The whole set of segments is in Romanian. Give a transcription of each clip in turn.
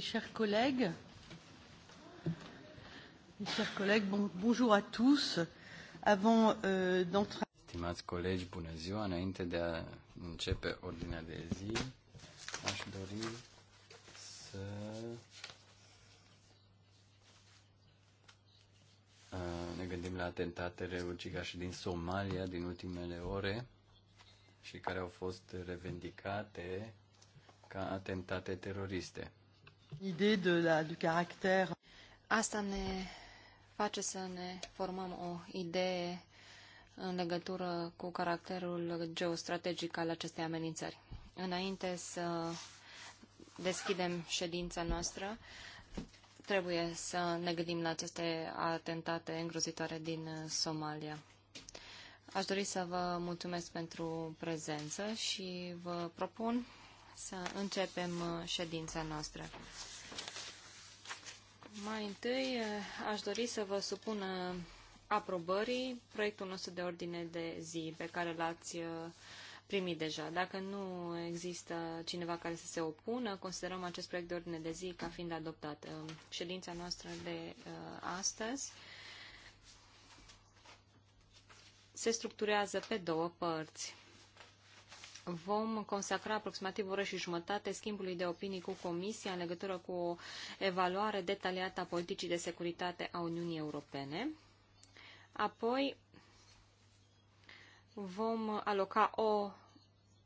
Mes chers collègues, mes chers collègues, bon, bonjour à tous. Avant euh, d'entrer. Stimați colegi, bună ziua. Înainte de a începe ordinea de zi, aș dori să uh, ne gândim la atentatele ucigașe din Somalia din ultimele ore și care au fost revendicate ca atentate teroriste. Idee de la, du caracter. Asta ne face să ne formăm o idee în legătură cu caracterul geostrategic al acestei amenințări. Înainte să deschidem ședința noastră, trebuie să ne gândim la aceste atentate îngrozitoare din Somalia. Aș dori să vă mulțumesc pentru prezență și vă propun să începem uh, ședința noastră. Mai întâi uh, aș dori să vă supun uh, aprobării proiectul nostru de ordine de zi pe care l-ați primit deja. Dacă nu există cineva care să se opună, considerăm acest proiect de ordine de zi ca fiind adoptat. Ședința noastră de astăzi se structurează pe două părți vom consacra aproximativ o oră și jumătate schimbului de opinii cu Comisia în legătură cu o evaluare detaliată a politicii de securitate a Uniunii Europene. Apoi vom aloca o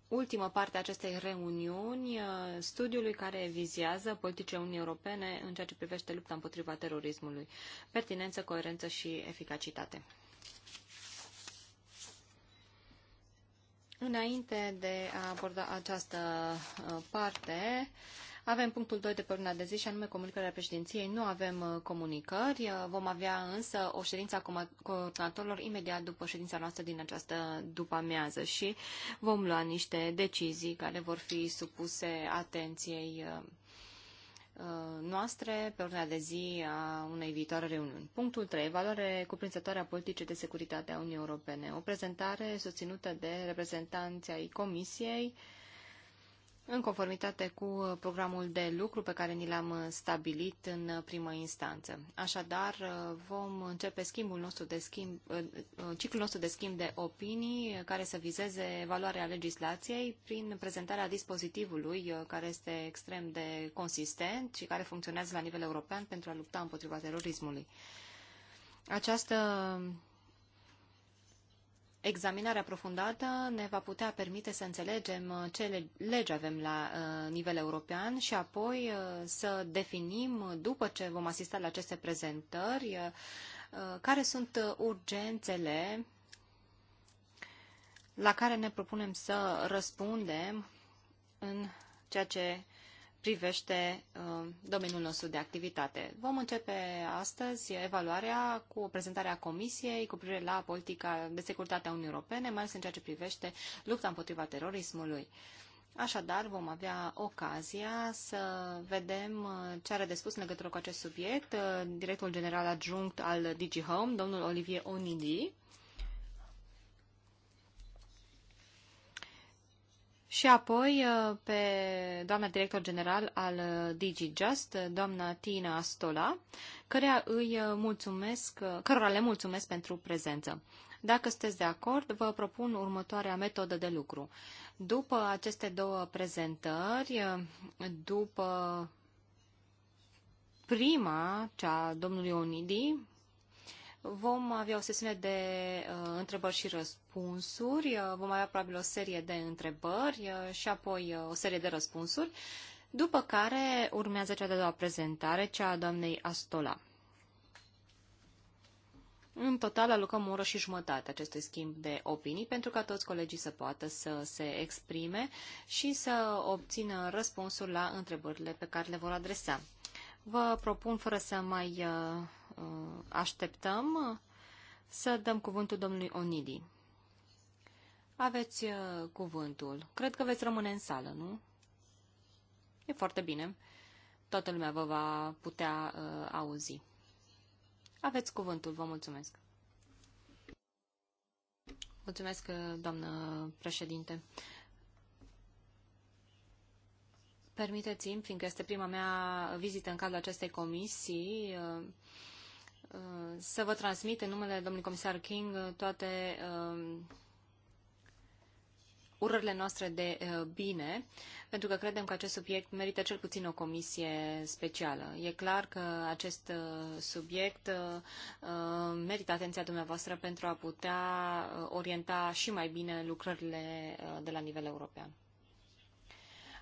ultimă parte a acestei reuniuni uh, studiului care vizează politicile Uniunii Europene în ceea ce privește lupta împotriva terorismului, pertinență, coerență și eficacitate. Înainte de a aborda această uh, parte, avem punctul 2 de pe ordinea de zi și anume comunicarea președinției. Nu avem uh, comunicări, uh, vom avea însă o ședință a coordonatorilor imediat după ședința noastră din această după amiază și vom lua niște decizii care vor fi supuse atenției Uh, noastre pe ordinea de zi a unei viitoare reuniuni. Punctul 3. Valoare cuprinzătoare a politicii de securitate a Uniunii Europene. O prezentare susținută de reprezentanții ai Comisiei, în conformitate cu uh, programul de lucru pe care ni l-am uh, stabilit în uh, primă instanță. Așadar, vom începe schimbul nostru de schimb, ciclul nostru de schimb de opinii care să vizeze evaluarea legislației prin prezentarea dispozitivului care este extrem de consistent și care funcționează la nivel european pentru a lupta împotriva terorismului. Această examinarea aprofundată ne va putea permite să înțelegem uh, ce legi avem la uh, nivel european și apoi uh, să definim, după ce vom asista la aceste prezentări, care sunt urgențele la care ne propunem să răspundem în ceea ce privește uh, domeniul nostru de activitate. Vom începe astăzi evaluarea cu prezentarea Comisiei cu privire la politica de securitate a Uniunii Europene, mai ales în ceea ce privește lupta împotriva terorismului. Așadar, vom avea ocazia să vedem uh, ce are de spus în legătură cu acest subiect uh, directorul general adjunct al DG Home, domnul Olivier Onidi, Și apoi uh, pe doamna director general al uh, DigiJust, uh, doamna Tina Astola, cărea îi mulțumesc, cărora le mulțumesc pentru prezență. Dacă sunteți de acord, vă propun următoarea metodă de lucru. După aceste două prezentări, după prima, cea a domnului Onidi, Vom avea o sesiune de uh, întrebări și răspunsuri, uh, vom avea probabil o serie de întrebări uh, și apoi uh, o serie de răspunsuri, după care urmează cea de-a doua prezentare, cea a doamnei Astola. În total alocăm o oră și jumătate acestui schimb de opinii pentru ca toți colegii să poată să se exprime și să obțină răspunsuri la întrebările pe care le vor adresa. Vă propun, fără să mai uh, Uh, așteptăm uh, să dăm cuvântul domnului Onidi. Aveți uh, cuvântul. Cred că veți rămâne în sală, nu? E foarte bine. Toată lumea vă va putea uh, auzi. Aveți cuvântul, vă mulțumesc. Mulțumesc, doamnă președinte. Permiteți-mi, fiindcă este prima mea vizită în cadrul acestei comisii, uh, Uh, să vă transmit în numele domnului comisar King uh, toate uh, urările noastre de bine, pentru că credem că acest subiect merită cel puțin o comisie specială. E clar că acest subiect merită atenția dumneavoastră pentru a putea orienta și mai bine lucrările de la nivel european.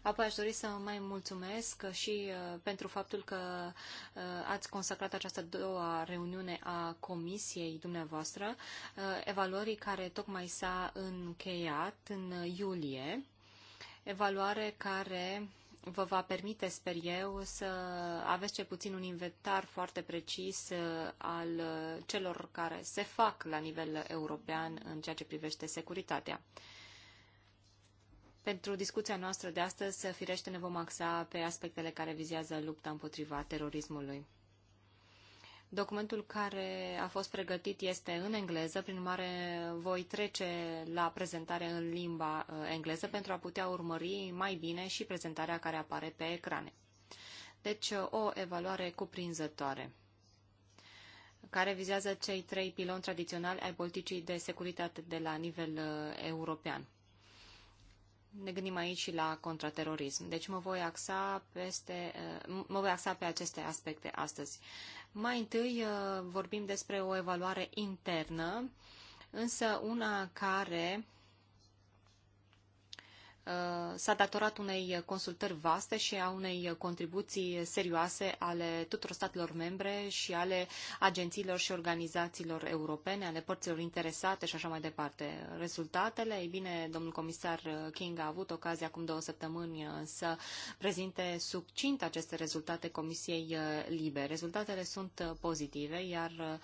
Apoi aș dori să mai mulțumesc și uh, pentru faptul că uh, ați consacrat această doua reuniune a comisiei dumneavoastră, uh, evaluării care tocmai s-a încheiat în iulie, evaluare care vă va permite, sper eu, să aveți ce puțin un inventar foarte precis al celor care se fac la nivel european în ceea ce privește securitatea. Pentru discuția noastră de astăzi, firește, ne vom axa pe aspectele care vizează lupta împotriva terorismului. Documentul care a fost pregătit este în engleză, prin urmare voi trece la prezentare în limba uh, engleză pentru a putea urmări mai bine și prezentarea care apare pe ecrane. Deci o evaluare cuprinzătoare care vizează cei trei piloni tradiționali ai politicii de securitate de la nivel uh, european ne gândim aici și la contraterorism. Deci mă voi axa, peste, uh, mă voi axa pe aceste aspecte astăzi. Mai întâi uh, vorbim despre o evaluare internă, însă una care Uh, s-a datorat unei consultări vaste și a unei contribuții serioase ale tuturor statelor membre și ale agențiilor și organizațiilor europene, ale părților interesate și așa mai departe. Rezultatele, ei bine, domnul comisar King a avut ocazia acum două săptămâni uh, să prezinte succint aceste rezultate Comisiei uh, Libe. Rezultatele sunt pozitive, iar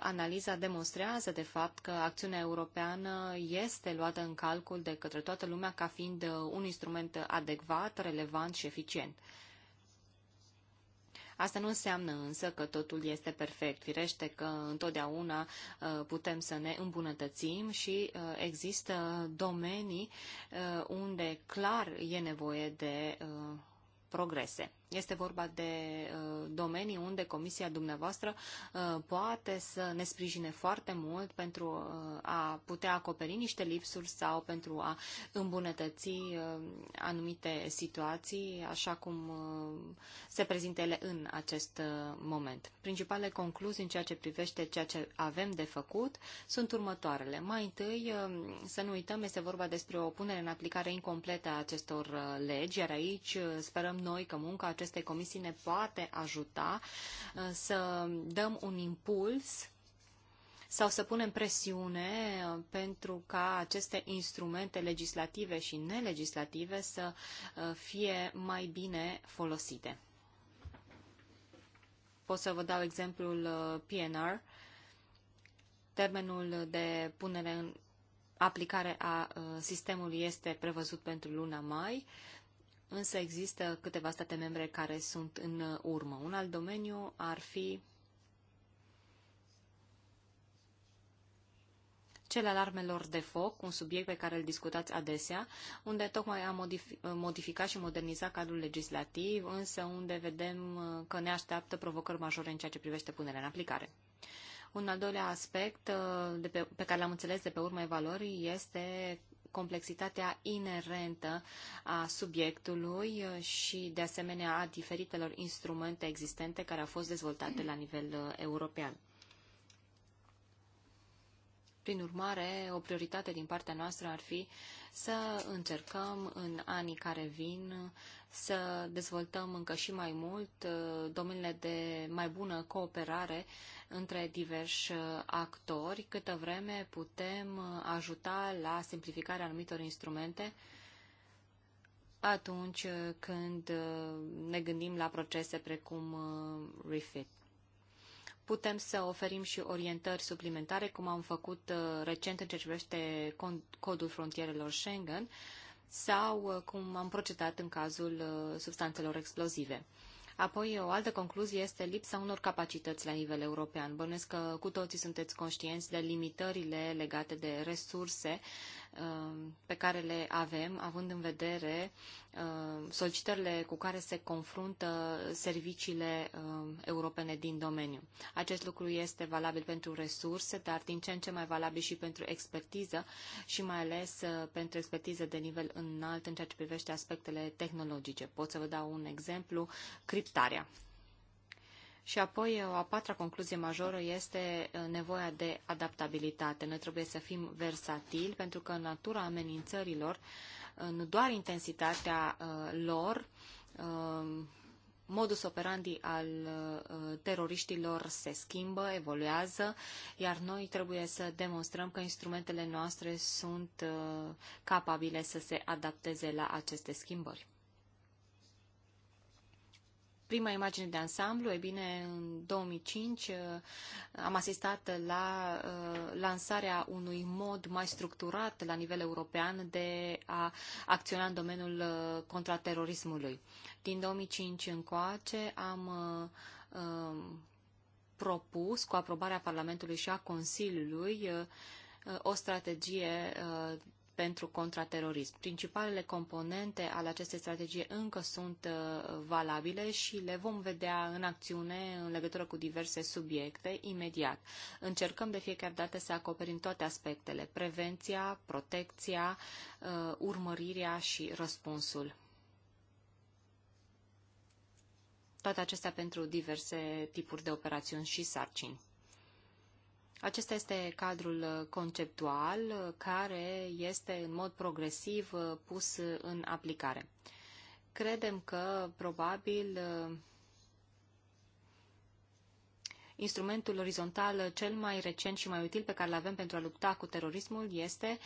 analiza demonstrează, de fapt, că acțiunea europeană este luată în calcul de către toată lumea ca fiind uh, un instrument adecvat, relevant și eficient. Asta nu înseamnă însă că totul este perfect. Firește că întotdeauna uh, putem să ne îmbunătățim și uh, există domenii unde clar e nevoie de progrese. Este vorba de uh, domenii unde comisia dumneavoastră uh, poate să ne sprijine foarte mult pentru uh, a putea acoperi niște lipsuri sau pentru a îmbunătăți anumite situații, așa cum se prezintă ele în acest moment. Principalele concluzii în ceea ce privește ceea ce avem de făcut sunt următoarele. Mai întâi, să nu uităm, este vorba despre o punere în aplicare incompletă a acestor legi, iar aici sperăm noi că munca acestei comisii ne poate ajuta uh, să dăm un impuls sau să punem presiune uh, pentru ca aceste instrumente legislative și nelegislative să uh, fie mai bine folosite. Pot să vă dau exemplul PNR, termenul de punere în aplicare a sistemului este prevăzut pentru luna mai însă există câteva state membre care sunt în urmă. Un alt domeniu ar fi cel al armelor de foc, un subiect pe care îl discutați adesea, unde tocmai am modificat și modernizat cadrul legislativ, însă unde vedem că ne așteaptă provocări majore în ceea ce privește punerea în aplicare. Un al doilea aspect uh, de pe, pe care l-am înțeles de pe urma evaluării este complexitatea inerentă a subiectului uh, și, de asemenea, a diferitelor instrumente existente care au fost dezvoltate la nivel uh, european. Prin urmare, o prioritate din partea noastră ar fi să încercăm în anii care vin să dezvoltăm încă și mai mult uh, domeniile de mai bună cooperare între diversi uh, actori, câtă vreme putem uh, ajuta la simplificarea anumitor instrumente atunci uh, când ne gândim la procese precum refit. Putem să oferim și orientări suplimentare, cum am făcut recent în ce privește codul frontierelor Schengen, sau cum am procedat în cazul substanțelor explozive. Apoi, o altă concluzie este lipsa unor capacități la nivel european. Bănuiesc că cu toții sunteți conștienți de limitările legate de resurse uh, Um, pe care le avem, având în vedere um, solicitările cu care se confruntă serviciile um, europene din domeniu. Acest lucru este valabil pentru resurse, dar din ce în ce mai valabil și pentru expertiză și mai ales uh, pentru expertiză de nivel înalt în ceea ce privește aspectele tehnologice. Pot să vă dau un exemplu, criptarea. Și apoi, o a patra concluzie majoră este uh, nevoia de adaptabilitate. Noi trebuie să fim versatili, pentru că natura amenințărilor, uh, nu doar intensitatea uh, lor, modus operandi al teroriștilor se schimbă, evoluează, iar noi trebuie să demonstrăm că instrumentele noastre sunt capabile să se adapteze la aceste schimbări prima imagine de ansamblu, e bine, în 2005 uh, am asistat la uh, lansarea unui mod mai structurat la nivel european de a acționa în domeniul uh, contraterorismului. Din 2005 încoace am propus, cu aprobarea Parlamentului și a Consiliului, o strategie pentru contraterorism. Principalele componente ale acestei strategii încă sunt uh, valabile și le vom vedea în acțiune în legătură cu diverse subiecte imediat. Încercăm de fiecare dată să acoperim toate aspectele, prevenția, protecția, uh, urmărirea și răspunsul. Toate acestea pentru diverse tipuri de operațiuni și sarcini. Acesta este cadrul uh, conceptual uh, care este în mod progresiv uh, pus în aplicare. Credem că probabil instrumentul orizontal cel mai recent și mai util pe care îl avem pentru a lupta cu terorismul este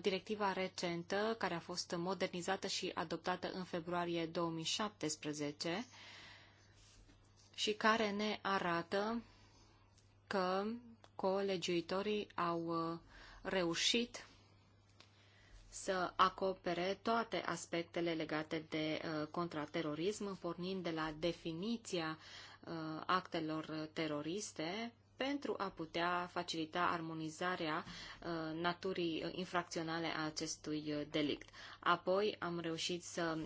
directiva recentă care a fost modernizată și adoptată în februarie 2017 și care ne arată că colegiuitorii au uh, reușit să acopere toate aspectele legate de uh, contraterorism, pornind de la definiția uh, actelor teroriste pentru a putea facilita armonizarea uh, naturii uh, infracționale a acestui uh, delict. Apoi am reușit să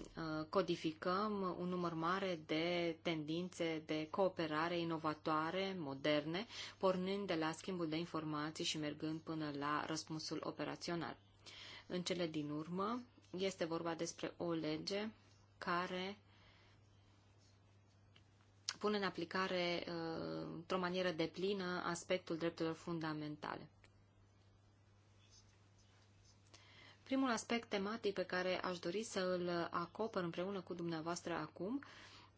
codificăm un număr mare de tendințe de cooperare inovatoare, moderne, pornind de la schimbul de informații și mergând până la răspunsul operațional. În cele din urmă, este vorba despre o lege care pun în aplicare uh, într-o manieră deplină aspectul drepturilor fundamentale. Primul aspect tematic pe care aș dori să îl acopăr împreună cu dumneavoastră acum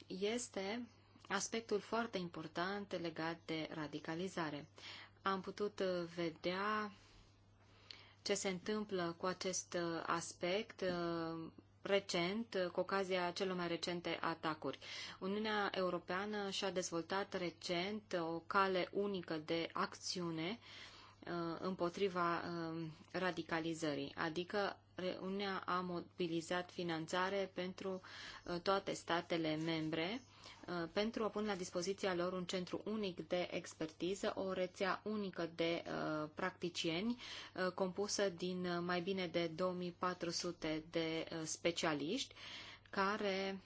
este aspectul foarte important legat de radicalizare. Am putut uh, vedea ce se întâmplă cu acest uh, aspect recent, uh, cu ocazia celor mai recente atacuri. Uniunea Europeană și-a dezvoltat recent uh, o cale unică de acțiune uh, împotriva radicalizării, adică Uniunea a mobilizat finanțare pentru toate statele membre Uh, pentru a pune la dispoziția lor un centru unic de expertiză, o rețea unică de uh, practicieni uh, compusă din mai bine de 2400 de specialiști care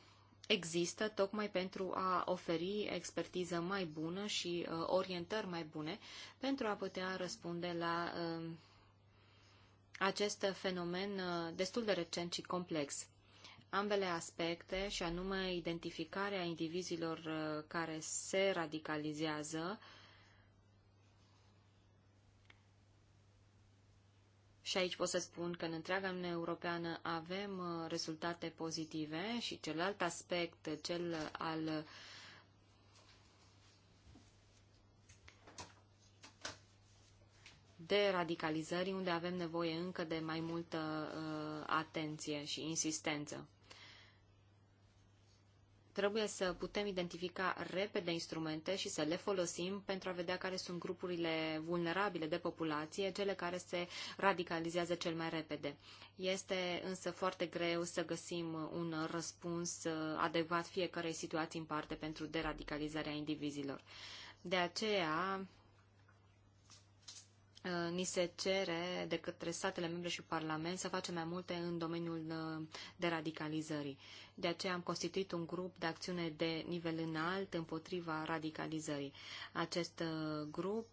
există tocmai pentru a oferi expertiză mai bună și orientări mai bune pentru a putea răspunde la acest fenomen destul de recent și complex ambele aspecte, și anume identificarea indivizilor uh, care se radicalizează Și aici pot să spun că în întreaga Uniune Europeană avem uh, rezultate pozitive și celălalt aspect, cel al de radicalizări, unde avem nevoie încă de mai multă uh, atenție și insistență. Trebuie să putem identifica repede instrumente și să le folosim pentru a vedea care sunt grupurile vulnerabile de populație, cele care se radicalizează cel mai repede. Este însă foarte greu să găsim un răspuns uh, adecvat fiecarei situații în parte pentru deradicalizarea indivizilor. De aceea, Uh, ni se cere de către statele membre și Parlament să facem mai multe în domeniul uh, de radicalizării. De aceea am constituit un grup de acțiune de nivel înalt împotriva radicalizării. Acest uh, grup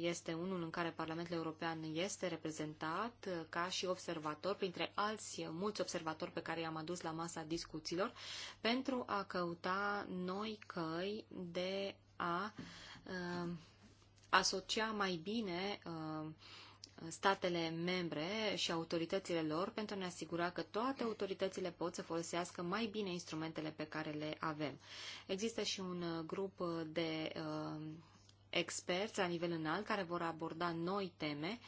este unul în care Parlamentul European este reprezentat ca și observator, printre alți mulți observatori pe care i-am adus la masa discuțiilor, pentru a căuta noi căi de a uh, asocia mai bine uh, statele membre și autoritățile lor pentru a ne asigura că toate autoritățile pot să folosească mai bine instrumentele pe care le avem. Există și un uh, grup de uh, experți la nivel înalt care vor aborda noi teme uh,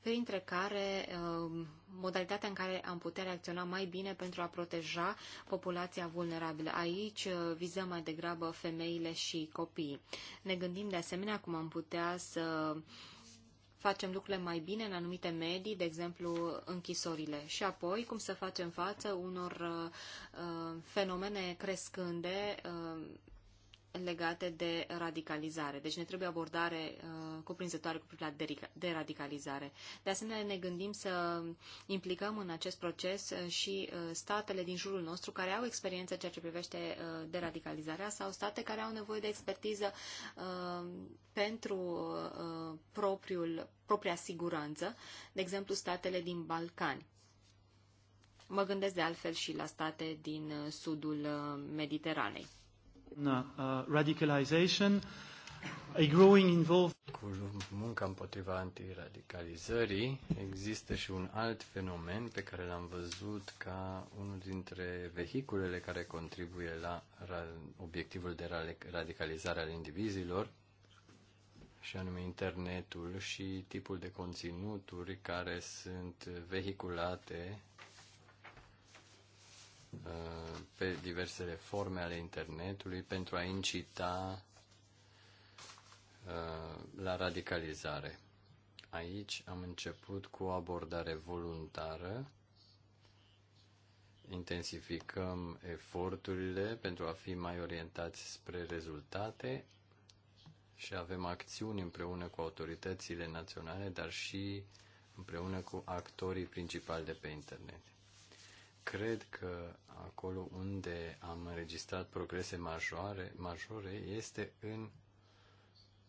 printre care um, modalitatea în care am putea reacționa mai bine pentru a proteja populația vulnerabilă. Aici uh, vizăm mai degrabă femeile și copiii. Ne gândim de asemenea cum am putea să facem lucrurile mai bine în anumite medii, de exemplu închisorile. Și apoi, cum să facem față unor uh, uh fenomene crescânde uh, legate de radicalizare. Deci ne trebuie abordare uh, cuprinzătoare cu privire la deradicalizare. De asemenea, ne gândim să implicăm în acest proces uh, și uh, statele din jurul nostru care au experiență ceea ce privește uh, deradicalizarea sau state care au nevoie de expertiză uh, pentru uh, propriul, propria siguranță, de exemplu statele din Balcani. Mă gândesc de altfel și la state din uh, sudul uh, Mediteranei. Uh, radicalization, a growing Cu munca împotriva antiradicalizării există și un alt fenomen pe care l-am văzut ca unul dintre vehiculele care contribuie la obiectivul de radicalizare al indivizilor, și anume internetul și tipul de conținuturi care sunt vehiculate Uh, pe diversele forme ale internetului pentru a incita uh, la radicalizare. Aici am început cu o abordare voluntară, intensificăm eforturile pentru a fi mai orientați spre rezultate și avem acțiuni împreună cu autoritățile naționale, dar și împreună cu actorii principali de pe internet cred că acolo unde am înregistrat progrese majore, majore este în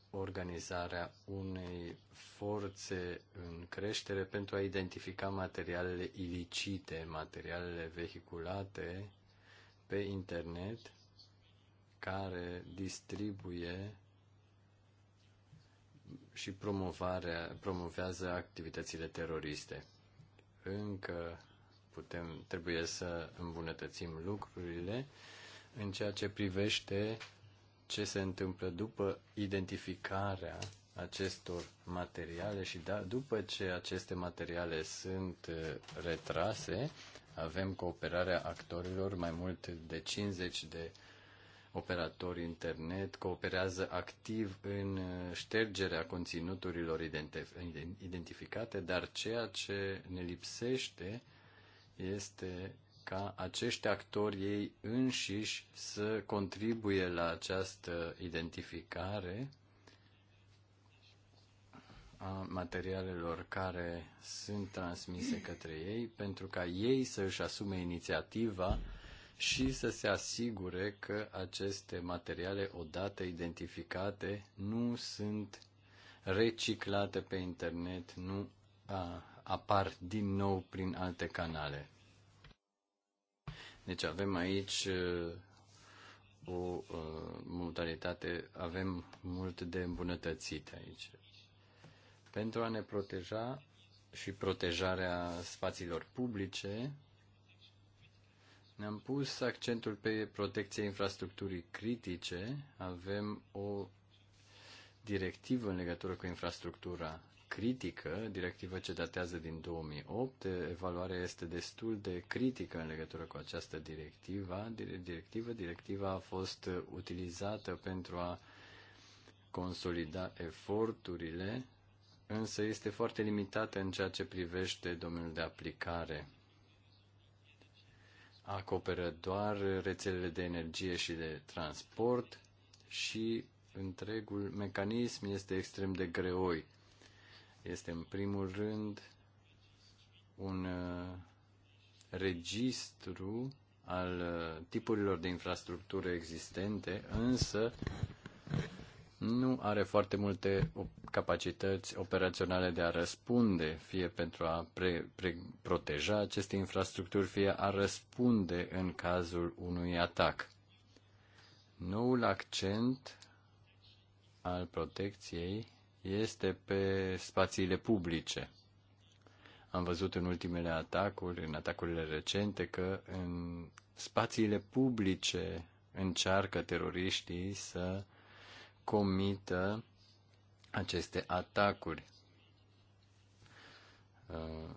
organizarea unei forțe în creștere pentru a identifica materialele ilicite, materialele vehiculate pe internet care distribuie și promovarea, promovează activitățile teroriste. Încă putem, trebuie să îmbunătățim lucrurile în ceea ce privește ce se întâmplă după identificarea acestor materiale și da, după ce aceste materiale sunt uh, retrase, avem cooperarea actorilor, mai mult de 50 de operatori internet cooperează activ în uh, ștergerea conținuturilor identificate, dar ceea ce ne lipsește este ca acești actori ei înșiși să contribuie la această identificare a materialelor care sunt transmise către ei pentru ca ei să își asume inițiativa și să se asigure că aceste materiale, odată identificate, nu sunt reciclate pe internet, nu a, apar din nou prin alte canale. Deci avem aici uh, o uh, modalitate, avem mult de îmbunătățit aici. Pentru a ne proteja și protejarea spațiilor publice, ne-am pus accentul pe protecția infrastructurii critice. Avem o directivă în legătură cu infrastructura critică, directivă ce datează din 2008. Evaluarea este destul de critică în legătură cu această directivă. Directivă, directiva a fost utilizată pentru a consolida eforturile, însă este foarte limitată în ceea ce privește domeniul de aplicare. Acoperă doar rețelele de energie și de transport și întregul mecanism este extrem de greoi este în primul rând un uh, registru al uh, tipurilor de infrastructură existente, însă nu are foarte multe capacități operaționale de a răspunde, fie pentru a pre, pre, proteja aceste infrastructuri, fie a răspunde în cazul unui atac. Noul accent al protecției este pe spațiile publice. Am văzut în ultimele atacuri, în atacurile recente, că în spațiile publice încearcă teroriștii să comită aceste atacuri. Uh,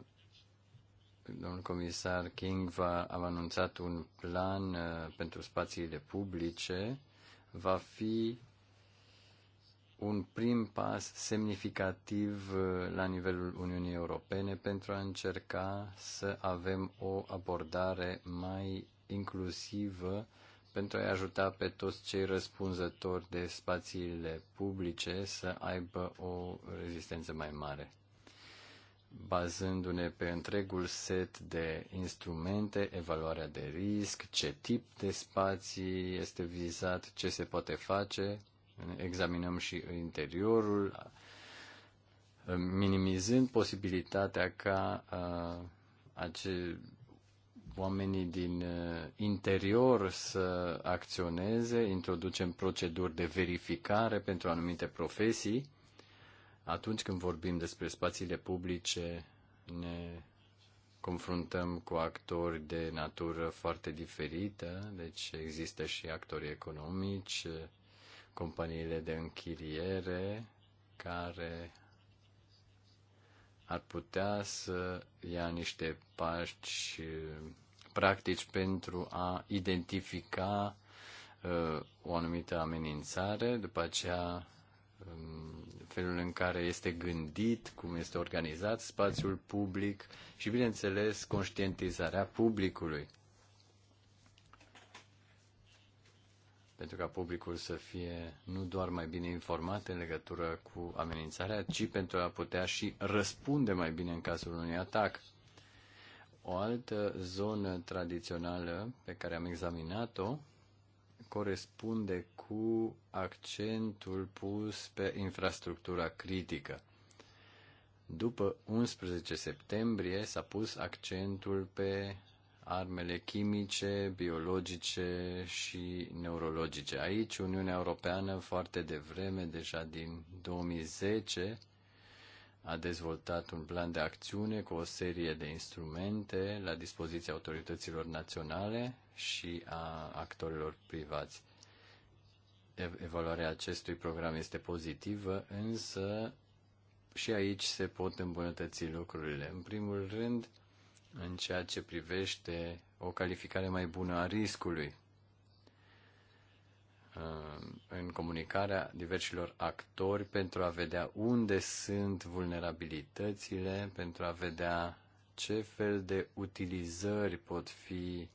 domnul comisar King va, a anunțat un plan uh, pentru spațiile publice. Va fi un prim pas semnificativ uh, la nivelul Uniunii Europene pentru a încerca să avem o abordare mai inclusivă pentru a-i ajuta pe toți cei răspunzători de spațiile publice să aibă o rezistență mai mare. Bazându-ne pe întregul set de instrumente, evaluarea de risc, ce tip de spații este vizat, ce se poate face, examinăm și interiorul, minimizând posibilitatea ca acei oamenii din interior să acționeze, introducem proceduri de verificare pentru anumite profesii. Atunci când vorbim despre spațiile publice, ne confruntăm cu actori de natură foarte diferită, deci există și actori economici, companiile de închiriere care ar putea să ia niște pași practici pentru a identifica uh, o anumită amenințare, după aceea um, felul în care este gândit, cum este organizat spațiul public și, bineînțeles, conștientizarea publicului. pentru ca publicul să fie nu doar mai bine informat în legătură cu amenințarea, ci pentru a putea și răspunde mai bine în cazul unui atac. O altă zonă tradițională pe care am examinat-o corespunde cu accentul pus pe infrastructura critică. După 11 septembrie s-a pus accentul pe armele chimice, biologice și neurologice. Aici Uniunea Europeană foarte devreme, deja din 2010, a dezvoltat un plan de acțiune cu o serie de instrumente la dispoziția autorităților naționale și a actorilor privați. Evaluarea acestui program este pozitivă, însă și aici se pot îmbunătăți lucrurile. În primul rând, în ceea ce privește o calificare mai bună a riscului uh, în comunicarea diversilor actori pentru a vedea unde sunt vulnerabilitățile, pentru a vedea ce fel de utilizări pot fi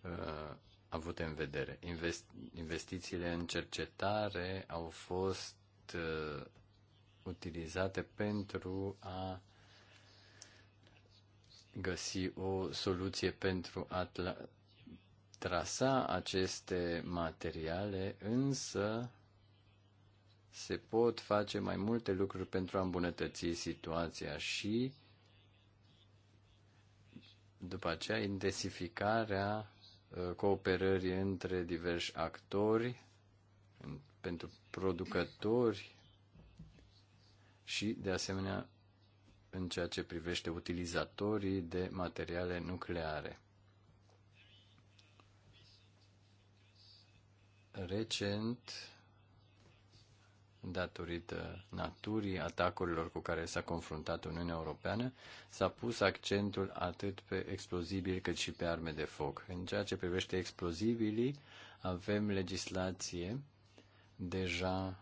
uh, avute în vedere. Invest- investițiile în cercetare au fost uh, utilizate pentru a găsi o soluție pentru a trasa aceste materiale, însă se pot face mai multe lucruri pentru a îmbunătăți situația și după aceea intensificarea uh, cooperării între diversi actori pentru producători și de asemenea în ceea ce privește utilizatorii de materiale nucleare. Recent, datorită naturii atacurilor cu care s-a confruntat Uniunea Europeană, s-a pus accentul atât pe explozibili cât și pe arme de foc. În ceea ce privește explozibilii, avem legislație deja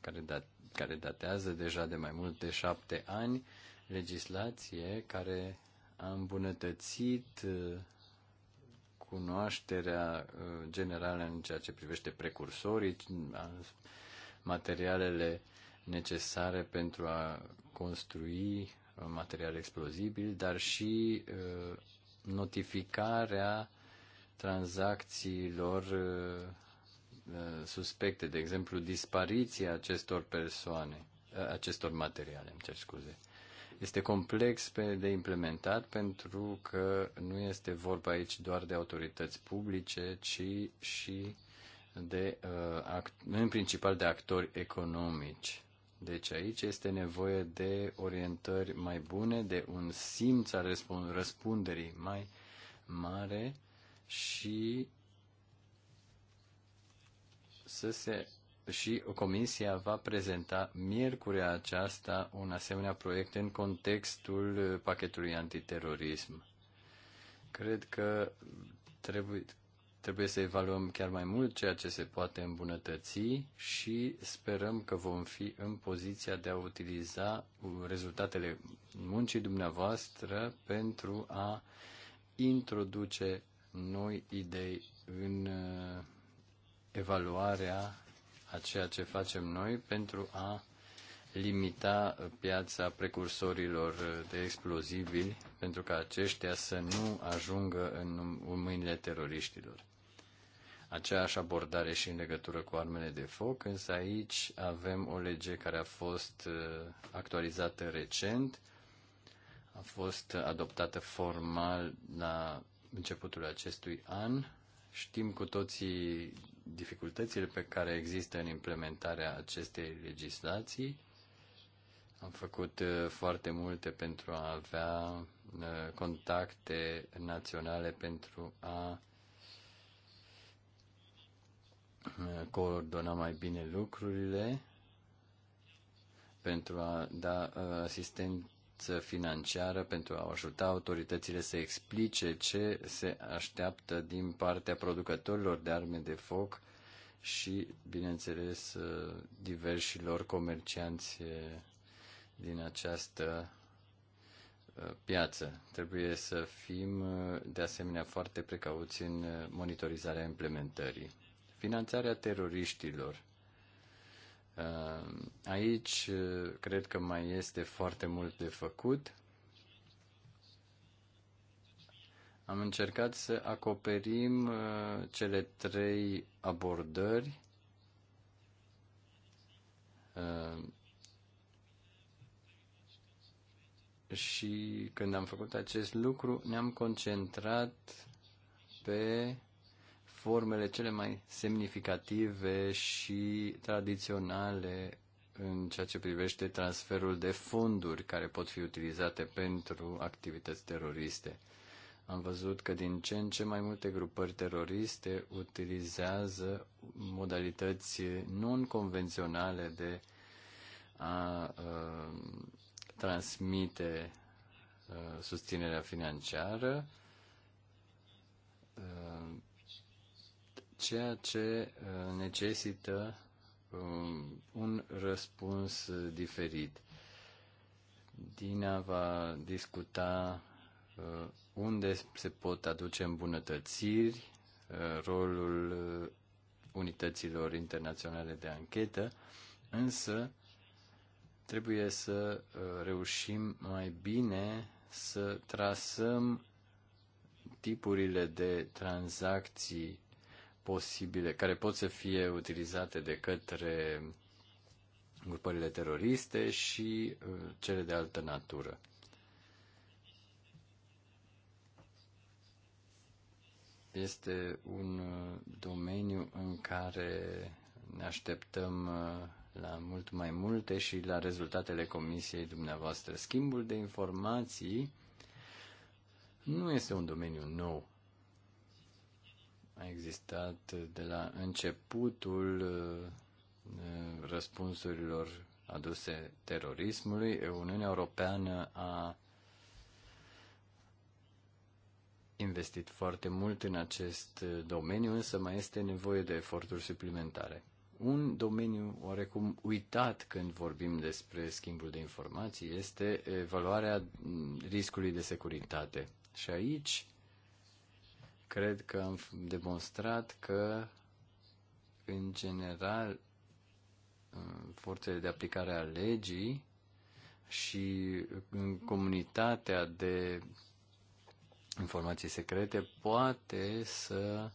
care dat, care datează deja de mai mult de șapte ani, legislație care a îmbunătățit uh, cunoașterea uh, generală în ceea ce privește precursorii, materialele necesare pentru a construi uh, material explozibil, dar și notificarea tranzacțiilor Uh, suspecte, de exemplu dispariția acestor persoane, uh, acestor materiale, îmi cer scuze. Este complex de implementat pentru că nu este vorba aici doar de autorități publice, ci și de, uh, în principal de actori economici. Deci aici este nevoie de orientări mai bune, de un simț al răspunderii mai mare și să se și comisia va prezenta miercurea aceasta un asemenea proiect în contextul pachetului antiterorism. Cred că trebuie, trebuie să evaluăm chiar mai mult ceea ce se poate îmbunătăți și sperăm că vom fi în poziția de a utiliza rezultatele muncii dumneavoastră pentru a introduce noi idei în evaluarea a ceea ce facem noi pentru a limita piața precursorilor de explozibili pentru ca aceștia să nu ajungă în mâinile teroriștilor. Aceeași abordare și în legătură cu armele de foc, însă aici avem o lege care a fost uh, actualizată recent, a fost adoptată formal la începutul acestui an Știm cu toții dificultățile pe care există în implementarea acestei legislații. Am făcut uh, foarte multe pentru a avea uh, contacte naționale pentru a uh, coordona mai bine lucrurile, pentru a da asistent, asistență financiară pentru a ajuta autoritățile să explice ce se așteaptă din partea producătorilor de arme de foc și, bineînțeles, diversilor comercianți din această uh, piață. Trebuie să fim, uh, de asemenea, foarte precauți în uh, monitorizarea implementării. Finanțarea teroriștilor Uh, aici uh, cred că mai este foarte mult de făcut. Am încercat să acoperim uh, cele trei abordări și când am făcut acest lucru ne-am concentrat pe formele cele mai semnificative și tradiționale în ceea ce privește transferul de fonduri care pot fi utilizate pentru activități teroriste. Am văzut că din ce în ce mai multe grupări teroriste utilizează modalități non-convenționale de a, a transmite a, susținerea financiară ceea ce uh, necesită um, un răspuns uh, diferit. Dina va discuta uh, unde se pot aduce îmbunătățiri, rolul unităților internaționale de anchetă, însă trebuie să reușim mai bine să trasăm tipurile de tranzacții posibile, care pot să fie utilizate de către grupările teroriste și uh, cele de altă natură. Este un uh, domeniu în care ne așteptăm uh, la mult mai multe și la rezultatele comisiei dumneavoastră. Schimbul de informații nu este un domeniu nou a existat de la începutul uh, răspunsurilor aduse terorismului. Uniunea Europeană a investit foarte mult în acest uh, domeniu, însă mai este nevoie de eforturi suplimentare. Un domeniu oarecum uitat când vorbim despre schimbul de informații este evaluarea mm, riscului de securitate. Și aici Cred că am demonstrat că, în general, uh, forțele de aplicare a legii și uh, în comunitatea de informații secrete poate să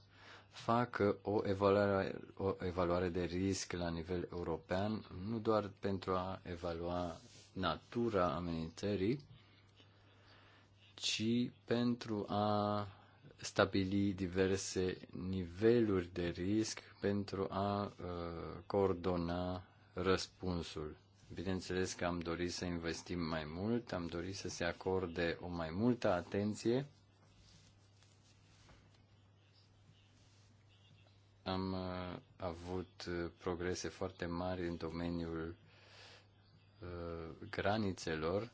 facă o evaluare, o evaluare de risc la nivel european, nu doar pentru a evalua natura amenințării, ci pentru a stabili diverse niveluri de risc pentru a uh, coordona răspunsul. Bineînțeles că am dorit să investim mai mult, am dorit să se acorde o mai multă atenție. Am uh, avut uh, progrese foarte mari în domeniul uh, granițelor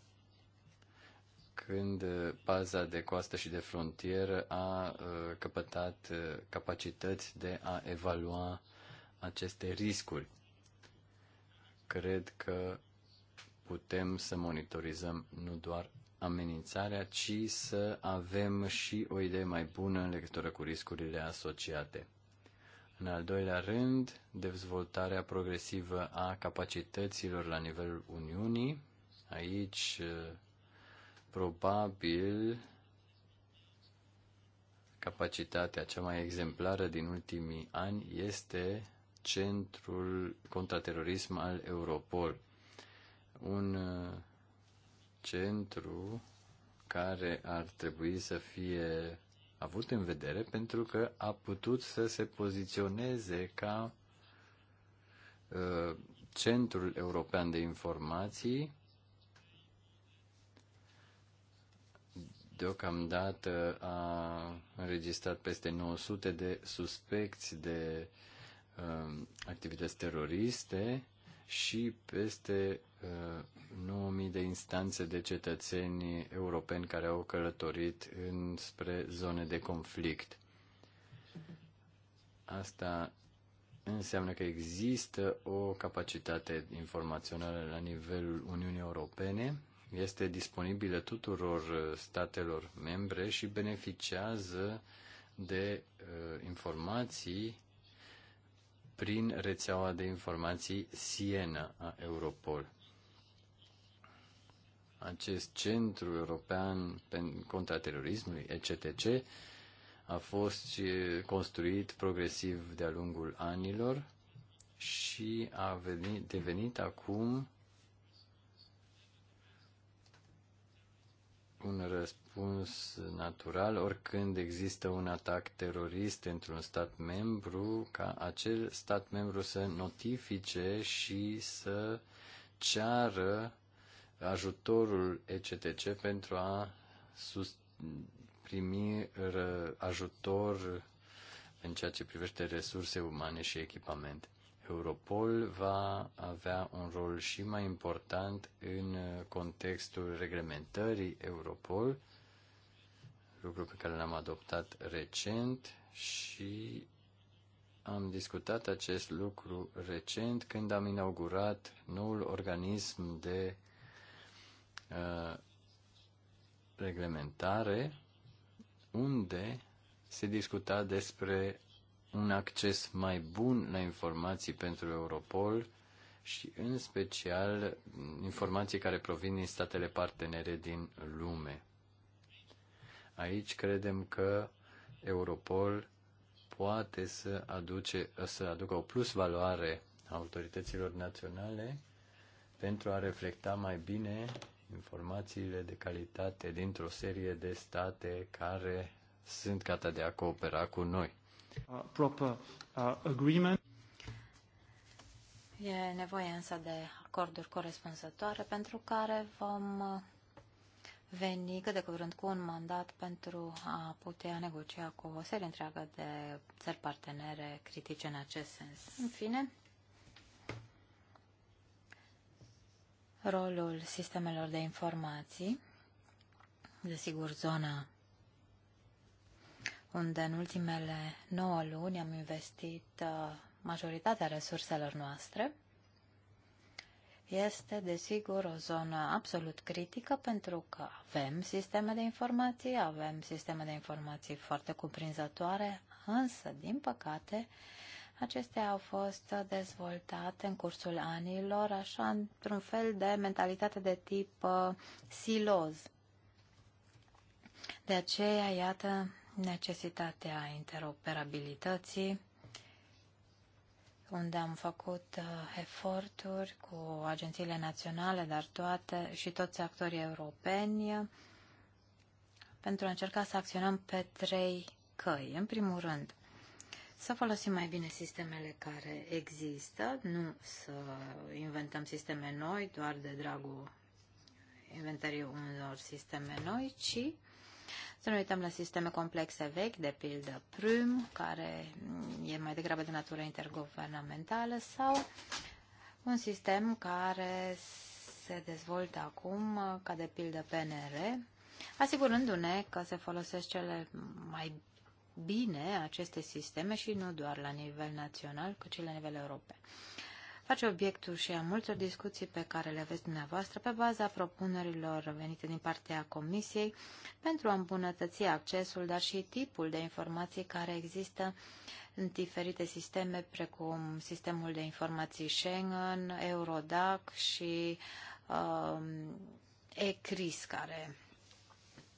când paza uh, de coastă și de frontieră a uh, căpătat uh, capacități de a evalua aceste riscuri. Cred că putem să monitorizăm nu doar amenințarea, ci să avem și o idee mai bună în legătură cu riscurile asociate. În al doilea rând, dezvoltarea progresivă a capacităților la nivelul Uniunii. Aici probabil capacitatea cea mai exemplară din ultimii ani este Centrul Contraterorism al Europol. Un uh, centru care ar trebui să fie avut în vedere pentru că a putut să se poziționeze ca uh, Centrul European de Informații deocamdată a înregistrat peste 900 de suspecți de uh, activități teroriste și peste uh, 9000 de instanțe de cetățeni europeni care au călătorit spre zone de conflict. Asta înseamnă că există o capacitate informațională la nivelul Uniunii Europene este disponibilă tuturor uh, statelor membre și beneficiază de uh, informații prin rețeaua de informații Siena a Europol. Acest centru european contra terorismului, ECTC, a fost uh, construit progresiv de-a lungul anilor și a venit, devenit acum un răspuns natural oricând există un atac terorist într-un stat membru, ca acel stat membru să notifice și să ceară ajutorul ECTC pentru a sus- primi ajutor în ceea ce privește resurse umane și echipamente. Europol va avea un rol și mai important în contextul reglementării Europol, lucru pe care l-am adoptat recent și am discutat acest lucru recent când am inaugurat noul organism de uh, reglementare unde se discuta despre un acces mai bun la informații pentru Europol și în special informații care provin din statele partenere din lume. Aici credem că Europol poate să, aduce, să aducă o plus valoare autorităților naționale pentru a reflecta mai bine informațiile de calitate dintr-o serie de state care sunt gata de a coopera cu noi. Uh, proper uh, agreement. E nevoie însă de acorduri corespunzătoare pentru care vom uh, veni cât de curând cu un mandat pentru a putea negocia cu o serie întreagă de țări partenere critice în acest sens. În fine, rolul sistemelor de informații, desigur zona unde în ultimele 9 luni am investit uh, majoritatea resurselor noastre, este, desigur, o zonă absolut critică pentru că avem sisteme de informații, avem sisteme de informații foarte cuprinzătoare, însă, din păcate, acestea au fost dezvoltate în cursul anilor, așa, într-un fel de mentalitate de tip uh, siloz. De aceea, iată, necesitatea interoperabilității, unde am făcut uh, eforturi cu agențiile naționale, dar toate și toți actorii europeni, pentru a încerca să acționăm pe trei căi. În primul rând, să folosim mai bine sistemele care există, nu să inventăm sisteme noi doar de dragul inventării unor sisteme noi, ci să nu uităm la sisteme complexe vechi, de pildă PRUM, care e mai degrabă de natură interguvernamentală, sau un sistem care se dezvoltă acum, ca de pildă PNR, asigurându-ne că se folosesc cele mai bine aceste sisteme și nu doar la nivel național, cât și la nivel european face obiectul și a multor discuții pe care le aveți dumneavoastră pe baza propunerilor venite din partea Comisiei pentru a îmbunătăți accesul, dar și tipul de informații care există în diferite sisteme, precum sistemul de informații Schengen, Eurodac și uh, um, ECRIS, care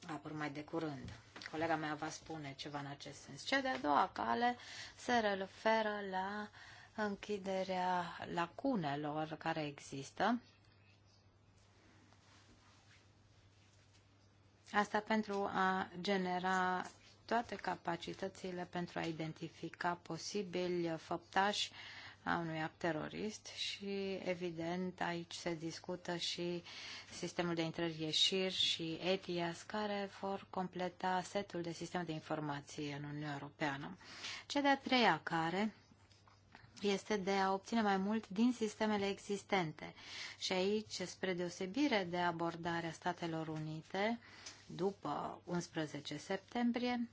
a apărut mai de curând. Colega mea va spune ceva în acest sens. Cea de-a doua cale se referă la uh, închiderea lacunelor care există. Asta pentru a genera toate capacitățile pentru a identifica posibili făptași a unui act terorist și, evident, aici se discută și sistemul de intrări-ieșiri și ETIAS, care vor completa setul de sisteme de informații în Uniunea Europeană. Cea de-a treia care este de a obține mai mult din sistemele existente. Și aici, spre deosebire de abordarea Statelor Unite, după 11 septembrie,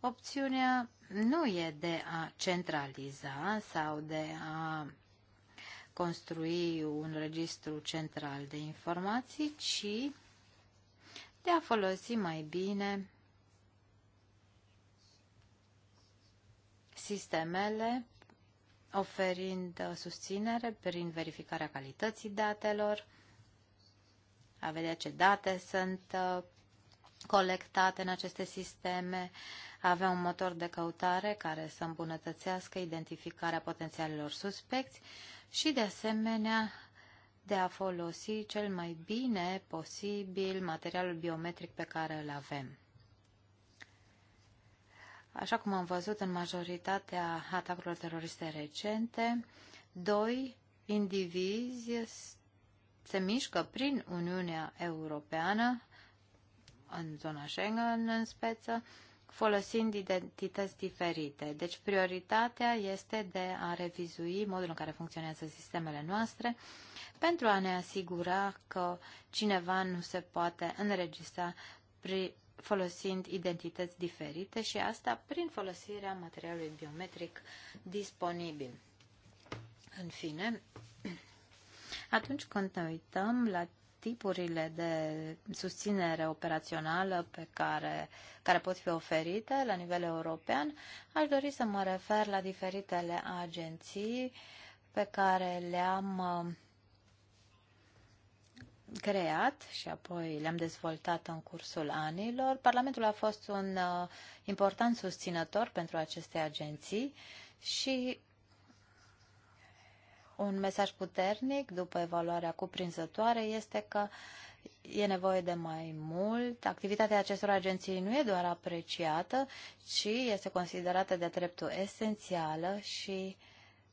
opțiunea nu e de a centraliza sau de a construi un registru central de informații, ci de a folosi mai bine sistemele oferind uh, susținere prin verificarea calității datelor, a vedea ce date sunt uh, colectate în aceste sisteme, avea un motor de căutare care să îmbunătățească identificarea potențialelor suspecți și, de asemenea, de a folosi cel mai bine posibil materialul biometric pe care îl avem. Așa cum am văzut în majoritatea atacurilor teroriste recente, doi indivizi se mișcă prin Uniunea Europeană, în zona Schengen în speță, folosind identități diferite. Deci prioritatea este de a revizui modul în care funcționează sistemele noastre pentru a ne asigura că cineva nu se poate înregistra folosind identități diferite și asta prin folosirea materialului biometric disponibil. În fine, atunci când ne uităm la tipurile de susținere operațională pe care, care pot fi oferite la nivel european, aș dori să mă refer la diferitele agenții pe care le-am uh, creat și apoi le-am dezvoltat în cursul anilor. Parlamentul a fost un uh, important susținător pentru aceste agenții și un mesaj puternic după evaluarea cuprinzătoare este că e nevoie de mai mult. Activitatea acestor agenții nu e doar apreciată, ci este considerată de dreptul esențială și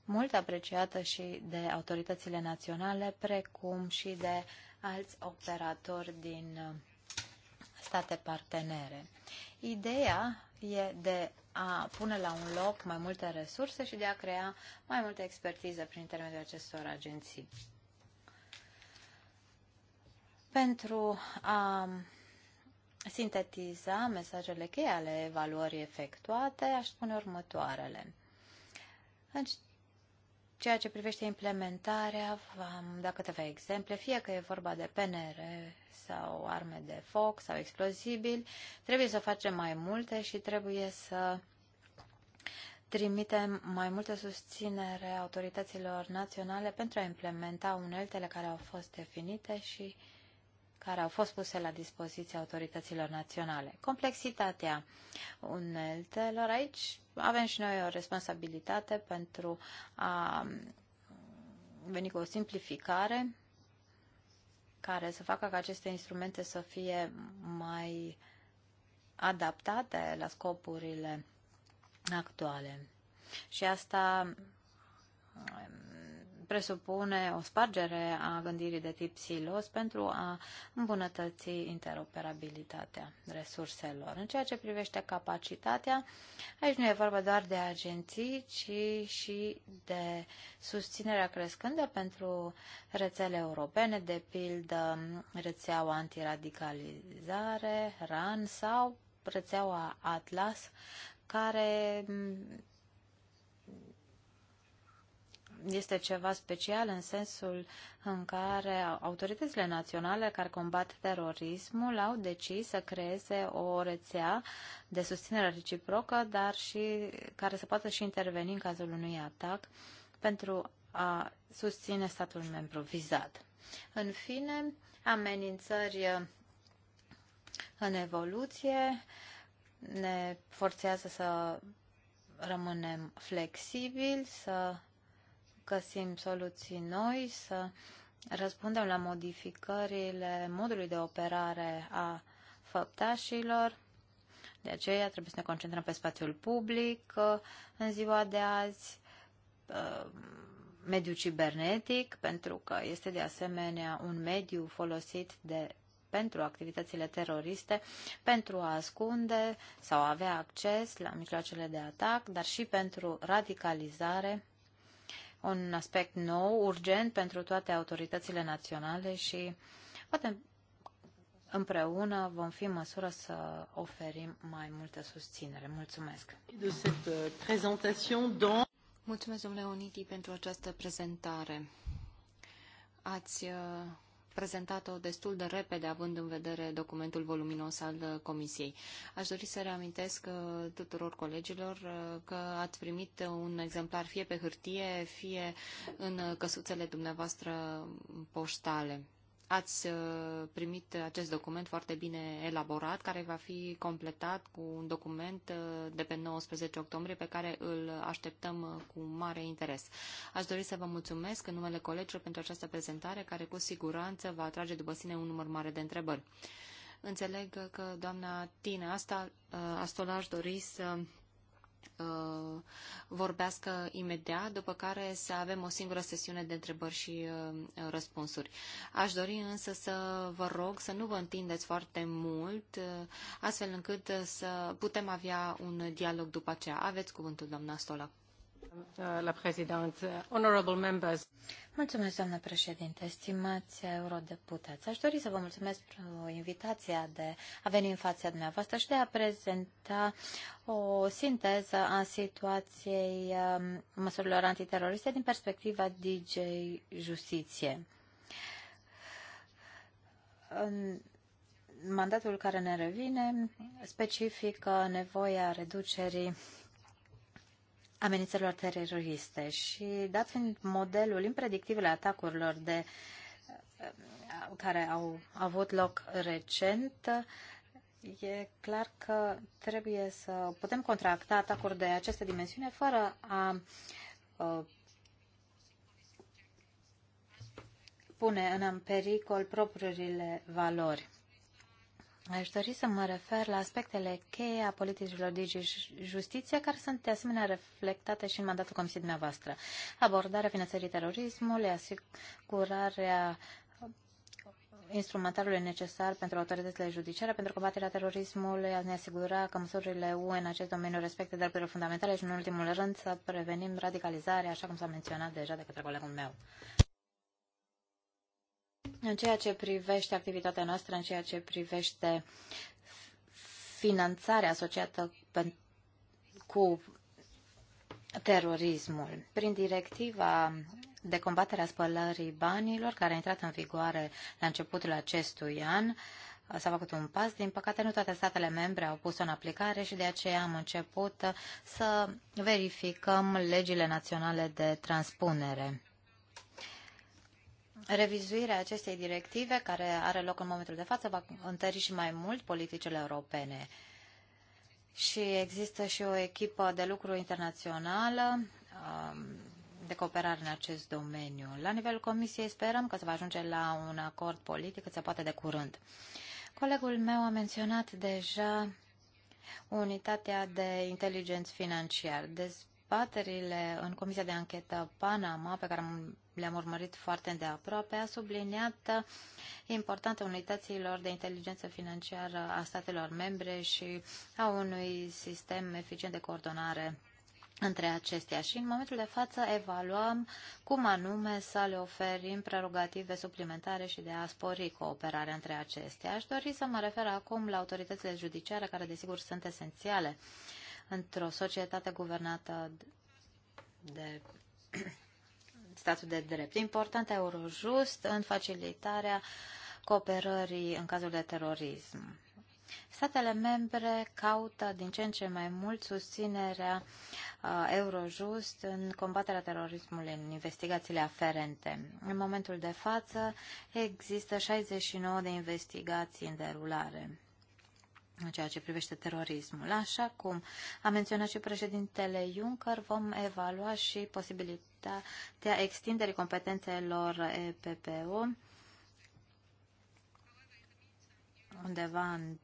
mult apreciată și de autoritățile naționale, precum și de uh, alți operatori din uh, state partenere. Ideea e de a pune la un loc mai multe resurse și de a crea mai multă expertiză prin intermediul acestor agenții. Pentru a um, sintetiza mesajele cheie ale evaluării efectuate, aș spune următoarele ceea ce privește implementarea, am dat câteva exemple, fie că e vorba de PNR sau arme de foc sau explozibili, trebuie să facem mai multe și trebuie să trimitem mai multă susținere autorităților naționale pentru a implementa uneltele care au fost definite și care au fost puse la dispoziția autorităților naționale. Complexitatea uneltelor aici avem și noi o responsabilitate pentru a veni cu o simplificare care să facă ca aceste instrumente să fie mai adaptate la scopurile actuale. Și asta presupune o spargere a gândirii de tip silos pentru a îmbunătăți interoperabilitatea resurselor. În ceea ce privește capacitatea, aici nu e vorba doar de agenții, ci și de susținerea crescândă pentru rețele europene, de pildă rețeaua antiradicalizare, RAN sau rețeaua Atlas, care este ceva special în sensul în care autoritățile naționale care combat terorismul au decis să creeze o rețea de susținere reciprocă, dar și care să poată și interveni în cazul unui atac pentru a susține statul membru vizat. În fine, amenințări în evoluție ne forțează să rămânem flexibili, să găsim soluții noi, să răspundem la modificările modului de operare a făptașilor. De aceea trebuie să ne concentrăm pe spațiul public uh, în ziua de azi, uh, mediul cibernetic, pentru că este de asemenea un mediu folosit de pentru activitățile teroriste, pentru a ascunde sau avea acces la mijloacele de atac, dar și pentru radicalizare un aspect nou, urgent pentru toate autoritățile naționale și poate împreună vom fi în măsură să oferim mai multă susținere. Mulțumesc! Uh, Mulțumesc, domnule Uniti, pentru această prezentare. Ați uh, prezentat-o destul de repede, având în vedere documentul voluminos al uh, Comisiei. Aș dori să reamintesc uh, tuturor colegilor uh, că ați primit un exemplar fie pe hârtie, fie în căsuțele dumneavoastră poștale ați uh, primit acest document foarte bine elaborat, care va fi completat cu un document uh, de pe 19 octombrie pe care îl așteptăm uh, cu mare interes. Aș dori să vă mulțumesc în numele colegilor pentru această prezentare, care cu siguranță va atrage după sine un număr mare de întrebări. Înțeleg că doamna Tina asta, Astola, aș dori să Uh, vorbească imediat, după care să avem o singură sesiune de întrebări și uh, răspunsuri. Aș dori însă să vă rog să nu vă întindeți foarte mult, uh, astfel încât să putem avea un dialog după aceea. Aveți cuvântul, doamna Stolac. Mulțumesc, doamnă președinte, stimați eurodeputați. Aș dori să vă mulțumesc pentru invitația de a veni în fața dumneavoastră și de a prezenta o sinteză a situației um, măsurilor antiteroriste din perspectiva DJ Justiție. În mandatul care ne revine specifică nevoia reducerii amenințelor teroriste și dat fiind modelul impredictibil atacurilor de uh, care au avut loc recent, e clar că trebuie să putem contracta atacuri de această dimensiune fără a, a uh, pune în pericol propriile valori. Aș dori să mă refer la aspectele cheie a politicilor de justiție care sunt de asemenea reflectate și în mandatul Comisiei dumneavoastră. Abordarea finanțării terorismului, asigurarea instrumentarului necesar pentru autoritățile judiciare pentru combaterea terorismului, a ne asigura că măsurile UE în acest domeniu respectă drepturile fundamentale și, în ultimul rând, să prevenim radicalizarea, așa cum s-a menționat deja de către colegul meu. În ceea ce privește activitatea noastră, în ceea ce privește finanțarea asociată cu terorismul. Prin directiva de combatere a spălării banilor, care a intrat în vigoare la începutul acestui an, s-a făcut un pas. Din păcate, nu toate statele membre au pus-o în aplicare și de aceea am început să verificăm legile naționale de transpunere revizuirea acestei directive, care are loc în momentul de față, va întări și mai mult politicile europene. Și există și o echipă de lucru internațională um, de cooperare în acest domeniu. La nivelul Comisiei sperăm că se va ajunge la un acord politic cât se poate de curând. Colegul meu a menționat deja unitatea de inteligență financiară. Despre dezbaterile în Comisia de Anchetă Panama, pe care le-am urmărit foarte de aproape, a subliniat importanța unităților de inteligență financiară a statelor membre și a unui sistem eficient de coordonare între acestea și în momentul de față evaluăm cum anume să le oferim prerogative suplimentare și de a spori cooperarea între acestea. Aș dori să mă refer acum la autoritățile judiciare, care desigur sunt esențiale într-o societate guvernată de statul de drept. Important Eurojust în facilitarea cooperării în cazul de terorism. Statele membre caută din ce în ce mai mult susținerea uh, Eurojust în combaterea terorismului în investigațiile aferente. În momentul de față există 69 de investigații în derulare în ceea ce privește terorismul. Așa cum a menționat și președintele Juncker, vom evalua și posibilitatea extinderii competențelor EPPU. undeva în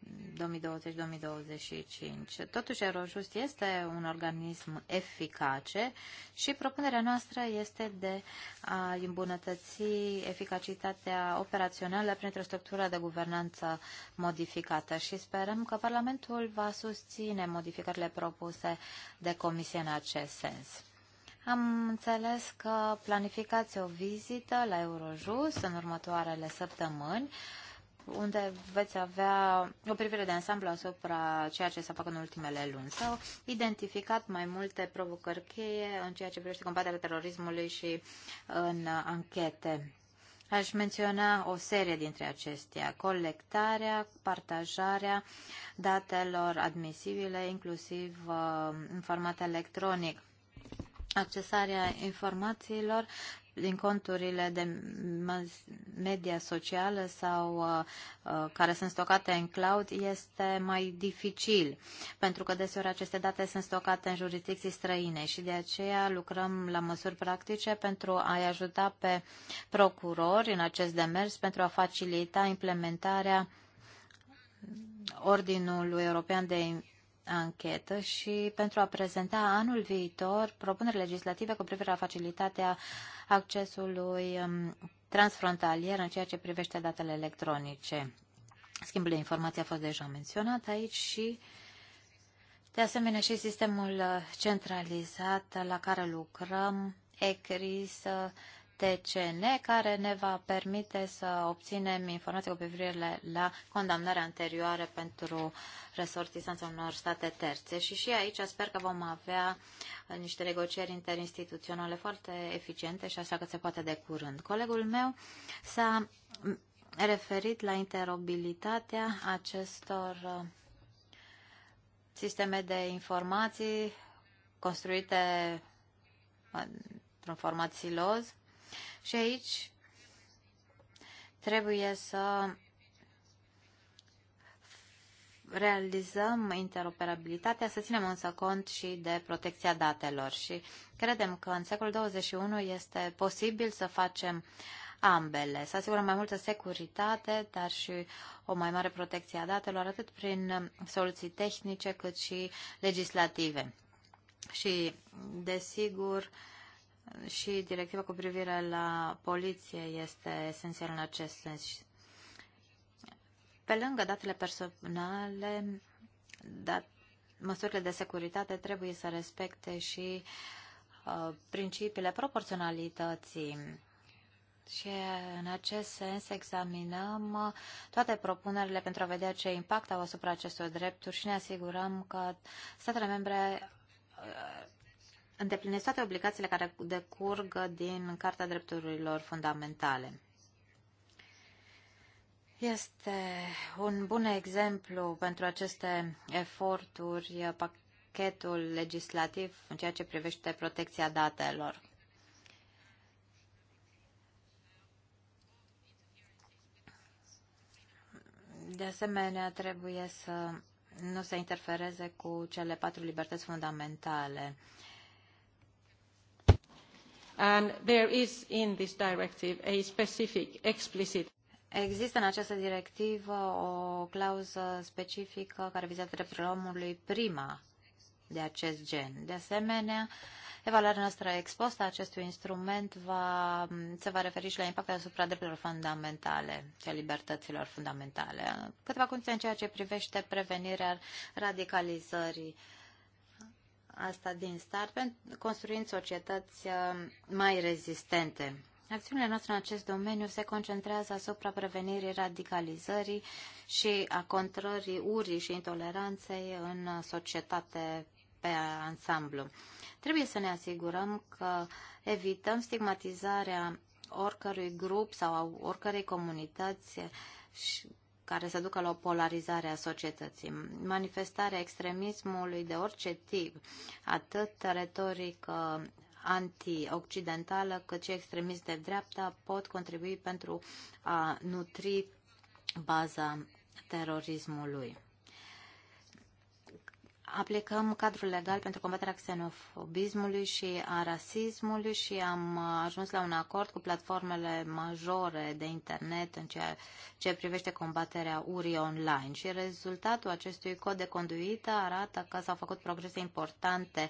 2020-2025. Totuși, Eurojust este un organism eficace și propunerea noastră este de a îmbunătăți eficacitatea operațională printr-o structură de guvernanță modificată și sperăm că Parlamentul va susține modificările propuse de Comisie în acest sens. Am înțeles că planificați o vizită la Eurojust în următoarele săptămâni unde veți avea o privire de ansamblu asupra ceea ce s-a făcut în ultimele luni. S-au identificat mai multe provocări cheie în ceea ce privește combaterea terorismului și în anchete. Aș menționa o serie dintre acestea. Colectarea, partajarea datelor admisibile, inclusiv uh, în format electronic accesarea informațiilor din conturile de media socială sau uh, uh, care sunt stocate în cloud este mai dificil, pentru că deseori aceste date sunt stocate în jurisdicții străine și de aceea lucrăm la măsuri practice pentru a-i ajuta pe procurori în acest demers pentru a facilita implementarea Ordinului European de anchetă și pentru a prezenta anul viitor propuneri legislative cu privire la facilitatea accesului um, transfrontalier în ceea ce privește datele electronice. Schimbul de informații a fost deja menționat aici și de asemenea și sistemul uh, centralizat la care lucrăm, ECRIS, uh, TCN, care ne va permite să obținem informații cu privire la condamnarea anterioară pentru resortisanța unor state terțe. Și și aici sper că vom avea niște negocieri interinstituționale foarte eficiente și așa că se poate de curând. Colegul meu s-a referit la interoperabilitatea acestor uh, sisteme de informații construite într-un format siloz. Și aici trebuie să realizăm interoperabilitatea, să ținem însă cont și de protecția datelor și credem că în secolul 21 este posibil să facem ambele, să asigurăm mai multă securitate, dar și o mai mare protecție a datelor, atât prin soluții tehnice cât și legislative. Și, desigur, și directiva cu privire la poliție este esențială în acest sens. Pe lângă datele personale, dat, măsurile de securitate trebuie să respecte și uh, principiile proporționalității. Și uh, în acest sens examinăm uh, toate propunerile pentru a vedea ce impact au asupra acestor drepturi și ne asigurăm că statele membre uh, îndeplinesc toate obligațiile care decurg din Carta Drepturilor Fundamentale. Este un bun exemplu pentru aceste eforturi pachetul legislativ în ceea ce privește protecția datelor. De asemenea, trebuie să nu se interfereze cu cele patru libertăți fundamentale. Uh, And there is in this directive a specific explicit Există în această directivă o clauză specifică care vizează drepturile omului prima de acest gen. De asemenea, evaluarea noastră expusă a acestui instrument va, se va referi și la impactul asupra drepturilor fundamentale și a libertăților fundamentale. Câteva cuvinte în ceea ce privește prevenirea radicalizării uh, asta din start, construind societăți uh, mai rezistente. Acțiunile noastre în acest domeniu se concentrează asupra prevenirii radicalizării și a contrării urii și intoleranței în societate pe ansamblu. Trebuie să ne asigurăm că evităm stigmatizarea oricărui grup sau a oricărei comunități care să ducă la o polarizare a societății. Manifestarea extremismului de orice tip, atât retorică anti-occidentală, cât și extremist de dreapta pot contribui pentru a nutri baza terorismului aplicăm cadrul legal pentru combaterea xenofobismului și a rasismului și am ajuns la un acord cu platformele majore de internet în ceea ce privește combaterea urii online. Și rezultatul acestui cod de conduită arată că s-au făcut progrese importante uh,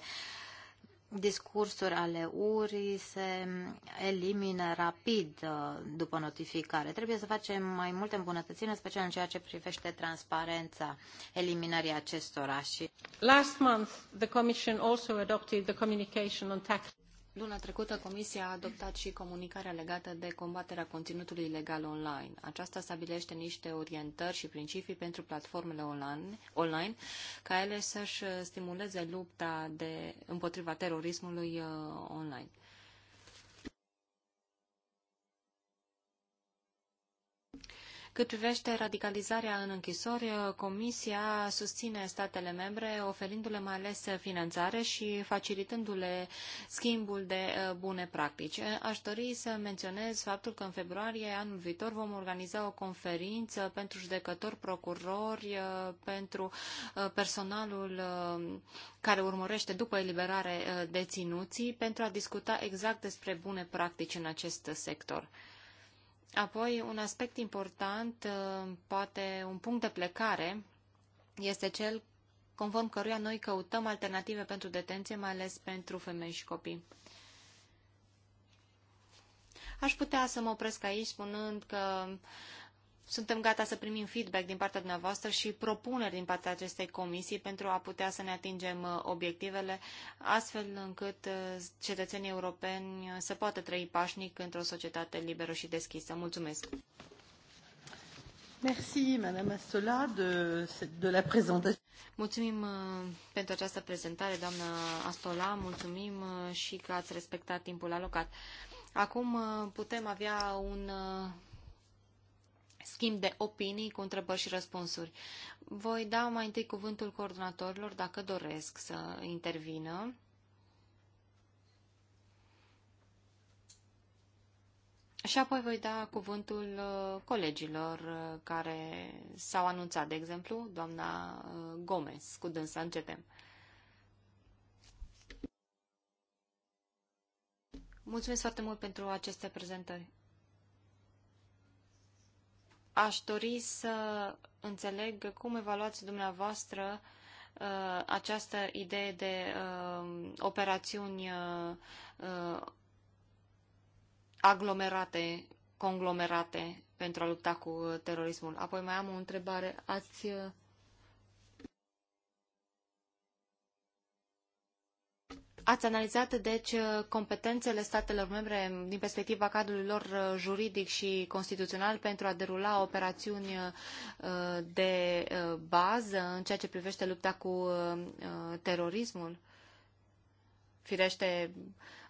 discursuri ale URI se elimină rapid uh, după notificare. Trebuie să facem mai multe îmbunătățiri, în special în ceea ce privește transparența eliminării acestora. Și... Last month, the Commission also adopted the communication on tax. Luna trecută, Comisia a adoptat și comunicarea legată de combaterea conținutului ilegal online. Aceasta stabilește niște orientări și principii pentru platformele online, online ca ele să-și stimuleze lupta de, împotriva terorismului uh, online. Cât privește radicalizarea în închisori, Comisia susține statele membre, oferindu-le mai ales finanțare și facilitându-le schimbul de uh, bune practici. Aș dori să menționez faptul că în februarie anul viitor vom organiza o conferință pentru judecători, procurori, uh, pentru uh, personalul care urmărește după eliberare deținuții, pentru a discuta exact despre bune practici în acest sector. Apoi, un aspect important, uh, poate un punct de plecare, este cel conform căruia noi căutăm alternative pentru detenție, mai ales pentru femei și copii. Aș putea să mă opresc aici spunând că suntem gata să primim feedback din partea dumneavoastră și propuneri din partea acestei comisii pentru a putea să ne atingem uh, obiectivele, astfel încât uh, cetățenii europeni uh, să poată trăi pașnic într-o societate liberă și deschisă. Mulțumesc! Merci, Madame Astola, de, de la prezentare. Mulțumim pentru această prezentare, doamna Astola, mulțumim și că ați respectat timpul alocat. Acum putem avea un schimb de opinii cu întrebări și răspunsuri. Voi da mai întâi cuvântul coordonatorilor dacă doresc să intervină. Și apoi voi da cuvântul uh, colegilor uh, care s-au anunțat, de exemplu, doamna uh, Gomez, cu dânsa începem. Mulțumesc foarte mult pentru aceste prezentări. Aș dori să înțeleg cum evaluați dumneavoastră uh, această idee de uh, operațiuni uh, aglomerate, conglomerate pentru a lupta cu terorismul. Apoi mai am o întrebare. Ați uh, Ați analizat, deci, competențele statelor membre din perspectiva cadrului lor juridic și constituțional pentru a derula operațiuni uh, de uh, bază în ceea ce privește lupta cu uh, terorismul? Firește, uh,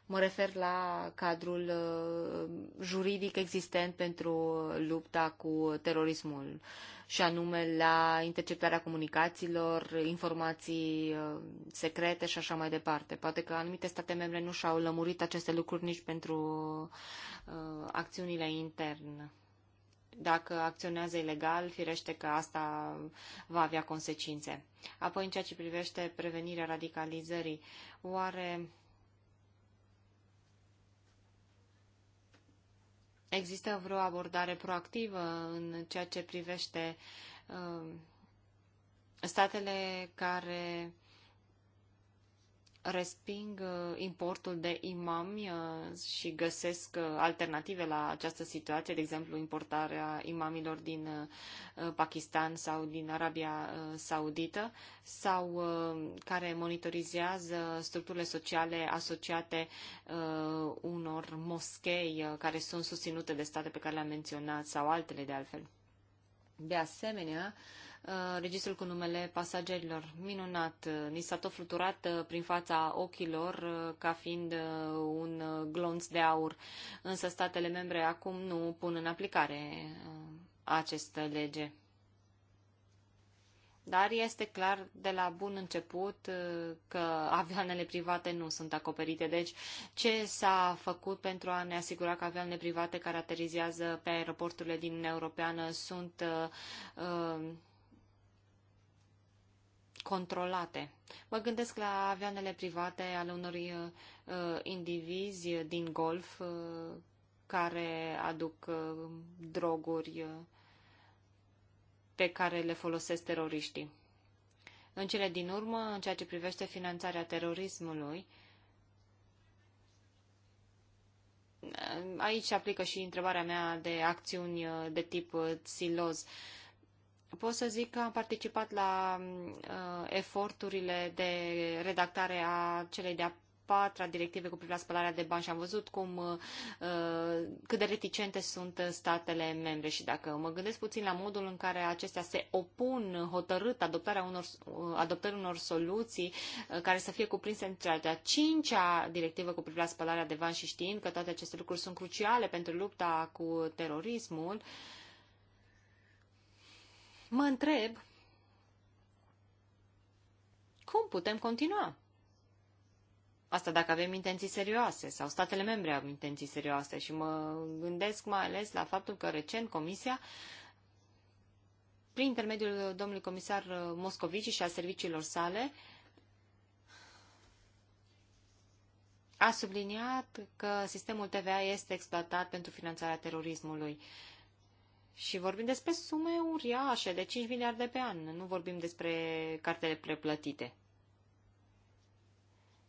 Mă refer la cadrul uh, juridic existent pentru lupta cu terorismul și anume la interceptarea comunicațiilor, informații uh, secrete și așa mai departe. Poate că anumite state membre nu și-au lămurit aceste lucruri nici pentru uh, acțiunile interne. Dacă acționează ilegal, firește că asta va avea consecințe. Apoi, în ceea ce privește prevenirea radicalizării, oare Există vreo abordare proactivă în ceea ce privește uh, statele care resping uh, importul de imami uh, și găsesc uh, alternative la această situație, de exemplu importarea imamilor din Pakistan sau din Arabia Saudită, sau care monitorizează structurile sociale asociate unor moschei care sunt susținute de state pe care le-am menționat sau altele de altfel. De asemenea, Uh, registrul cu numele pasagerilor. Minunat! Uh, ni s-a tot fluturat uh, prin fața ochilor ca fiind un glonț de aur, însă statele membre acum nu pun în aplicare această lege. Dar este clar de la bun început că avioanele private nu sunt acoperite. Deci, ce s-a făcut pentru a ne asigura că avioanele private care aterizează pe aeroporturile din Uniunea Europeană sunt uh, controlate. Mă gândesc la avioanele private ale unor uh, uh, indivizi din golf uh, care aduc uh, droguri uh, pe care le folosesc teroriștii. În cele din urmă, în ceea ce privește finanțarea terorismului, aici aplică și întrebarea mea de acțiuni uh, de tip uh, siloz. Uh, pot să zic că am participat la uh, eforturile de redactare a celei de-a patra directive cu privire la spălarea de bani și am văzut cum, uh, cât de reticente sunt statele membre și dacă mă gândesc puțin la modul în care acestea se opun hotărât adoptarea unor, uh, adoptării unor soluții uh, care să fie cuprinse în cea de-a cincea directivă cu privire la spălarea de bani și știind că toate aceste lucruri sunt cruciale pentru lupta cu terorismul, uh, Mă întreb cum putem continua? Asta dacă avem intenții serioase sau statele membre au intenții serioase și mă gândesc mai ales la faptul că recent Comisia, prin intermediul domnului comisar Moscovici și a serviciilor sale, a subliniat că sistemul TVA este exploatat pentru finanțarea terorismului. Uh, și vorbim despre sume uriașe, de 5 miliarde pe an. Nu vorbim despre cartele preplătite.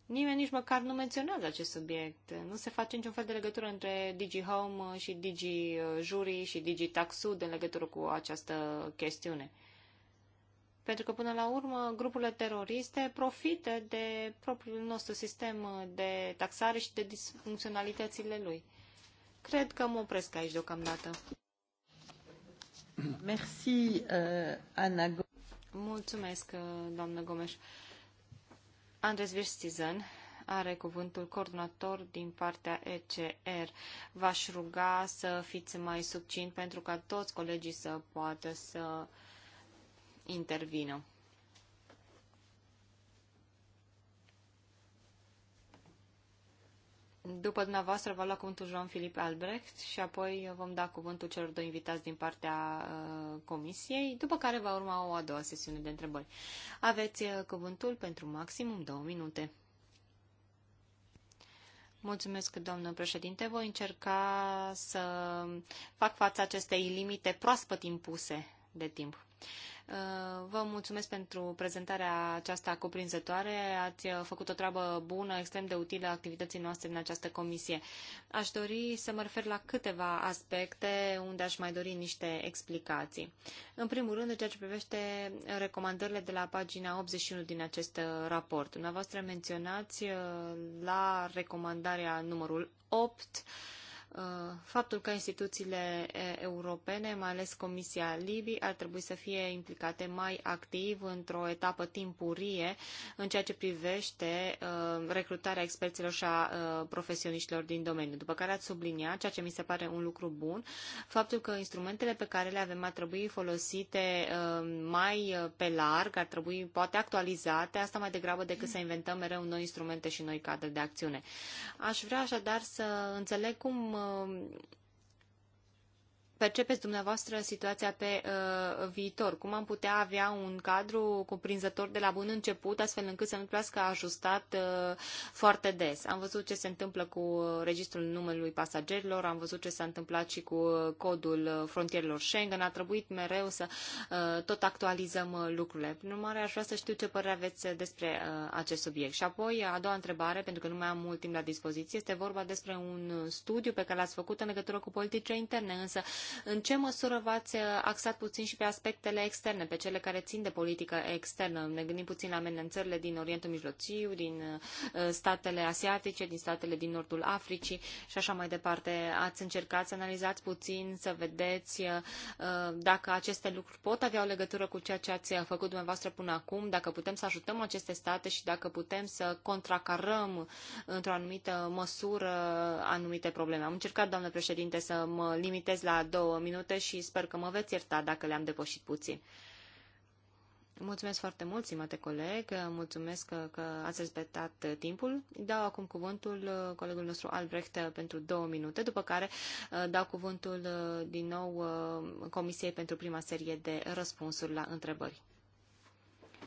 Nimeni nici măcar nu menționează acest subiect. Nu se face niciun fel de legătură între Digi Home și Digi uh, Jury și Digi Taxud în legătură cu această chestiune. Pentru că, până la urmă, grupurile teroriste profită de propriul nostru sistem de taxare și de disfuncționalitățile lui. Cred că mă opresc aici deocamdată. Euh, Mulțumesc, uh, doamnă Gomes. Andres Virstizen are cuvântul coordonator din partea ECR. V-aș ruga să fiți mai subțin pentru ca toți colegii să poată să intervină. După dumneavoastră va lua cuvântul Jean-Philippe Albrecht și apoi vom da cuvântul celor doi invitați din partea uh, comisiei, după care va urma o a doua sesiune de întrebări. Aveți uh, cuvântul pentru maximum două minute. Mulțumesc, doamnă președinte. Voi încerca să fac față acestei limite proaspăt impuse de timp. Uh, Uh, vă mulțumesc pentru prezentarea aceasta cuprinzătoare. Ați uh, făcut o treabă bună, extrem de utilă activității noastre în această comisie. Aș dori să mă refer la câteva aspecte unde aș mai dori niște explicații. În primul rând, în ceea ce privește recomandările de la pagina 81 din acest uh, raport. Dumneavoastră menționați la recomandarea numărul 8 Uh, faptul că instituțiile europene, mai ales Comisia Libii, ar trebui să fie implicate mai activ într-o etapă timpurie în ceea ce privește uh, recrutarea experților și a uh, profesioniștilor din domeniu. După care ați subliniat, ceea ce mi se pare un lucru bun, faptul că instrumentele pe care le avem ar trebui folosite mai pe larg, ar trebui poate actualizate, asta mai degrabă decât să inventăm mereu noi instrumente și noi cadre de acțiune. Aș vrea așadar să înțeleg cum uh, percepeți dumneavoastră situația pe uh, viitor? Cum am putea avea un cadru cuprinzător de la bun început, astfel încât să nu plească ajustat uh, foarte des? Am văzut ce se întâmplă cu uh, registrul numelui pasagerilor, am văzut ce s-a întâmplat și cu uh, codul uh, frontierelor Schengen, a trebuit mereu să uh, tot actualizăm lucrurile. Prin urmare, aș vrea să știu ce părere aveți despre uh, acest subiect. Și apoi, a doua întrebare, pentru că nu mai am mult timp la dispoziție, este vorba despre un studiu pe care l-ați făcut în legătură cu politice interne, însă în ce măsură v-ați uh, axat puțin și pe aspectele externe, pe cele care țin de politică externă? Ne gândim puțin la amenințările din Orientul Mijlociu, din uh, statele asiatice, din statele din Nordul Africii și așa mai departe. Ați încercat să analizați puțin, să vedeți uh, dacă aceste lucruri pot avea o legătură cu ceea ce ați făcut dumneavoastră până acum, dacă putem să ajutăm aceste state și dacă putem să contracarăm într-o anumită măsură anumite probleme. Am încercat, doamnă președinte, să mă limitez la două două minute și sper că mă veți ierta dacă le-am depășit puțin. Mulțumesc foarte mult, stimate coleg, mulțumesc că, că ați respectat timpul. Dau acum cuvântul uh, colegul nostru Albrecht uh, pentru două minute, după care uh, dau cuvântul din nou Comisiei pentru prima serie de răspunsuri la întrebări.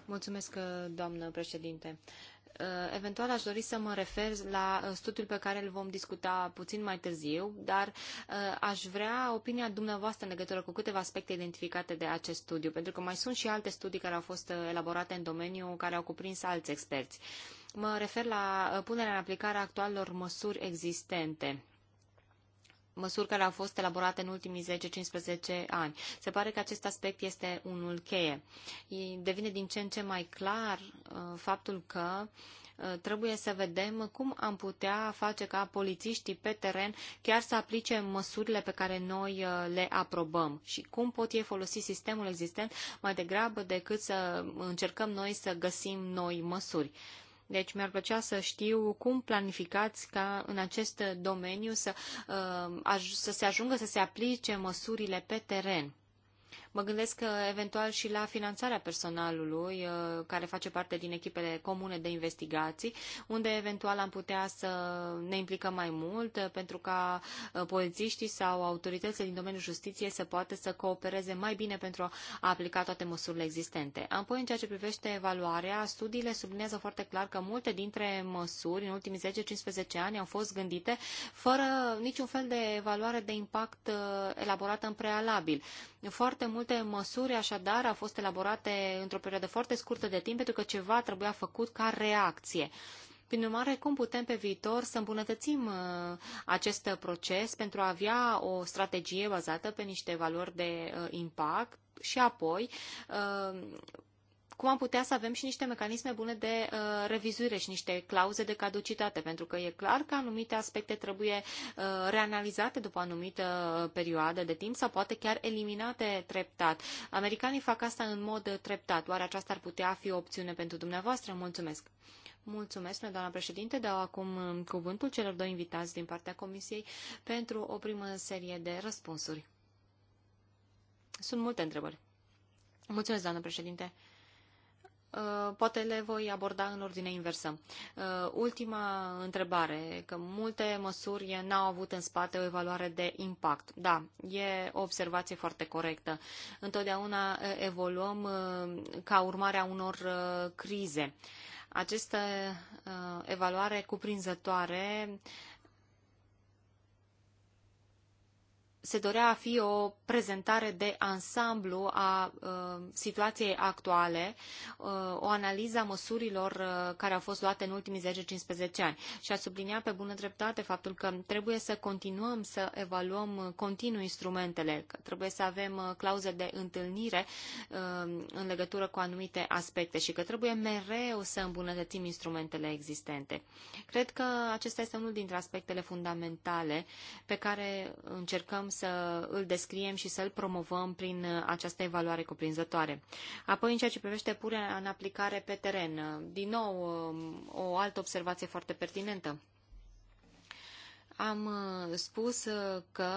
Mulțumesc, doamnă președinte. Uh, Eh, eventual aș dori să mă refer la eh, studiul pe care îl vom discuta puțin mai târziu, dar eh, aș vrea opinia dumneavoastră în legătură cu câteva aspecte identificate de acest studiu, pentru că mai sunt și alte studii care au fost elaborate în domeniu, care au cuprins alți experți. Mă refer la punerea în aplicare a actualelor măsuri existente măsuri care au fost elaborate în ultimii 10-15 ani. Se pare că acest aspect este unul cheie. Devine din ce în ce mai clar uh, faptul că uh, trebuie să vedem cum am putea face ca polițiștii pe teren chiar să aplice măsurile pe care noi uh, le aprobăm și cum pot ei folosi sistemul existent mai degrabă decât să încercăm noi să găsim noi măsuri. Deci mi-ar plăcea să știu cum planificați ca în acest domeniu să, uh, să se ajungă să se aplice măsurile pe teren. Mă gândesc eventual și la finanțarea personalului uh, care face parte din echipele comune de investigații, unde eventual am putea să ne implicăm mai mult uh, pentru ca uh, polițiștii sau autoritățile din domeniul justiției să poată să coopereze mai bine pentru a aplica toate măsurile existente. Apoi, în ceea ce privește evaluarea, studiile sublinează foarte clar că multe dintre măsuri în ultimii 10-15 ani au fost gândite fără niciun fel de evaluare de impact elaborată în prealabil. Foarte mult multe măsuri, așadar, au fost elaborate într-o perioadă foarte scurtă de timp, pentru că ceva trebuia făcut ca reacție. Prin urmare, cum putem pe viitor să îmbunătățim uh, acest proces pentru a avea o strategie bazată pe niște valori de uh, impact și apoi uh, cum am putea să avem și niște mecanisme bune de uh, revizuire și niște clauze de caducitate, pentru că e clar că anumite aspecte trebuie uh, reanalizate după o anumită perioadă de timp sau poate chiar eliminate treptat. Americanii fac asta în mod treptat. Oare aceasta ar putea fi o opțiune pentru dumneavoastră? Mulțumesc! Mulțumesc, doamna președinte. Dau acum um, cuvântul celor doi invitați din partea Comisiei pentru o primă serie de răspunsuri. Sunt multe întrebări. Mulțumesc, doamnă președinte. Uh, poate le voi aborda în ordine inversă. Uh, ultima întrebare, că multe măsuri n-au avut în spate o evaluare de impact. Da, e o observație foarte corectă. Întotdeauna uh, evoluăm ca urmare a unor crize. Această evaluare cuprinzătoare se dorea a fi o prezentare de ansamblu a uh, situației actuale, uh, o analiză a măsurilor uh, care au fost luate în ultimii 10-15 ani. Și a subliniat pe bună dreptate faptul că trebuie să continuăm să evaluăm uh, continuu instrumentele, că trebuie să avem uh, clauze de întâlnire uh, în legătură cu anumite aspecte și că trebuie mereu să îmbunătățim instrumentele existente. Cred că acesta este unul dintre aspectele fundamentale pe care încercăm să îl descriem și să îl promovăm prin această evaluare cuprinzătoare. Apoi, în ceea ce privește punerea în aplicare pe teren, din nou, um, o altă observație foarte pertinentă. Am uh, spus uh, că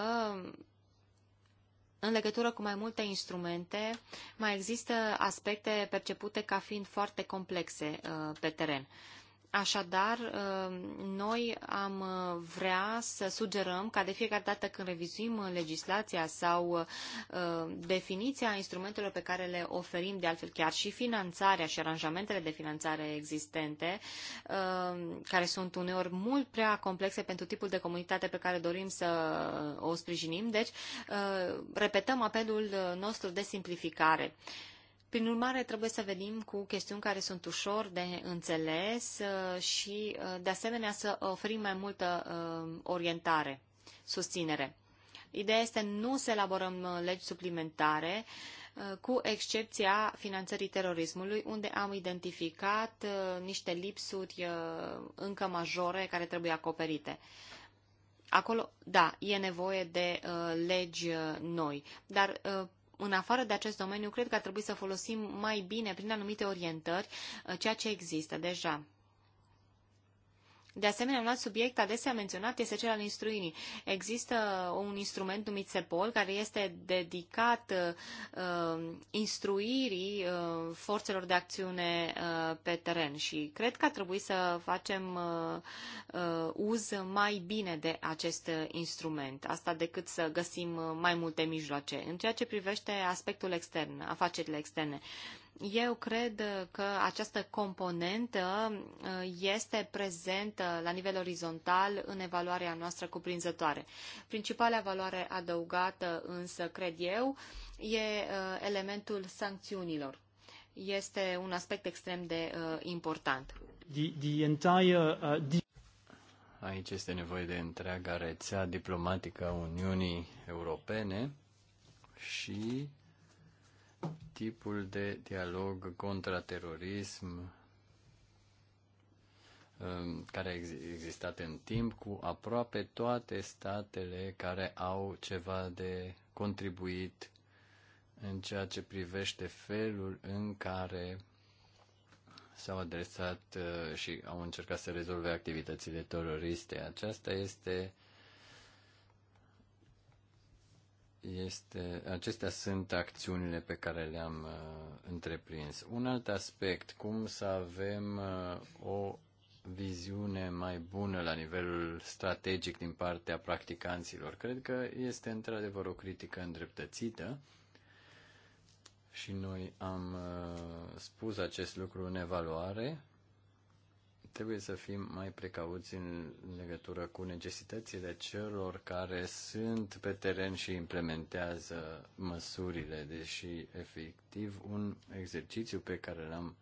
în legătură cu mai multe instrumente, mai există aspecte percepute ca fiind foarte complexe uh, pe teren. Așadar, uh, noi am uh, vrea să sugerăm ca de fiecare dată când revizuim uh, legislația sau definiția instrumentelor pe care le oferim, de altfel chiar și finanțarea și aranjamentele de finanțare existente, care sunt uneori mult prea complexe pentru tipul de comunitate pe care dorim să o sprijinim, deci repetăm apelul nostru de simplificare. Prin urmare, trebuie să venim cu chestiuni care sunt ușor de înțeles uh, și, uh, de asemenea, să oferim mai multă uh, orientare, susținere. Ideea este nu să elaborăm legi suplimentare, cu excepția finanțării terorismului, unde am identificat niște lipsuri încă majore care trebuie acoperite. Acolo, da, e nevoie de legi noi, dar în afară de acest domeniu, cred că ar trebui să folosim mai bine, prin anumite orientări, uh, ceea ce există deja. De asemenea, un alt subiect adesea menționat este cel al instruirii. Există un instrument numit SEPOL care este dedicat uh, instruirii uh, forțelor de acțiune uh, pe teren și cred că ar trebui să facem uh, uh, uz mai bine de acest instrument, asta decât să găsim mai multe mijloace. În ceea ce privește aspectul extern, afacerile externe, uh, eu cred că această componentă uh, este prezentă la nivel orizontal în evaluarea noastră cuprinzătoare. Principala valoare adăugată însă, cred eu, e uh, elementul sancțiunilor. Este un aspect extrem de uh, important. The, the entire, uh, the... Aici este nevoie de întreaga rețea diplomatică a Uniunii Europene și tipul de dialog contra terorism um, care a existat în timp cu aproape toate statele care au ceva de contribuit în ceea ce privește felul în care s-au adresat uh, și au încercat să rezolve activitățile teroriste. Aceasta este uh, este, acestea sunt acțiunile pe care le-am uh, întreprins. Un alt aspect, cum să avem uh, o viziune mai bună la nivelul strategic din partea practicanților. Cred că este într-adevăr o critică îndreptățită și noi am uh, spus acest lucru în evaluare trebuie să fim mai precauți în legătură cu necesitățile celor care sunt pe teren și implementează măsurile, deși efectiv un exercițiu pe care l-am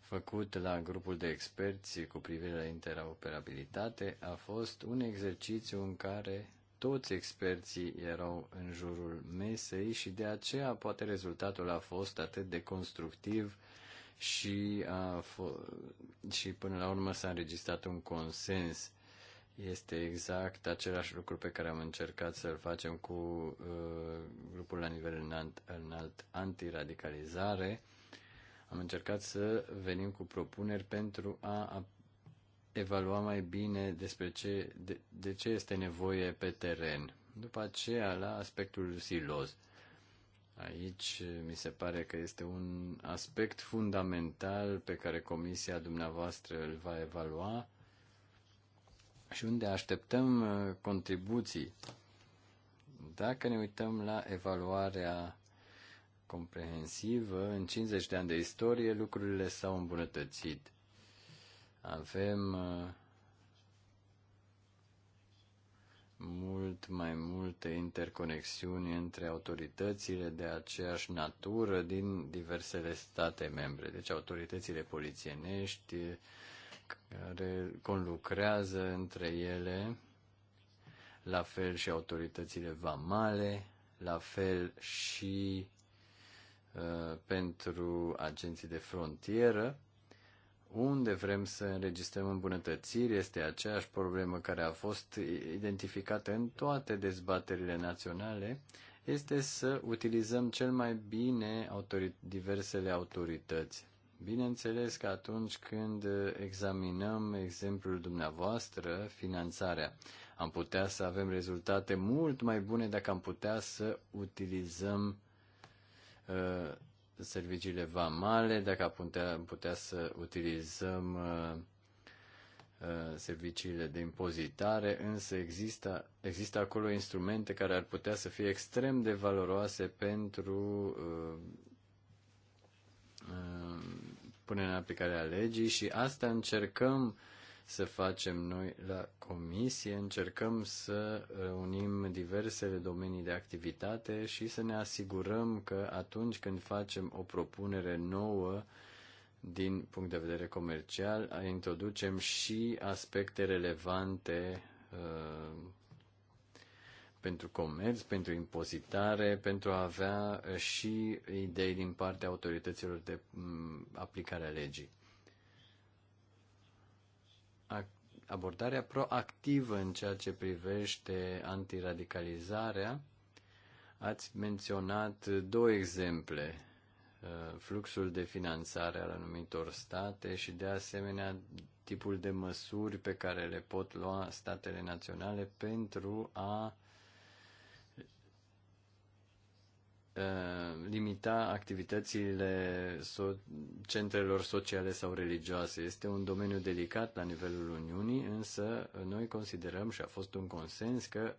făcut la grupul de experți cu privire la interoperabilitate a fost un exercițiu în care toți experții erau în jurul mesei și de aceea poate rezultatul a fost atât de constructiv și, a și până la urmă s-a înregistrat un consens. Este exact același lucru pe care am încercat să-l facem cu uh, grupul la nivel înalt, înalt antiradicalizare. Am încercat să venim cu propuneri pentru a evalua mai bine despre ce, de, de ce este nevoie pe teren. După aceea, la aspectul siloz. Uh, Aici eh, mi se pare că este un aspect fundamental pe care comisia dumneavoastră îl va evalua și unde așteptăm eh, contribuții. Dacă ne uităm la evaluarea comprehensivă, în 50 de ani de istorie lucrurile s-au îmbunătățit. Avem eh, mult mai multe interconexiuni între autoritățile de aceeași natură din diversele state membre. Deci autoritățile polițienești care conlucrează între ele, la fel și autoritățile vamale, la fel și uh, pentru agenții de frontieră unde vrem să înregistrăm îmbunătățiri este aceeași problemă care a fost identificată în toate dezbaterile naționale, este să utilizăm cel mai bine autori- diversele autorități. Bineînțeles că atunci când examinăm exemplul dumneavoastră, finanțarea, am putea să avem rezultate mult mai bune dacă am putea să utilizăm uh, serviciile vamale, dacă putea, putea să utilizăm uh, uh, serviciile de impozitare, însă există, există acolo instrumente care ar putea să fie extrem de valoroase pentru uh, punerea în aplicare a legii și asta încercăm să facem noi la comisie. Încercăm să uh, unim diversele domenii de activitate și să ne asigurăm că atunci când facem o propunere nouă, din punct de vedere comercial, introducem și aspecte relevante uh, pentru comerț, pentru impozitare, pentru a avea uh, și idei din partea autorităților de mm, aplicare a legii. abordarea proactivă în ceea ce privește antiradicalizarea, ați menționat două exemple, uh, fluxul de finanțare al anumitor state și de asemenea tipul de măsuri pe care le pot lua statele naționale pentru a Uh, limita activitățile centrelor sociale sau religioase. Este un domeniu delicat la nivelul Uniunii, însă noi considerăm și a fost un consens că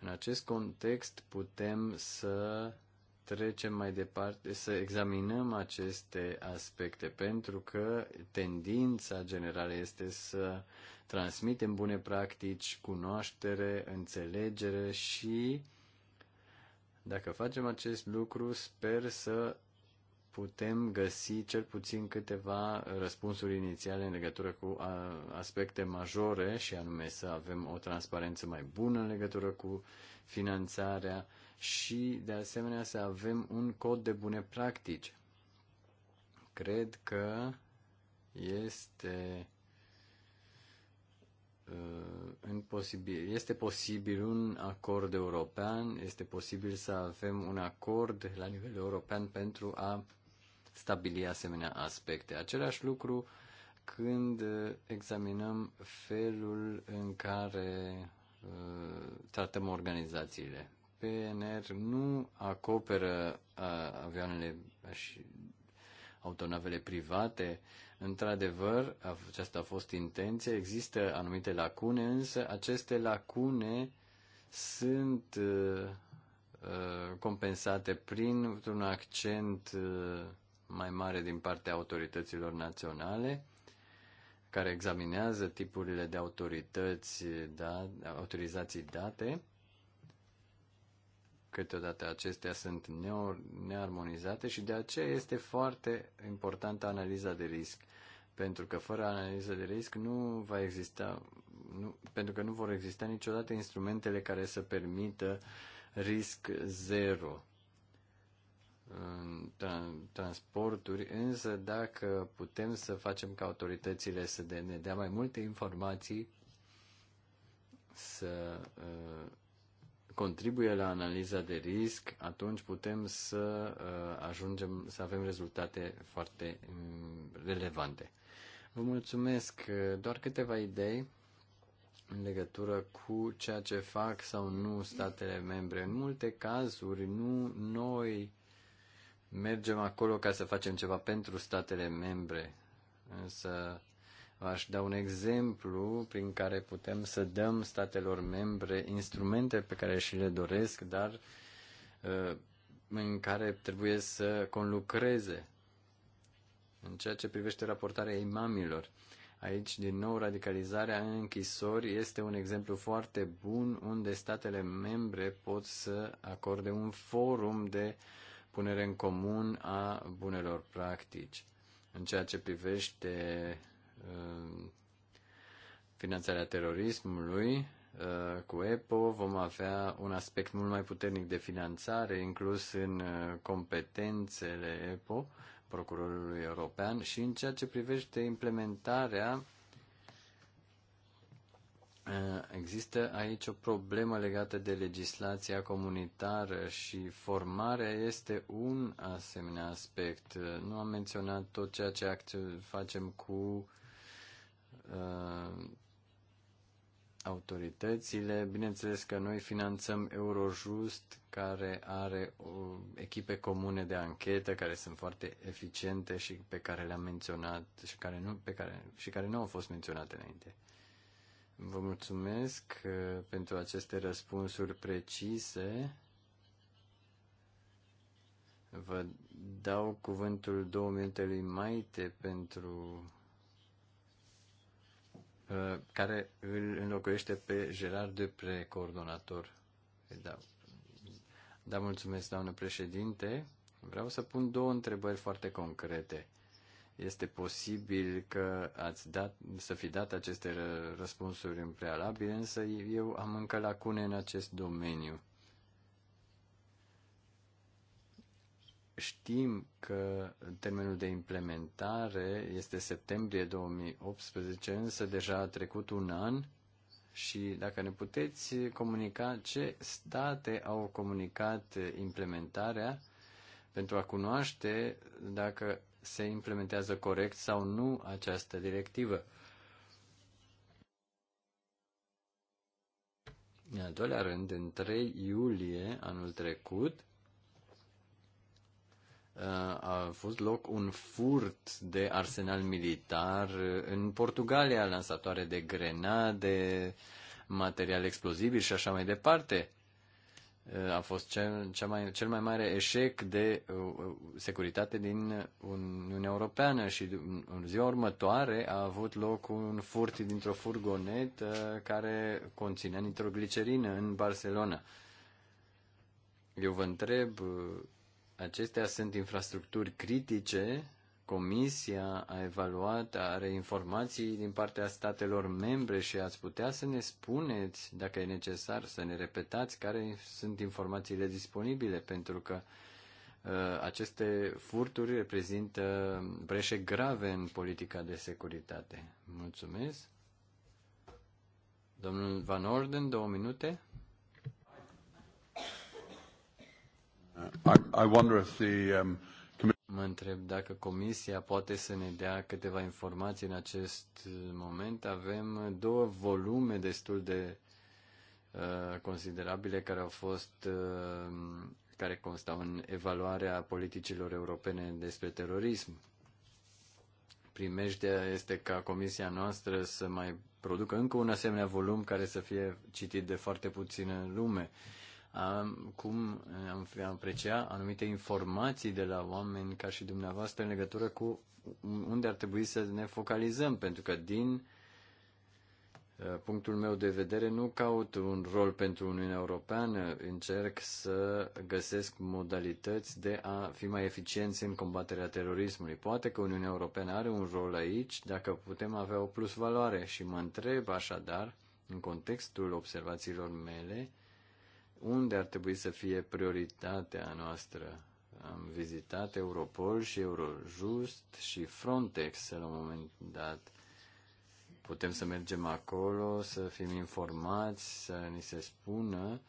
în acest context putem să trecem mai departe, să examinăm aceste aspecte, pentru că tendința generală este să transmitem bune practici, cunoaștere, înțelegere și dacă facem acest lucru, sper să putem găsi cel puțin câteva răspunsuri inițiale în legătură cu aspecte majore și anume să avem o transparență mai bună în legătură cu finanțarea și de asemenea să avem un cod de bune practici. Cred că este Uh, în posibil, este posibil un acord european, este posibil să avem un acord la nivel european pentru a stabili asemenea aspecte. Același lucru când uh, examinăm felul în care uh, tratăm organizațiile. PNR nu acoperă uh, avioanele și autonavele private, Într-adevăr, aceasta a fost intenția, există anumite lacune, însă aceste lacune sunt uh, uh, compensate prin un accent uh, mai mare din partea autorităților naționale care examinează tipurile de autorități, da, autorizații date. Câteodată acestea sunt nearmonizate și de aceea este foarte importantă analiza de risc. Pentru că fără analiză de risc nu va exista, nu, pentru că nu vor exista niciodată instrumentele care să permită risc zero în transporturi, însă dacă putem să facem ca autoritățile să de, ne dea mai multe informații, să uh, contribuie la analiza de risc, atunci putem să uh, ajungem să avem rezultate foarte um, relevante. Vă mulțumesc. Doar câteva idei în legătură cu ceea ce fac sau nu statele membre. În multe cazuri, nu noi mergem acolo ca să facem ceva pentru statele membre. Însă aș da un exemplu prin care putem să dăm statelor membre instrumente pe care și le doresc, dar uh, în care trebuie să conlucreze. În ceea ce privește raportarea imamilor, aici din nou radicalizarea în închisori este un exemplu foarte bun unde statele membre pot să acorde un forum de punere în comun a bunelor practici. În ceea ce privește uh, finanțarea terorismului, uh, cu EPO vom avea un aspect mult mai puternic de finanțare inclus în uh, competențele EPO procurorului european și în ceea ce privește implementarea eh, Există aici o problemă legată de legislația comunitară și formarea este un asemenea aspect. Nu am menționat tot ceea ce facem cu uh, autoritățile. Bineînțeles că noi finanțăm Eurojust, care are o echipe comune de anchetă care sunt foarte eficiente și pe care le-am menționat și care nu, pe care, și care nu au fost menționate înainte. Vă mulțumesc uh, pentru aceste răspunsuri precise. Vă dau cuvântul două minute lui Maite pentru Uh, care îl înlocuiește pe Gerard de coordonator. Păi da. da, mulțumesc, doamnă președinte. Vreau să pun două întrebări foarte concrete. Este posibil că ați dat, să fi dat aceste răspunsuri în prealabil, însă eu am încă lacune în acest domeniu. Știm că termenul de implementare este septembrie 2018, însă deja a trecut un an și dacă ne puteți comunica ce state au comunicat implementarea pentru a cunoaște dacă se implementează corect sau nu această directivă. În al doilea rând, în 3 iulie anul trecut, a fost loc un furt de arsenal militar în Portugalia, lansatoare de grenade, material explozibil și așa mai departe. A fost cel, mai, cel mai mare eșec de uh, uh, securitate din Uniunea Europeană și în ziua următoare a avut loc un furt dintr-o furgonetă care conținea nitroglicerină în Barcelona. Eu vă întreb uh, Acestea sunt infrastructuri critice. Comisia a evaluat, are informații din partea statelor membre și ați putea să ne spuneți, dacă e necesar, să ne repetați care sunt informațiile disponibile, pentru că uh, aceste furturi reprezintă breșe grave în politica de securitate. Mulțumesc. Domnul Van Orden, două minute. Um, mă întreb dacă Comisia poate să ne dea câteva informații în acest uh, moment. Avem două volume destul de uh, considerabile care au fost uh, care constau în evaluarea politicilor europene despre terorism. Primejdea este ca comisia noastră să mai producă încă un asemenea volum care să fie citit de foarte puțină lume. Uh, am, cum am fi aprecia anumite informații de la oameni ca și dumneavoastră în legătură cu unde ar trebui să ne focalizăm, pentru că din uh, punctul meu de vedere nu caut un rol pentru Uniunea Europeană, încerc să găsesc modalități de a fi mai eficienți în combaterea terorismului. Poate că Uniunea Europeană are un rol aici, dacă putem avea o plus valoare și mă întreb așadar, în contextul observațiilor mele, unde ar trebui să fie prioritatea noastră. Am vizitat Europol și Eurojust și Frontex la un moment dat. Putem să mergem acolo, să fim informați, să ni se spună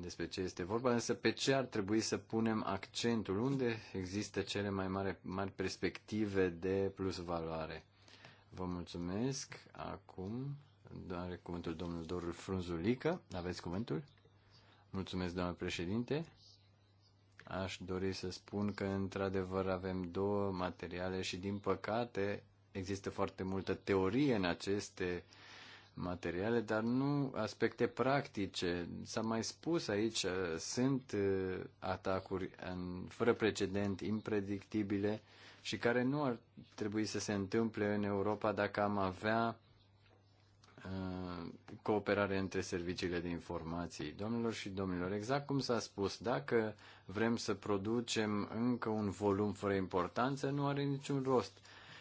despre ce este vorba, însă pe ce ar trebui să punem accentul, unde există cele mai mari, mari perspective de plus valoare. Vă mulțumesc. Acum are cuvântul domnul Dorul Frunzulică. Aveți cuvântul? Mulțumesc, doamnă președinte. Aș dori să spun că, într-adevăr, avem două materiale și, din păcate, există foarte multă teorie în aceste materiale, dar nu aspecte practice. S-a mai spus aici, sunt uh, atacuri în, fără precedent, impredictibile și care nu ar trebui să se întâmple în Europa dacă am avea Uh, cooperare între serviciile de informații. Domnilor și domnilor, exact cum s-a spus, dacă vrem să producem încă un volum fără importanță, nu are niciun rost.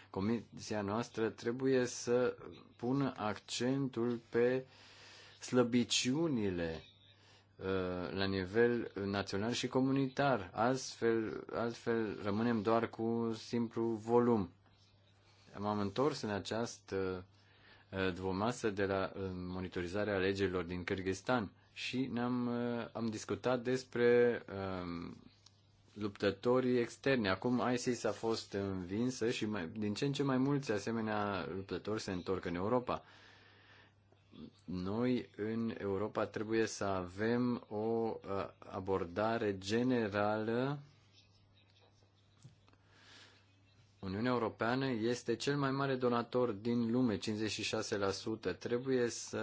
Comisia noastră trebuie să pună accentul pe slăbiciunile uh, la nivel național și comunitar. Altfel, altfel rămânem doar cu simplu volum. M-am întors în această uh, dvomasă de la uh, monitorizarea alegerilor din Kyrgyzstan și ne-am uh, am discutat despre um, luptătorii externi. Acum ISIS a fost învinsă și mai, din ce în ce mai mulți asemenea luptători se întorc în Europa. Noi în Europa trebuie să avem o uh, abordare generală Uniunea Europeană este cel mai mare donator din lume, 56%. Trebuie să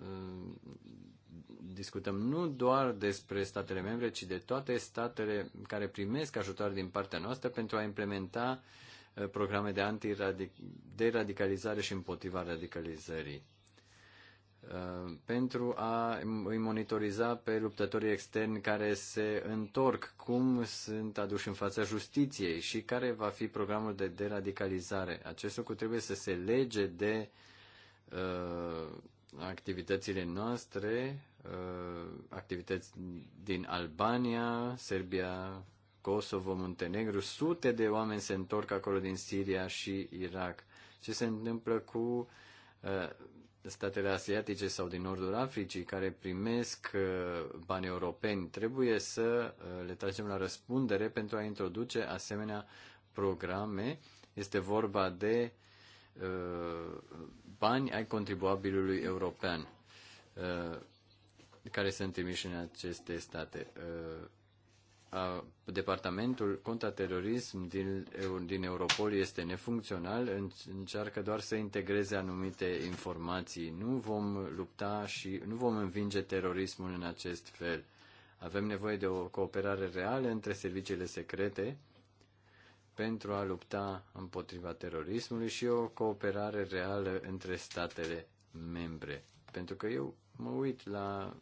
uh, discutăm nu doar despre statele membre, ci de toate statele care primesc ajutor din partea noastră pentru a implementa uh, programe de, de radicalizare și împotriva radicalizării. Uh, pentru a îi monitoriza pe luptătorii externi care se întorc, cum sunt aduși în fața justiției și care va fi programul de deradicalizare. Acest lucru trebuie să se lege de uh, activitățile noastre, uh, activități din Albania, Serbia, Kosovo, Muntenegru. Sute de oameni se întorc acolo din Siria și Irak. Ce se întâmplă cu uh, statele asiatice sau din nordul Africii care primesc uh, bani europeni, trebuie să uh, le tragem la răspundere pentru a introduce asemenea programe. Este vorba de uh, bani ai contribuabilului european care sunt trimiși în aceste state departamentul contraterorism din, din Europol este nefuncțional, încearcă doar să integreze anumite informații. Nu vom lupta și nu vom învinge terorismul în acest fel. Avem nevoie de o cooperare reală între serviciile secrete pentru a lupta împotriva terorismului și o cooperare reală între statele membre. Pentru că eu mă uit la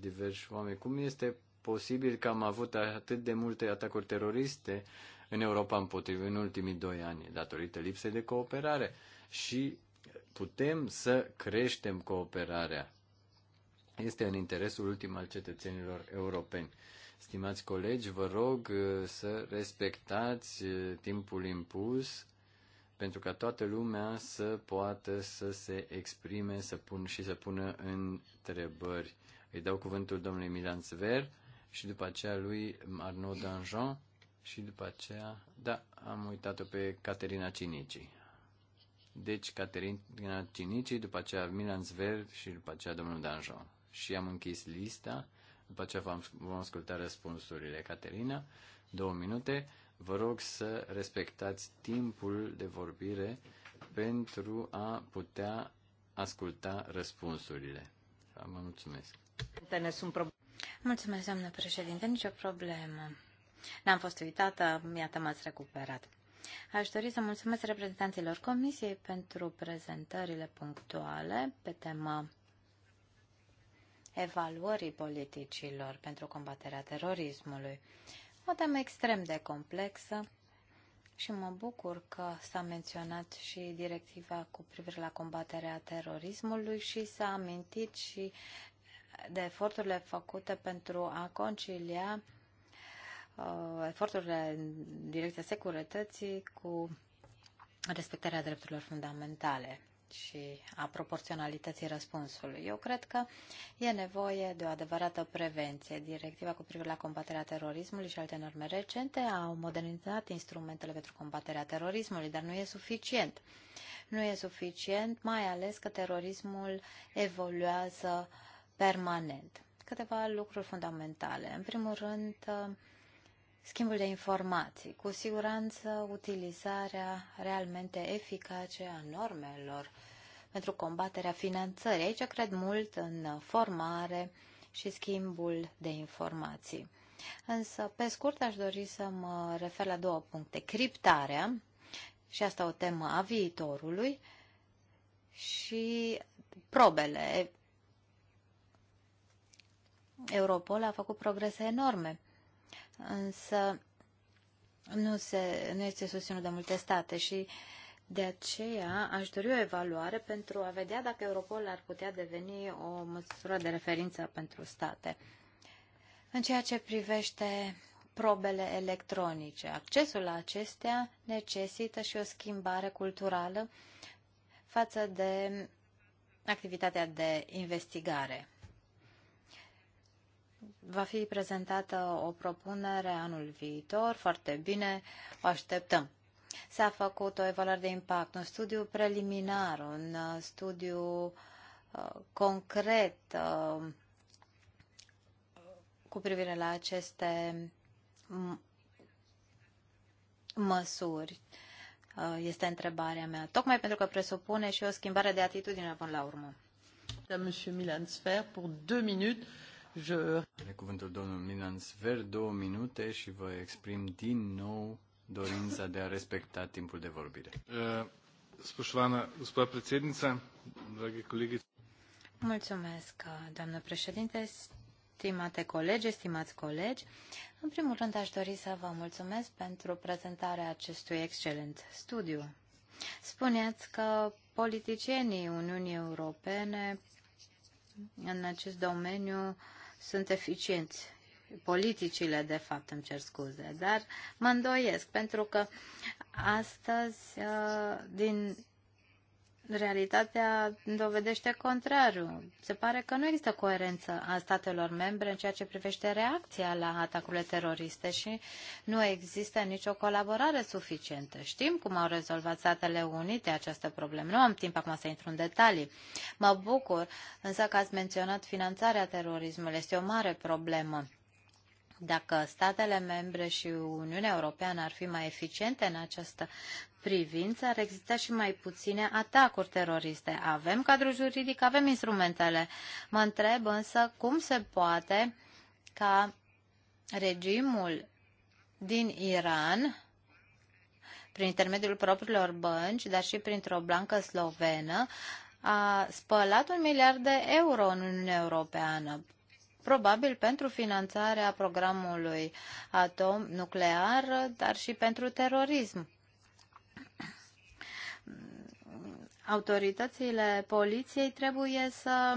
diversi oameni. Cum este posibil că am avut atât de multe atacuri teroriste în Europa împotriva în ultimii doi ani, datorită lipsei de cooperare. Și putem să creștem cooperarea. Este în interesul ultim al cetățenilor europeni. Stimați colegi, vă rog uh, să respectați uh, timpul impus pentru ca toată lumea să poată să se exprime să pun, și să pună întrebări. Îi dau cuvântul domnului Milan Sver și după aceea lui Arnaud Danjon și după aceea, da, am uitat-o pe Caterina Cinici. Deci Caterina Cinici, după aceea Milan Zver și după aceea domnul Danjon. Și am închis lista, după aceea vom, vom asculta răspunsurile. Caterina, două minute, vă rog să respectați timpul de vorbire pentru a putea asculta răspunsurile. Vă mulțumesc. Mulțumesc, doamnă președinte, nicio problemă. N-am fost uitată, iată m-ați recuperat. Aș dori să mulțumesc reprezentanților Comisiei pentru prezentările punctuale pe tema evaluării politicilor pentru combaterea terorismului. O temă extrem de complexă și mă bucur că s-a menționat și directiva cu privire la combaterea terorismului și s-a amintit și de eforturile făcute pentru a concilia uh, eforturile în direcția securității cu respectarea drepturilor fundamentale și a proporționalității răspunsului. Eu cred că e nevoie de o adevărată prevenție. Directiva cu privire la combaterea terorismului și alte norme recente au modernizat instrumentele pentru combaterea terorismului, dar nu e suficient. Nu e suficient, mai ales că terorismul evoluează uh, permanent. Câteva lucruri fundamentale. În primul rând, schimbul de informații. Cu siguranță, utilizarea realmente eficace a normelor pentru combaterea finanțării. Aici cred mult în formare și schimbul de informații. Însă, pe scurt, aș dori să mă refer la două puncte. Criptarea, și asta o temă a viitorului, și probele Europol a făcut progrese enorme, însă nu, se, nu este susținut de multe state și de aceea aș dori o evaluare pentru a vedea dacă Europol ar putea deveni o măsură de referință pentru state. În ceea ce privește probele electronice, accesul la acestea necesită și o schimbare culturală față de activitatea de investigare. Va fi prezentată o propunere anul viitor, foarte bine, o așteptăm. S-a făcut o evaluare de impact, un studiu preliminar, un uh, studiu uh, concret uh, cu privire la aceste măsuri, uh, este întrebarea mea, tocmai pentru că presupune și o schimbare de atitudine până la urmă. Monsieur Milan Sfer, pour deux Je... Are cuvântul domnul Milan ver două minute și vă exprim din nou dorința de a respecta timpul de vorbire. Eh, Spușoana, gospa prețednița, dragi colegi. Mulțumesc, doamnă președinte, stimate colegi, stimați colegi. În primul rând aș dori să vă mulțumesc pentru prezentarea acestui excelent studiu. Spuneați că politicienii Uniunii Europene în acest domeniu sunt eficienți politicile, de fapt, îmi cer scuze, dar mă îndoiesc, pentru că astăzi, uh, din realitatea dovedește contrariul. Se pare că nu există coerență a statelor membre în ceea ce privește reacția la atacurile teroriste și nu există nicio colaborare suficientă. Știm cum au rezolvat Statele Unite această problemă. Nu am timp acum să intru în detalii. Mă bucur însă că ați menționat finanțarea terorismului. Este o mare problemă. Dacă statele membre și Uniunea Europeană ar fi mai eficiente în această privință, ar exista și mai puține atacuri teroriste. Avem cadrul juridic, avem instrumentele. Mă întreb însă cum se poate ca regimul din Iran, prin intermediul propriilor bănci, dar și printr-o blancă slovenă, a spălat un miliard de euro în Uniunea Europeană probabil pentru finanțarea programului atom nuclear, dar și pentru terorism. Autoritățile poliției trebuie să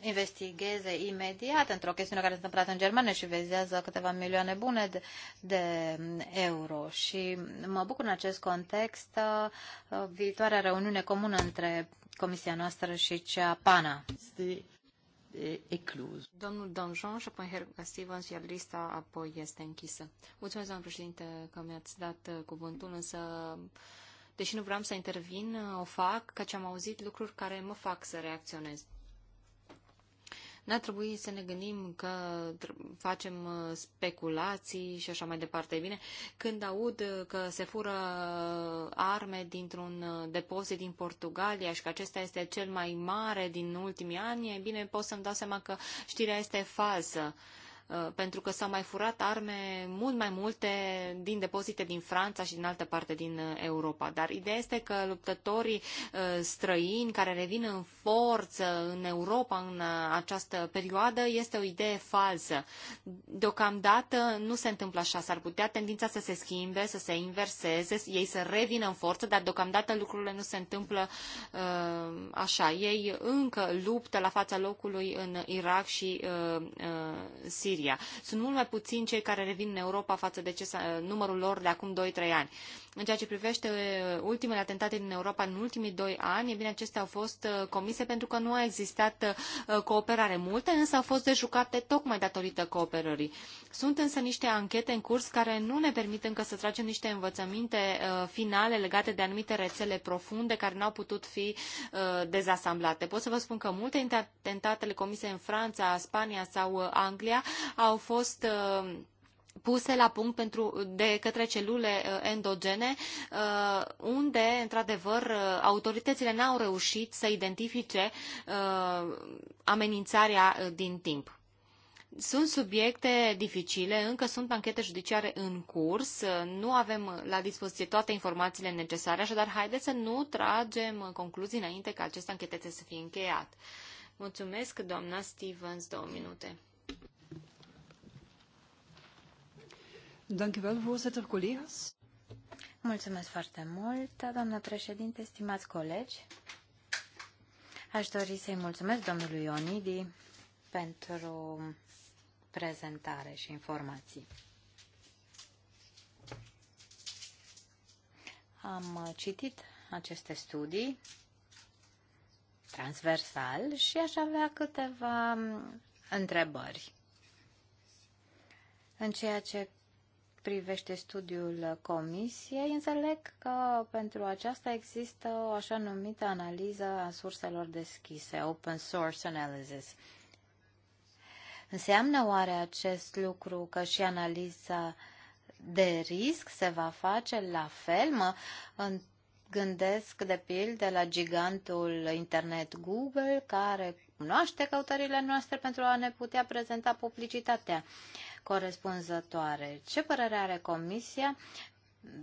investigheze imediat într-o chestiune care s-a întâmplat în Germania și vezează câteva milioane bune de, de euro. Și mă bucur în acest context uh, viitoarea reuniune comună între Comisia noastră și cea PANA. Domnul Donjon și apoi Herga Stevens, iar lista apoi este închisă. Mulțumesc, doamnă președinte, că mi-ați dat uh, cuvântul, însă deși nu vreau să intervin, uh, o fac, căci am auzit lucruri care mă fac să reacționez. N-ar trebui să ne gândim că facem uh, speculații și așa mai departe. E bine, când aud uh, că se fură uh, arme dintr-un depozit din Portugalia și că acesta este cel mai mare din ultimii ani, e bine, pot să-mi dau seama că știrea este falsă. Uh, Uh, pentru că s-au mai furat arme mult mai multe din depozite din Franța și din altă parte din uh, Europa. Dar ideea este că luptătorii uh, străini care revin în forță în Europa în această perioadă este o idee falsă. Deocamdată nu se întâmplă așa. S-ar putea tendința să se schimbe, să se inverseze, ei să revină în forță, dar deocamdată lucrurile nu se întâmplă așa. Ei încă luptă la fața locului în Irak și Siria. Siria. Sunt mult mai puțini cei care revin în Europa față de ce numărul lor de acum 2-3 ani. În ceea ce privește uh, ultimele atentate din Europa în ultimii doi ani, e bine, acestea au fost uh, comise pentru că nu a existat uh, cooperare multe, însă au fost dejucate tocmai datorită cooperării. Sunt însă niște anchete în curs care nu ne permit încă să tragem niște învățăminte finale legate de anumite rețele profunde care n-au putut fi dezasamblate. Pot să vă spun că multe dintre atentatele comise în Franța, Spania sau Anglia au fost puse la punct pentru, de către celule uh, endogene, uh, unde, într-adevăr, uh, autoritățile n-au reușit să identifice amenințarea din timp. Sunt subiecte dificile, încă sunt anchete judiciare în curs, nu avem la dispoziție toate informațiile necesare, așadar haideți să nu tragem concluzii înainte ca aceste anchete să fie încheiat. Mulțumesc, doamna Stevens, două minute. Mulțumesc foarte mult, doamnă președinte, stimați colegi. Aș dori să-i mulțumesc domnului Ionidi pentru prezentare și informații. Am citit aceste studii transversal și aș avea câteva întrebări. În ceea ce privește studiul comisiei, înțeleg că pentru aceasta există o așa numită analiză a surselor deschise, open source analysis. Înseamnă oare acest lucru că și analiza de risc se va face la fel? Mă gândesc de pildă la gigantul internet Google care cunoaște căutările noastre pentru a ne putea prezenta publicitatea. Uh, corespunzătoare. Ce părere are Comisia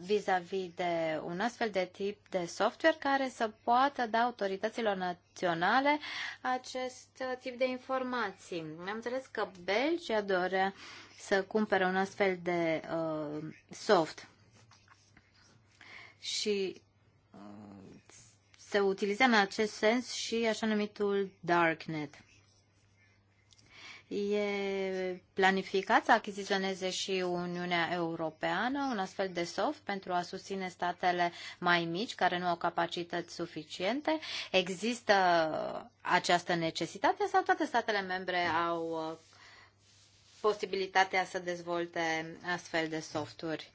vis-a-vis -vis de un astfel de tip de software care să poată da autorităților naționale acest uh, tip de informații. Am înțeles că Belgia dorea să cumpere un astfel de uh, soft și uh, se utiliza în acest sens și așa numitul Darknet. E planificat să achiziționeze și Uniunea Europeană un astfel de soft pentru a susține statele mai mici care nu au capacități suficiente? Există această necesitate sau toate statele membre au uh, posibilitatea să dezvolte astfel de softuri?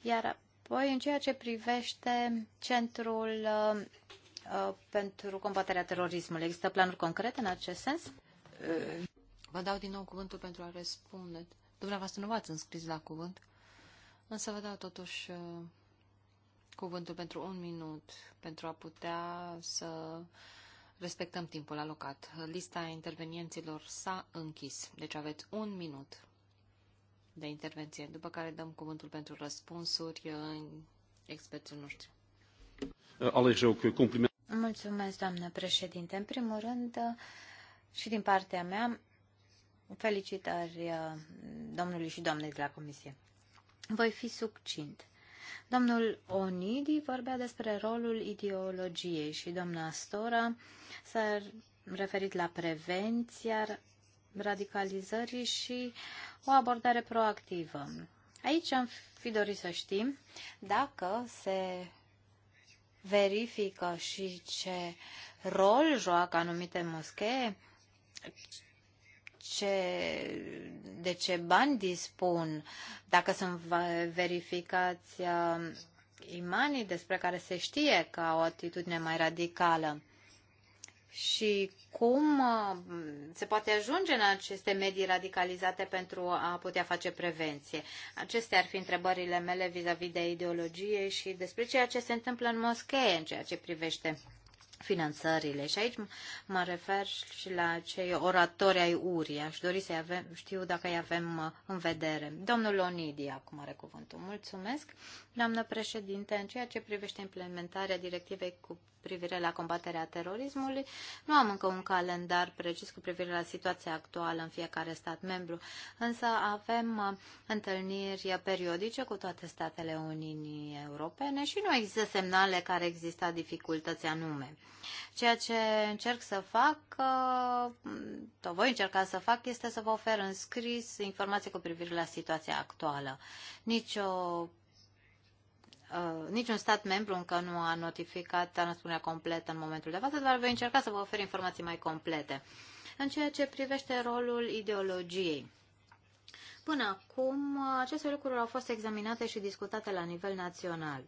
Iar apoi, în ceea ce privește centrul uh, uh, pentru combaterea terorismului, există planuri concrete în acest sens? Vă dau din nou cuvântul pentru a răspunde. Dumneavoastră nu v-ați înscris la cuvânt, însă vă dau totuși uh, cuvântul pentru un minut, pentru a putea să respectăm timpul alocat. Lista intervenienților s-a închis, deci aveți un minut de intervenție, după care dăm cuvântul pentru răspunsuri uh, experții noștri. Uh, compliment. Mulțumesc, doamnă președinte. În primul rând, și din partea mea, Felicitări uh, domnului și doamnei de la Comisie. Voi fi succint. Domnul Onidi vorbea despre rolul ideologiei și doamna Stora s-a referit la prevenția radicalizării și o abordare proactivă. Aici am fi dorit să știm dacă se verifică și ce rol joacă anumite moschee, ce, de ce bani dispun, dacă sunt verificați uh, imanii despre care se știe că au o atitudine mai radicală și cum uh, se poate ajunge în aceste medii radicalizate pentru a putea face prevenție. Acestea ar fi întrebările mele vis-a-vis -vis de ideologie și despre ceea ce se întâmplă în moschee în ceea ce privește finanțările. Și aici mă refer și la cei oratori ai URI. Aș dori să avem, știu dacă îi avem uh, în vedere. Domnul Onidi, acum are cuvântul. Mulțumesc, doamnă președinte. În ceea ce privește implementarea directivei cu privire la combaterea terorismului, nu am încă un calendar precis cu privire la situația actuală în fiecare stat membru, însă avem uh, întâlniri periodice cu toate statele Uniunii Europene și nu există semnale care exista dificultăți anume. Ceea ce încerc să fac, sau uh, voi încerca să fac, este să vă ofer în scris informații cu privire la situația actuală. Nici o uh, niciun stat membru încă nu a notificat transpunerea completă în momentul de față, dar voi încerca să vă ofer informații mai complete. În ceea ce privește rolul ideologiei. Până acum, aceste lucruri au fost examinate și discutate la nivel național.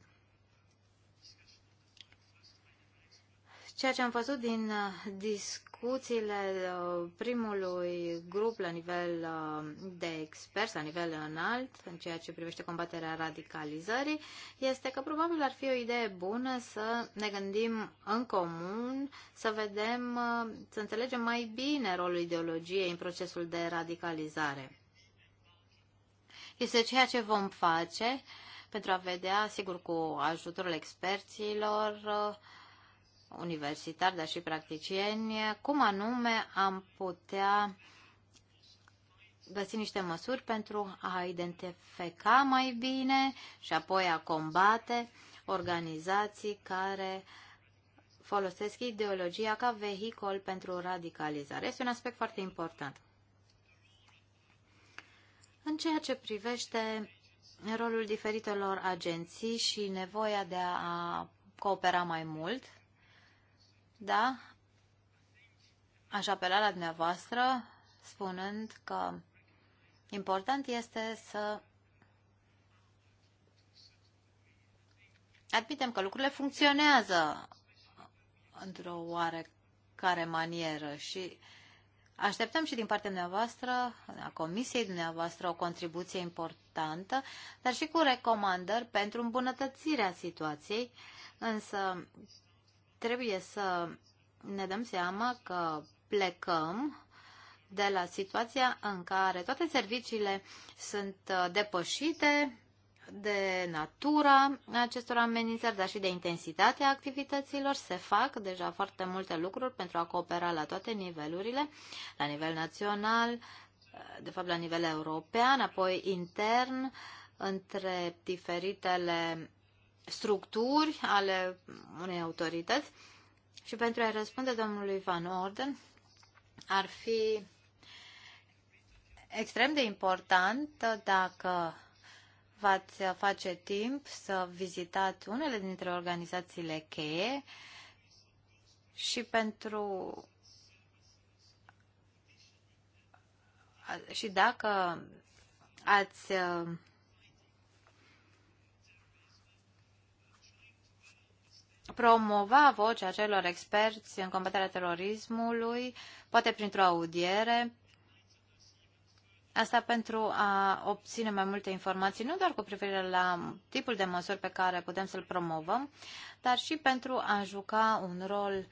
Ceea ce am văzut din uh, discuțiile uh, primului grup la nivel uh, de experți, la nivel înalt, în ceea ce privește combaterea radicalizării, este că probabil ar fi o idee bună să ne gândim în comun, să vedem, să înțelegem mai bine rolul ideologiei în procesul de radicalizare. Este ceea ce vom face pentru a vedea, sigur, cu ajutorul experților, uh, universitari, dar și practicieni, cum anume am putea găsi niște măsuri pentru a identifica mai bine și apoi a combate organizații care folosesc ideologia ca vehicol pentru radicalizare. Este un aspect foarte important. În ceea ce privește rolul diferitelor agenții și nevoia de a coopera mai mult, da, aș apela la dumneavoastră spunând că important este să admitem că lucrurile funcționează într-o oarecare manieră și așteptăm și din partea dumneavoastră, a comisiei dumneavoastră, o contribuție importantă, dar și cu recomandări pentru îmbunătățirea situației, însă trebuie să ne dăm seama că plecăm de la situația în care toate serviciile sunt uh, depășite de natura acestor amenințări, dar și de intensitatea activităților. Se fac deja foarte multe lucruri pentru a coopera la toate nivelurile, la nivel național, uh, de fapt la nivel european, apoi intern, între diferitele structuri ale unei autorități și pentru a-i răspunde domnului Van Orden ar fi extrem de important dacă v-ați face timp să vizitați unele dintre organizațiile cheie și pentru și dacă ați promova vocea celor experți în combaterea terorismului, poate printr-o audiere, Asta pentru a obține mai multe informații, nu doar cu privire la tipul de măsuri pe care putem să-l promovăm, dar și pentru a juca un rol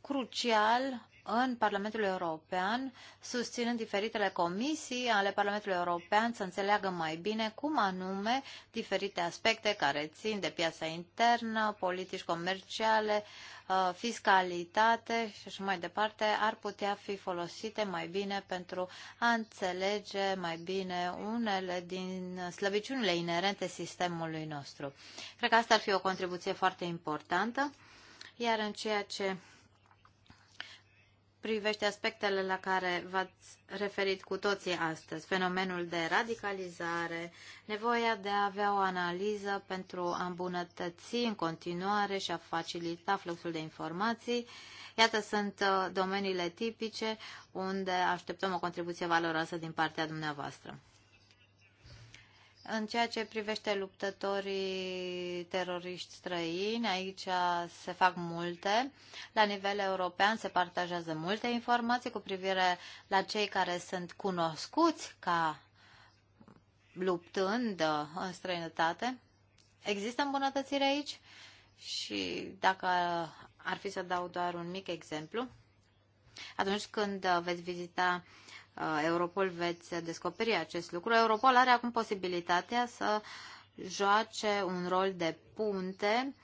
crucial în Parlamentul European, susținând diferitele comisii ale Parlamentului European să înțeleagă mai bine cum anume diferite aspecte care țin de piața internă, politici comerciale, uh, fiscalitate și așa mai departe ar putea fi folosite mai bine pentru a înțelege mai bine unele din slăbiciunile inerente sistemului nostru. Cred că asta ar fi o contribuție foarte importantă, iar în ceea ce privește aspectele la care v-ați referit cu toții astăzi, fenomenul de radicalizare, nevoia de a avea o analiză pentru a îmbunătăți în continuare și a facilita fluxul de informații. Iată sunt uh, domeniile tipice unde așteptăm o contribuție valoroasă din partea dumneavoastră. În ceea ce privește luptătorii teroriști străini, aici se fac multe. La nivel european se partajează multe informații cu privire la cei care sunt cunoscuți ca luptând în străinătate. Există îmbunătățire aici? Și dacă ar fi să dau doar un mic exemplu, atunci când veți vizita Europol veți descoperi acest lucru. Europol are acum posibilitatea să joace un rol de punte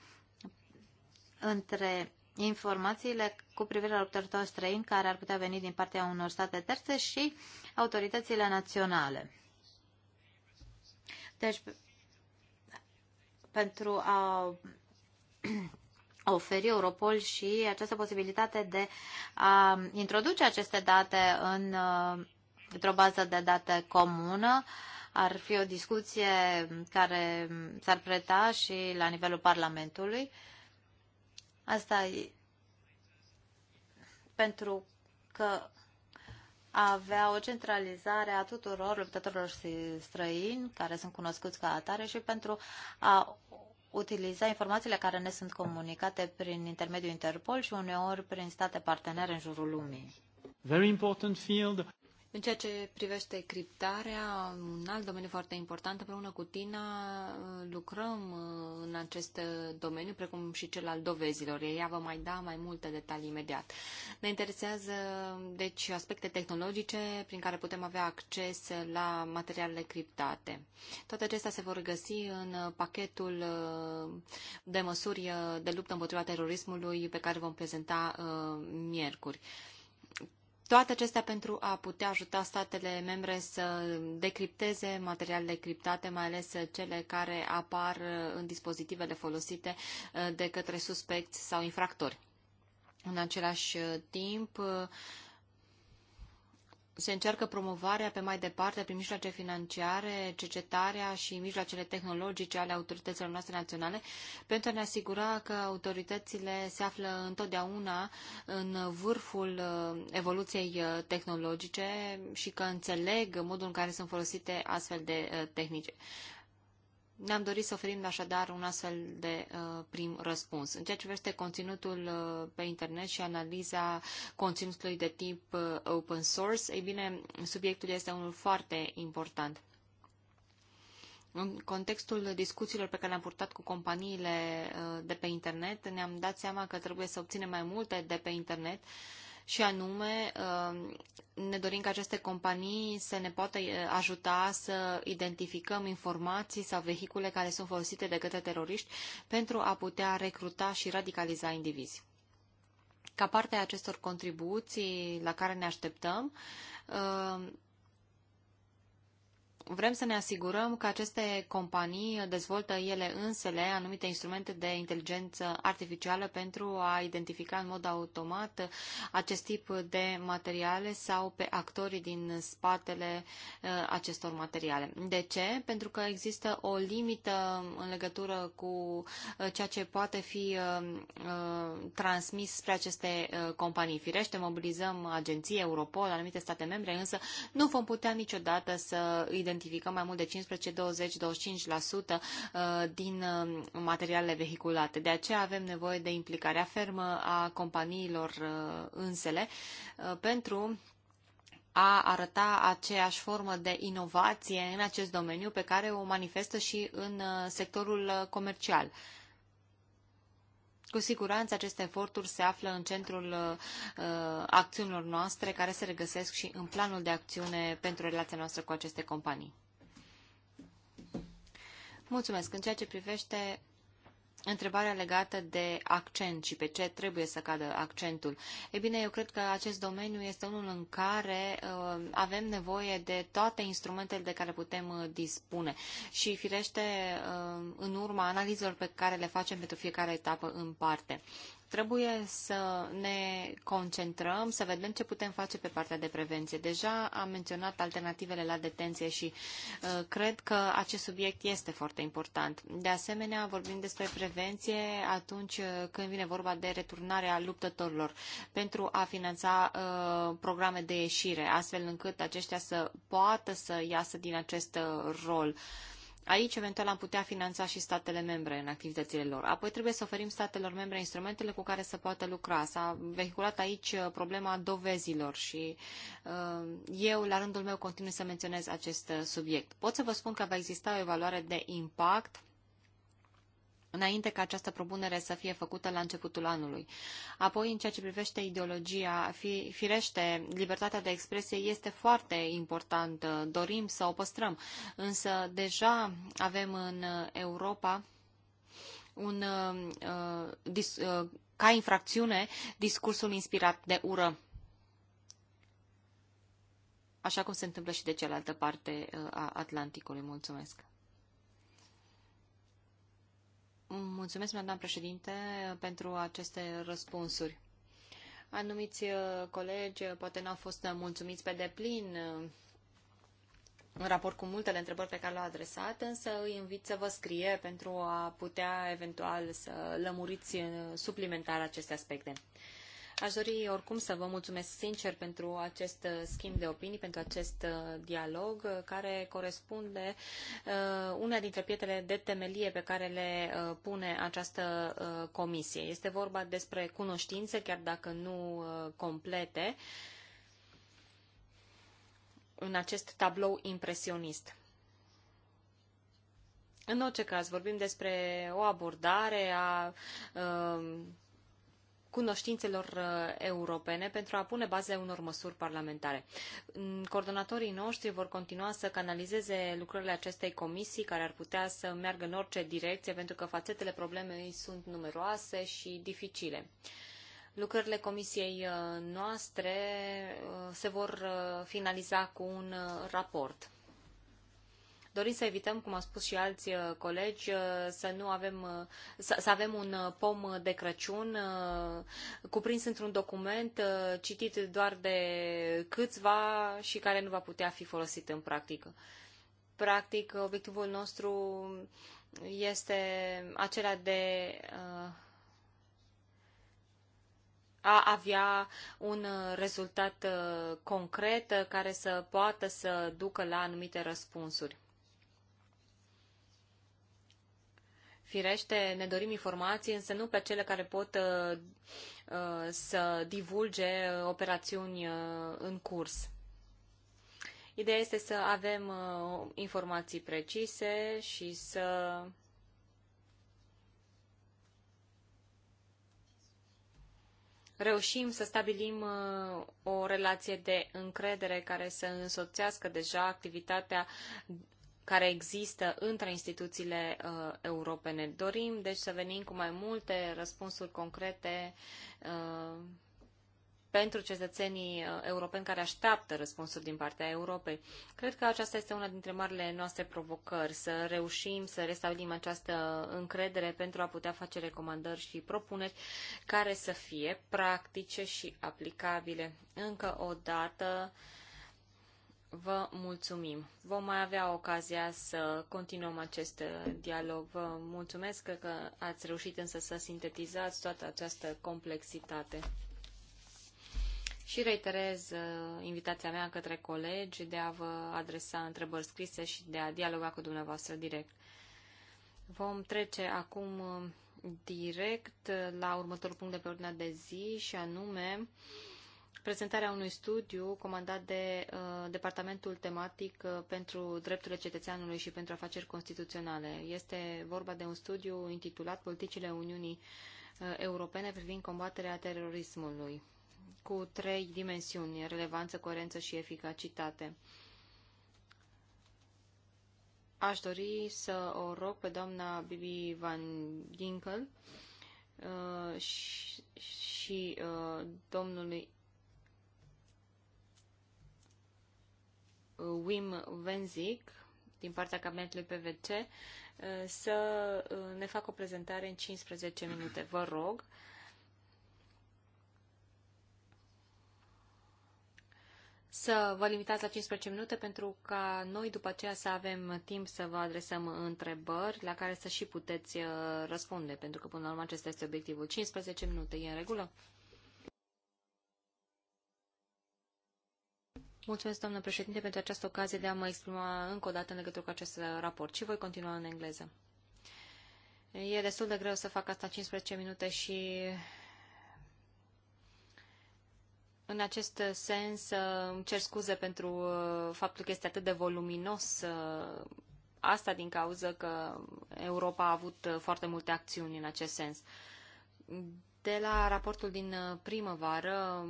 între informațiile cu privire la luptători străini care ar putea veni din partea unor state terțe și autoritățile naționale. Deci, pentru a oferi Europol și această posibilitate de a introduce aceste date în, uh, într-o bază de date comună. Ar fi o discuție care s-ar preta și la nivelul Parlamentului. Asta e pentru că a avea o centralizare a tuturor luptătorilor străini care sunt cunoscuți ca atare și pentru a utiliza informațiile care ne sunt comunicate prin intermediul Interpol și uneori prin state partenere în jurul lumii. Very important field. În ceea ce privește criptarea, un alt domeniu foarte important, împreună cu Tina lucrăm uh, în acest domeniu, precum și cel al dovezilor. Ea vă mai da mai multe detalii imediat. Ne interesează, deci, aspecte tehnologice prin care putem avea acces la materialele criptate. Toate acestea se vor găsi în pachetul uh, de măsuri uh, de luptă împotriva terorismului pe care vom prezenta miercuri. Toate acestea pentru a putea ajuta statele membre să decripteze materialele criptate, mai ales cele care apar în dispozitivele folosite uh, de către suspecți sau infractori. În același uh, timp, uh, se încearcă promovarea pe mai departe prin mijloace financiare, cercetarea și mijloacele tehnologice ale autorităților noastre naționale pentru a ne asigura că autoritățile se află întotdeauna în vârful uh, evoluției uh, tehnologice și că înțeleg modul în care sunt folosite astfel de uh, tehnici. Ne-am dorit să oferim așadar un astfel de uh, prim răspuns. În ceea ce privește conținutul uh, pe internet și analiza conținutului de tip uh, open source, ei bine, subiectul este unul foarte important. În contextul discuțiilor pe care le-am purtat cu companiile uh, de pe internet, ne-am dat seama că trebuie să obținem mai multe de pe internet uh, și anume uh, ne dorim ca aceste companii să ne poată uh, ajuta să identificăm informații sau vehicule care sunt folosite de către teroriști pentru a putea recruta și radicaliza indivizi. Ca parte a acestor contribuții la care ne așteptăm, uh, vrem să ne asigurăm că aceste companii dezvoltă ele însele anumite instrumente de inteligență artificială pentru a identifica în mod automat acest tip de materiale sau pe actorii din spatele uh, acestor materiale. De ce? Pentru că există o limită în legătură cu uh, ceea ce poate fi uh, transmis spre aceste companii. Firește, mobilizăm agenții, Europol, anumite state membre, însă nu vom putea niciodată să identificăm identificăm mai mult de 15, 20, 25% din uh, materialele vehiculate. De aceea avem nevoie de implicarea fermă a companiilor uh, însele uh, pentru a arăta aceeași formă de inovație în acest domeniu pe care o manifestă și în sectorul comercial. Cu siguranță aceste eforturi se află în centrul uh, uh, acțiunilor noastre, care se regăsesc și în planul de acțiune pentru relația noastră cu aceste companii. Mulțumesc. În ceea ce privește Întrebarea legată de accent și pe ce trebuie să cadă accentul. E bine, eu cred că acest domeniu este unul în care uh, avem nevoie de toate instrumentele de care putem uh, dispune și, firește, uh, în urma analizelor pe care le facem pentru fiecare etapă în parte. Trebuie să ne concentrăm, să vedem ce putem face pe partea de prevenție. Deja am menționat alternativele la detenție și uh, cred că acest subiect este foarte important. De asemenea, vorbim despre prevenție atunci uh, când vine vorba de returnarea luptătorilor pentru a finanța uh, programe de ieșire, astfel încât aceștia să poată să iasă din acest uh, rol. Uh, Aici, eventual, am putea finanța și statele membre în activitățile lor. Apoi trebuie să oferim statelor membre instrumentele cu care să poată lucra. S-a vehiculat aici uh, problema dovezilor și uh, eu, la rândul meu, continui să menționez acest uh, subiect. Pot să vă spun că va exista o evaluare de impact înainte ca această propunere să fie făcută la începutul anului. Apoi, în ceea ce privește ideologia, fi, firește, libertatea de expresie este foarte importantă, dorim să o păstrăm, însă deja avem în Europa un, uh, dis, uh, ca infracțiune discursul inspirat de ură așa cum se întâmplă și de cealaltă parte uh, a Atlanticului. Mulțumesc! Mulțumesc, doamna președinte, pentru aceste răspunsuri. Anumiți uh, colegi uh, poate n-au fost uh, mulțumiți pe deplin în raport cu multele întrebări pe care le-au adresat, însă îi invit să vă scrie pentru a putea eventual să lămuriți suplimentar aceste aspecte. Aș dori oricum să vă mulțumesc sincer pentru acest uh, schimb de opinii, pentru acest uh, dialog uh, care corespunde una dintre pietrele de temelie pe care le pune această comisie. Este vorba despre cunoștințe, chiar dacă nu complete, în acest tablou impresionist. În orice caz, vorbim despre o abordare a cunoștințelor uh, europene pentru a pune bazele unor măsuri parlamentare. Coordonatorii noștri vor continua să canalizeze lucrările acestei comisii care ar putea să meargă în orice direcție pentru că fațetele problemei sunt numeroase și dificile. Lucrările comisiei uh, noastre uh, se vor finaliza cu un raport dorim să evităm, cum au spus și alți uh, colegi, uh, să nu avem, uh, să, avem un pom de Crăciun cuprins într-un document citit doar de câțiva și care nu va putea fi folosit în practică. Practic, obiectivul nostru este acela de a avea un rezultat concret care să poată să ducă la anumite răspunsuri. Firește, ne dorim informații, însă nu pe cele care pot uh, uh, să divulge uh, operațiuni în curs. Ideea este să avem informații precise și să reușim să stabilim o relație de încredere care să însoțească deja activitatea care există între instituțiile uh, europene. Dorim, deci, să venim cu mai multe răspunsuri concrete uh, pentru cetățenii uh, europeni care așteaptă răspunsuri din partea Europei. Cred că aceasta este una dintre marile noastre provocări, să reușim să restabilim această încredere pentru a putea face recomandări și propuneri care să fie practice și aplicabile. Încă o dată, uh, Vă mulțumim. Vom mai avea ocazia să continuăm acest uh, dialog. Vă mulțumesc că ați reușit însă să sintetizați toată această complexitate. Și reiterez uh, invitația mea către colegi de a vă adresa întrebări scrise și de a dialoga cu dumneavoastră direct. Vom trece acum uh, direct la următorul punct de pe ordinea de zi și anume prezentarea unui studiu comandat de uh, Departamentul Tematic uh, pentru Drepturile Cetățeanului și pentru Afaceri Constituționale. Este vorba de un studiu intitulat Politicile Uniunii uh, Europene privind combaterea terorismului, cu trei dimensiuni, relevanță, coerență și eficacitate. Aș dori să o rog pe doamna Bibi Van Ginkel uh, și, și uh, domnului Wim Wenzig, din partea cabinetului PVC, eh, să eh, ne facă o prezentare în 15 minute. Vă rog. Să vă limitați la 15 minute pentru ca noi după aceea să avem timp să vă adresăm întrebări la care să și puteți eh, răspunde, pentru că până la urmă acesta este obiectivul. 15 minute e în regulă? Mulțumesc, doamnă președinte, pentru această ocazie de a mă exprima încă o dată în legătură cu acest raport și voi continua în engleză. E destul de greu să fac asta 15 minute și în acest sens îmi cer scuze pentru uh, faptul că este atât de voluminos uh, asta din cauză că Europa a avut uh, foarte multe acțiuni în acest sens. De la raportul din primăvară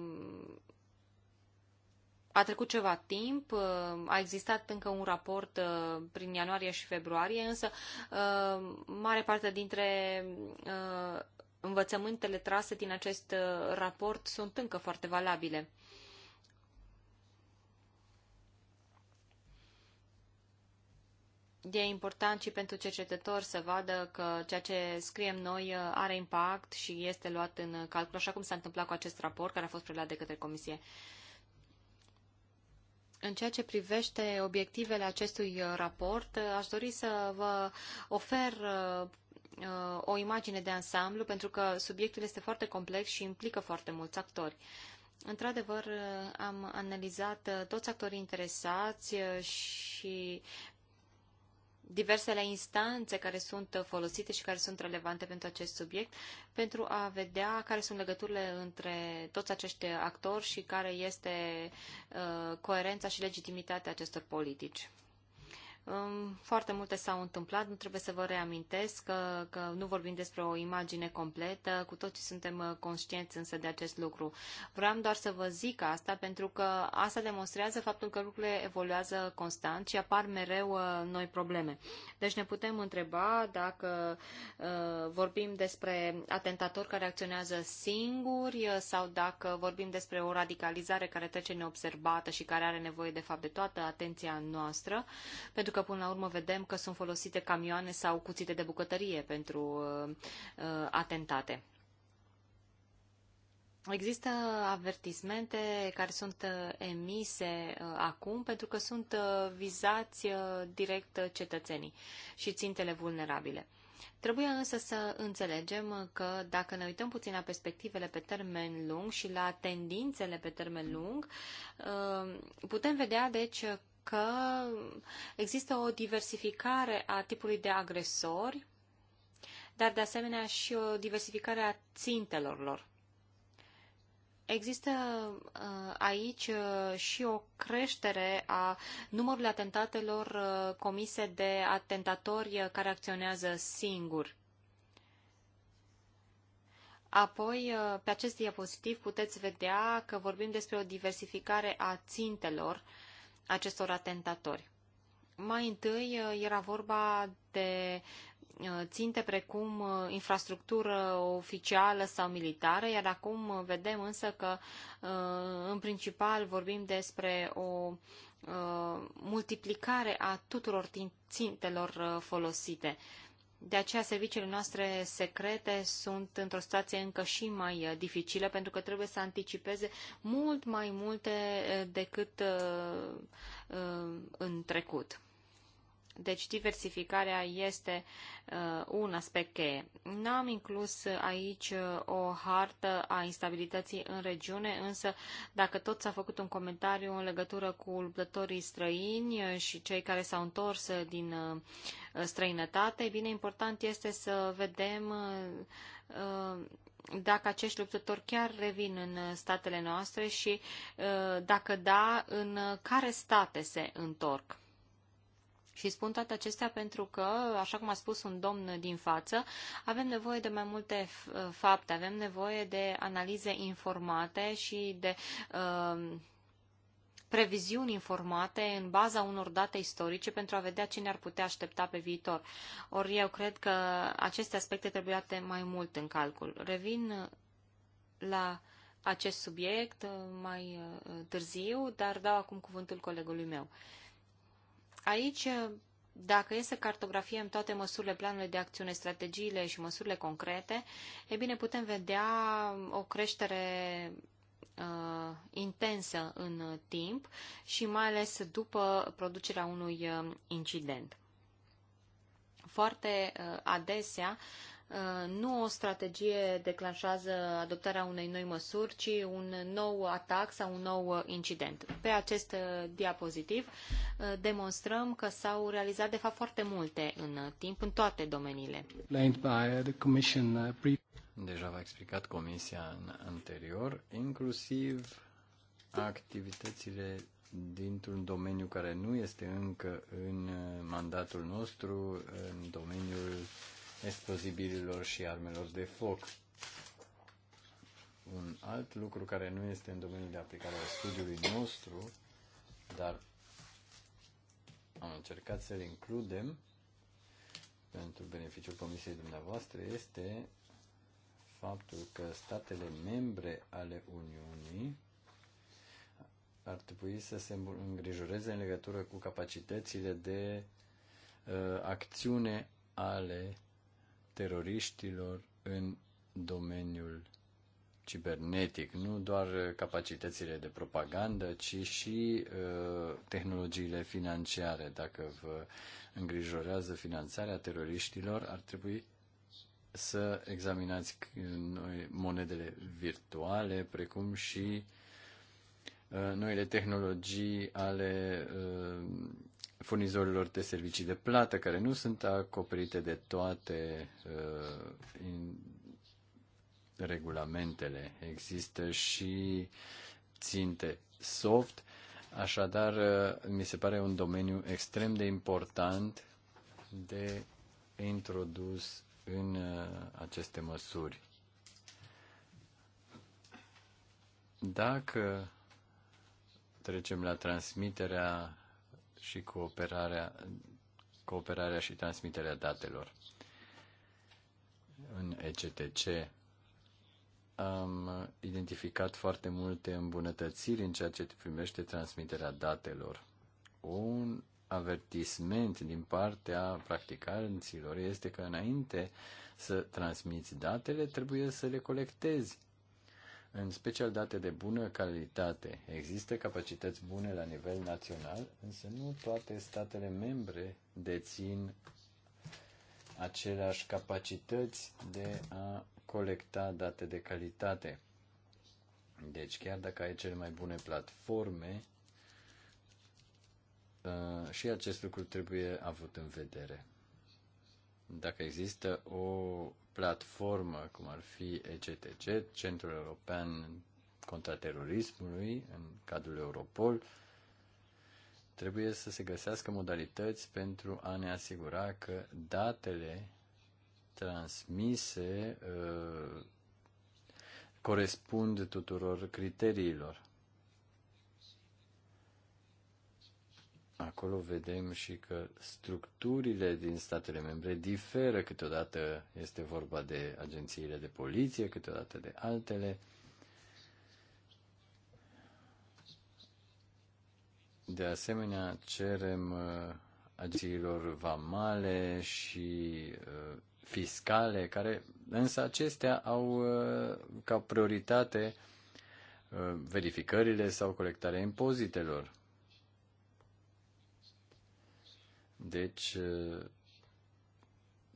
a trecut ceva timp, uh, a existat încă un raport uh, prin ianuarie și februarie, însă uh, mare parte dintre învățământele trase din acest raport sunt încă foarte valabile. E important și pentru cercetători să vadă că ceea ce scriem noi are impact și este luat în calcul, așa cum s-a întâmplat cu acest raport care a fost preluat de către Comisie. În ceea ce privește obiectivele acestui uh, raport, uh, aș dori să vă ofer uh, o imagine de ansamblu, pentru că subiectul este foarte complex și implică foarte mulți actori. Într-adevăr, am analizat toți actorii interesați și diversele instanțe care sunt folosite și care sunt relevante pentru acest subiect, pentru a vedea care sunt legăturile între toți acești actori și care este uh, coerența și legitimitatea acestor politici. Foarte multe s-au întâmplat, nu trebuie să vă reamintesc că, că nu vorbim despre o imagine completă, cu toții suntem uh, conștienți însă de acest lucru. Vreau doar să vă zic asta pentru că asta demonstrează faptul că lucrurile evoluează constant și apar mereu uh, noi probleme. Deci ne putem întreba dacă uh, vorbim despre atentatori care acționează singuri sau dacă vorbim despre o radicalizare care trece neobservată și care are nevoie de fapt de toată atenția noastră, pentru că că până la urmă vedem că sunt folosite camioane sau cuțite de bucătărie pentru uh, atentate. Există avertismente care sunt uh, emise uh, acum pentru că sunt vizați direct cetățenii și țintele vulnerabile. Trebuie însă să înțelegem că dacă ne uităm puțin la perspectivele pe termen lung și la tendințele pe termen lung, putem vedea deci că există o diversificare a tipului de agresori, dar de asemenea și o diversificare a țintelor lor. Există uh, aici uh, și o creștere a numărului atentatelor uh, comise de atentatori care acționează singuri. Apoi, pe acest diapozitiv puteți vedea că vorbim despre o diversificare a țintelor acestor atentatori. Mai întâi uh, era vorba de uh, ținte precum uh, infrastructură oficială sau militară, iar acum vedem însă că în principal vorbim despre o multiplicare a tuturor țintelor folosite. De aceea, serviciile noastre secrete sunt într-o situație încă și mai uh, dificilă, pentru că trebuie să anticipeze mult mai multe uh, decât uh, în trecut. Deci diversificarea este uh, un aspect cheie. N-am inclus aici uh, o hartă a instabilității în regiune, însă dacă tot s-a făcut un comentariu în legătură cu luptătorii străini uh, și cei care s-au întors uh, din uh, străinătate, bine, important este să vedem uh, dacă acești luptători chiar revin în statele noastre și dacă da, în care state se întorc. Și spun toate acestea pentru că, așa cum a spus un domn din față, avem nevoie de mai multe uh, fapte, avem nevoie de analize informate și de uh, previziuni informate în baza unor date istorice pentru a vedea ce ne-ar putea aștepta pe viitor. Ori eu cred că aceste aspecte trebuie date mai mult în calcul. Revin la acest subiect uh, mai uh, târziu, dar dau acum cuvântul colegului meu. Aici, dacă e să cartografiem toate măsurile, planurile de acțiune, strategiile și măsurile concrete, e bine, putem vedea o creștere uh, intensă în timp și mai ales după producerea unui uh, incident. Foarte uh, adesea Uh, nu o strategie declanșează adoptarea unei noi măsuri, ci un nou atac sau un nou uh, incident. Pe acest uh, diapozitiv demonstrăm că s-au realizat de fapt foarte multe în timp în toate domeniile. Deja v-a explicat Comisia în anterior, inclusiv activitățile dintr-un domeniu care nu este încă în mandatul nostru, în domeniul explozibililor și armelor de foc. Un alt lucru care nu este în domeniul de aplicare al studiului nostru, dar am încercat să-l includem pentru beneficiul Comisiei dumneavoastră, este faptul că statele membre ale Uniunii ar trebui să se îngrijoreze în legătură cu capacitățile de uh, acțiune ale teroriștilor în domeniul cibernetic, nu doar capacitățile de propagandă, ci și uh, tehnologiile financiare. Dacă vă îngrijorează finanțarea teroriștilor, ar trebui să examinați noi monedele virtuale, precum și uh, noile tehnologii ale uh, furnizorilor de servicii de plată, care nu sunt acoperite de toate uh, in, regulamentele. Există și ținte soft, așadar uh, mi se pare un domeniu extrem de important de introdus în uh, aceste măsuri. Dacă trecem la transmiterea și cooperarea, cooperarea și transmiterea datelor. În ECTC am identificat foarte multe îmbunătățiri în ceea ce primește transmiterea datelor. Un avertisment din partea practicanților este că înainte să transmiți datele, trebuie să le colectezi în special date de bună calitate. Există capacități bune la nivel național, însă nu toate statele membre dețin aceleași capacități de a colecta date de calitate. Deci chiar dacă ai cele mai bune platforme, uh, și acest lucru trebuie avut în vedere dacă există o platformă, cum ar fi ECTC, Centrul European contra terorismului, în cadrul Europol, trebuie să se găsească modalități pentru a ne asigura că datele transmise uh, corespund tuturor criteriilor. Acolo vedem și că structurile din statele membre diferă, câteodată este vorba de agențiile de poliție, câteodată de altele. De asemenea, cerem uh, agențiilor vamale și uh, fiscale, care însă acestea au uh, ca prioritate verificările sau colectarea impozitelor. Deci, eh,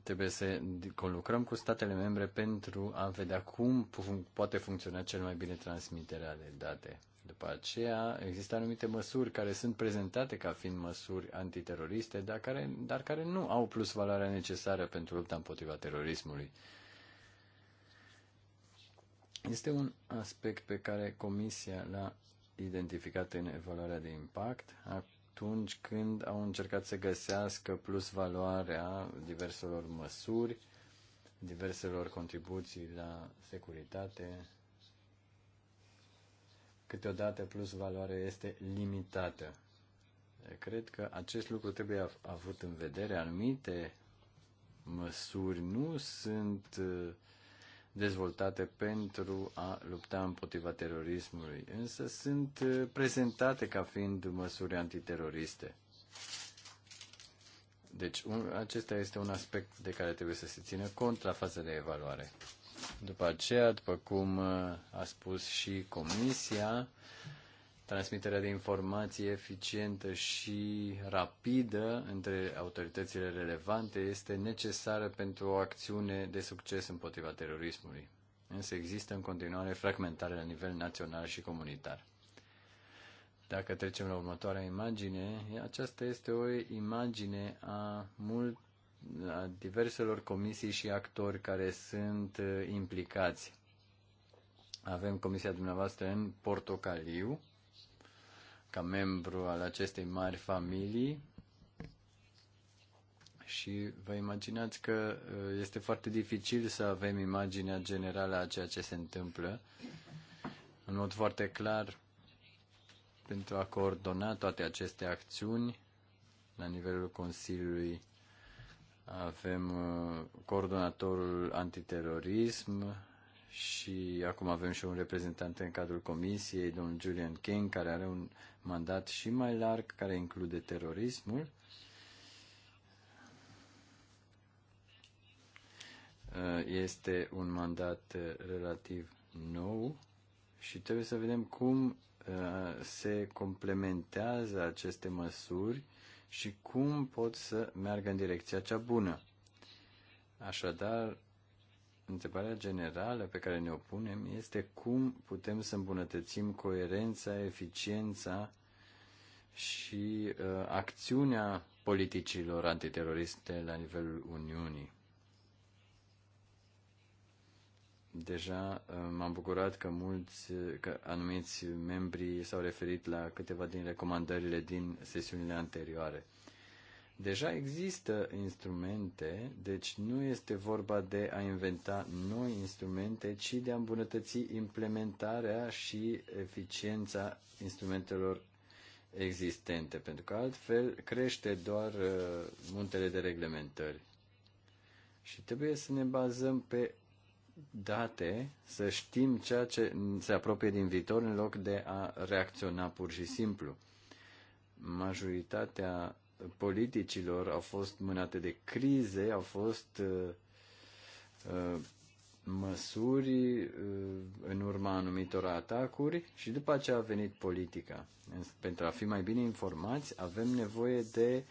trebuie să conlucrăm cu statele membre pentru a vedea cum poate funcționa cel mai bine transmiterea de date. După aceea, există anumite măsuri care sunt prezentate ca fiind măsuri antiteroriste, dar care, dar care nu au plus valoarea necesară pentru lupta împotriva terorismului. Este un aspect pe care Comisia l-a identificat în evaluarea de impact atunci când au încercat să găsească plus valoarea diverselor măsuri, diverselor contribuții la securitate. Câteodată plus valoarea este limitată. Cred că acest lucru trebuie avut în vedere. Anumite măsuri nu sunt uh, dezvoltate pentru a lupta împotriva terorismului, însă sunt uh, prezentate ca fiind măsuri antiteroriste. Deci un, acesta este un aspect de care trebuie să se țină cont la fază de evaluare. După aceea, după cum uh, a spus și Comisia, transmiterea de informații eficientă și rapidă între autoritățile relevante este necesară pentru o acțiune de succes împotriva terorismului. Însă există în continuare fragmentare la nivel național și comunitar. Dacă trecem la următoarea imagine, aceasta este o imagine a, mult, a diverselor comisii și actori care sunt uh, implicați avem comisia dumneavoastră în portocaliu, ca membru al acestei mari familii și vă imaginați că uh, este foarte dificil să avem imaginea generală a ceea ce se întâmplă în mod foarte clar pentru a coordona toate aceste acțiuni la nivelul Consiliului avem uh, coordonatorul antiterorism, și acum avem și un reprezentant în cadrul comisiei, domnul Julian King, care are un mandat și mai larg, care include terorismul. Uh, este un mandat uh, relativ nou și trebuie să vedem cum uh, se complementează aceste măsuri și cum pot să meargă în direcția cea bună. Așadar, Întrebarea generală pe care ne o punem este cum putem să îmbunătățim coerența, eficiența și uh, acțiunea politicilor antiteroriste la nivelul Uniunii. Deja uh, m-am bucurat că mulți, că anumiți membri s-au referit la câteva din recomandările din sesiunile anterioare. Deja există instrumente, deci nu este vorba de a inventa noi instrumente, ci de a îmbunătăți implementarea și eficiența instrumentelor existente, pentru că altfel crește doar uh, muntele de reglementări. Și trebuie să ne bazăm pe date, să știm ceea ce se apropie din viitor în loc de a reacționa pur și simplu. Majoritatea politicilor au fost mânate de crize, au fost uh, uh, măsuri uh, în urma anumitor atacuri și după aceea a venit politica. Pentru a fi mai bine informați, avem nevoie de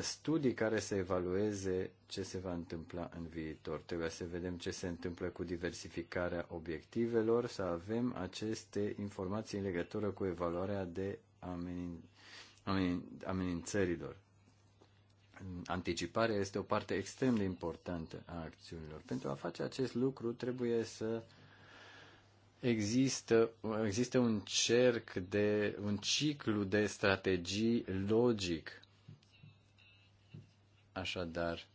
studii care să evalueze ce se va întâmpla în viitor. Trebuie să vedem ce se întâmplă cu diversificarea obiectivelor, să avem aceste informații în legătură cu evaluarea de amenințări amenințărilor. Anticiparea este o parte extrem de importantă a acțiunilor. Pentru a face acest lucru trebuie să există, există un cerc de, un ciclu de strategii logic. Așadar,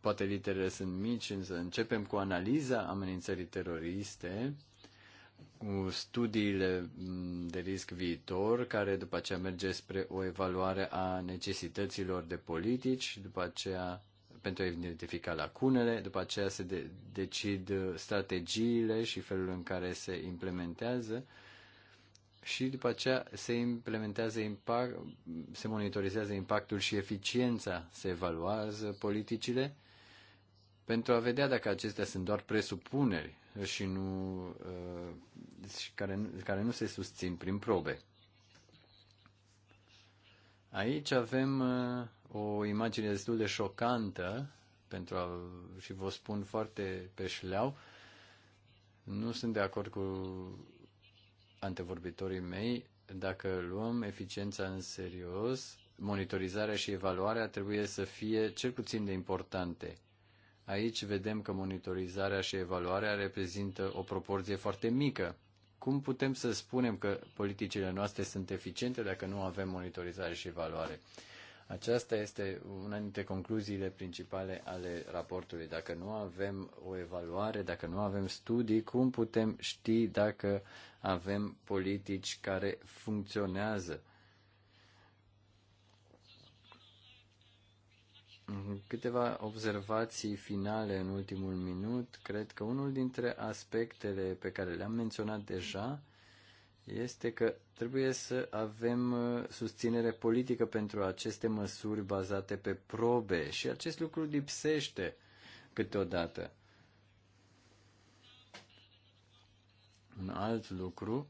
poate literele sunt mici, însă începem cu analiza amenințării teroriste, cu studiile mm, de risc viitor, care după aceea merge spre o evaluare a necesităților de politici, după aceea pentru a identifica lacunele, după aceea se de- decid uh, strategiile și felul în care se implementează și după aceea se implementează impact, se monitorizează impactul și eficiența, se evaluează politicile pentru a vedea dacă acestea sunt doar presupuneri și nu uh, și care, care nu se susțin prin probe. Aici avem uh, o imagine destul de șocantă pentru a, și vă spun foarte pe șleau, nu sunt de acord cu antevorbitorii mei. Dacă luăm eficiența în serios, monitorizarea și evaluarea trebuie să fie cel puțin de importante Aici vedem că monitorizarea și evaluarea reprezintă o proporție foarte mică. Cum putem să spunem că politicile noastre sunt eficiente dacă nu avem monitorizare și evaluare? Aceasta este una dintre concluziile principale ale raportului. Dacă nu avem o evaluare, dacă nu avem studii, cum putem ști dacă avem politici care funcționează? Câteva observații finale în ultimul minut. Cred că unul dintre aspectele pe care le-am menționat deja este că trebuie să avem uh, susținere politică pentru aceste măsuri bazate pe probe și acest lucru lipsește câteodată. Un alt lucru,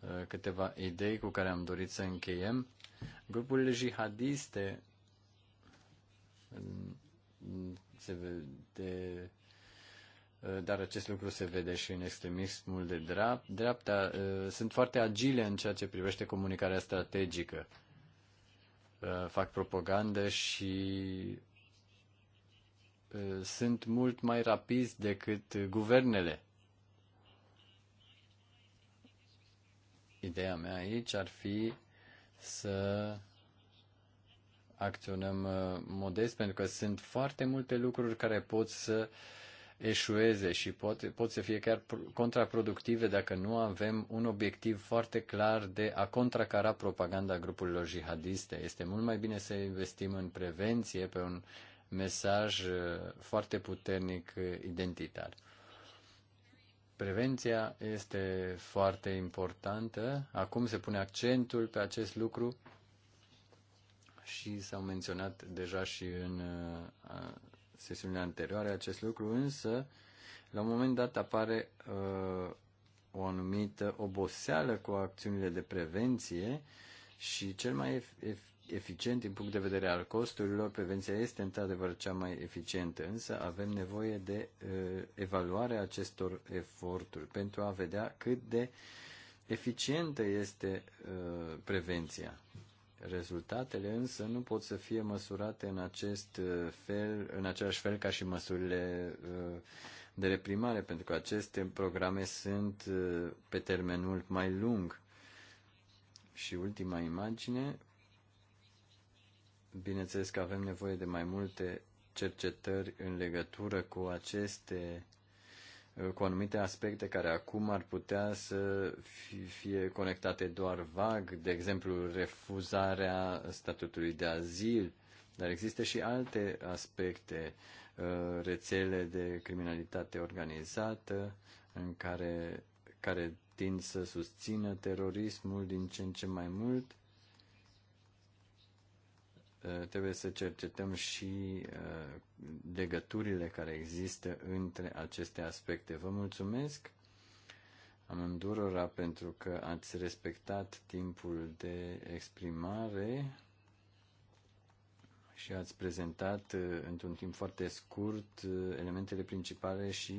uh, câteva idei cu care am dorit să încheiem, grupurile jihadiste se vede, ă, dar acest lucru se vede și în extremismul de dreapta. dreapta ă, sunt foarte agile în ceea ce privește comunicarea strategică. Ă, fac propagandă și sunt mult mai rapizi decât guvernele. Ideea mea aici ar fi să acționăm uh, modest, pentru că sunt foarte multe lucruri care pot să eșueze și pot, pot să fie chiar contraproductive dacă nu avem un obiectiv foarte clar de a contracara propaganda grupurilor jihadiste. Este mult mai bine să investim în prevenție pe un mesaj uh, foarte puternic uh, identitar. Prevenția este foarte importantă. Acum se pune accentul pe acest lucru și s-au menționat deja și în uh, sesiunile anterioare acest lucru, însă la un moment dat apare uh, o anumită oboseală cu acțiunile de prevenție și cel mai eficient din punct de vedere al costurilor, prevenția este într-adevăr cea mai eficientă, însă avem nevoie de uh, evaluarea acestor eforturi pentru a vedea cât de eficientă este uh, prevenția. Rezultatele însă nu pot să fie măsurate în acest uh, fel, în același fel ca și măsurile uh, de reprimare, pentru că aceste programe sunt uh, pe termenul mai lung. Și ultima imagine, bineînțeles că avem nevoie de mai multe cercetări în legătură cu aceste Uh, cu anumite aspecte care acum ar putea să fie conectate doar vag, de exemplu refuzarea statutului de azil, dar există și alte aspecte, uh, rețele de criminalitate organizată în care, care tind să susțină terorismul din ce în ce mai mult Eh, trebuie să cercetăm și eh, legăturile care există între aceste aspecte. Vă mulțumesc amândurora pentru că ați respectat timpul de exprimare și ați prezentat eh, într-un timp foarte scurt elementele principale și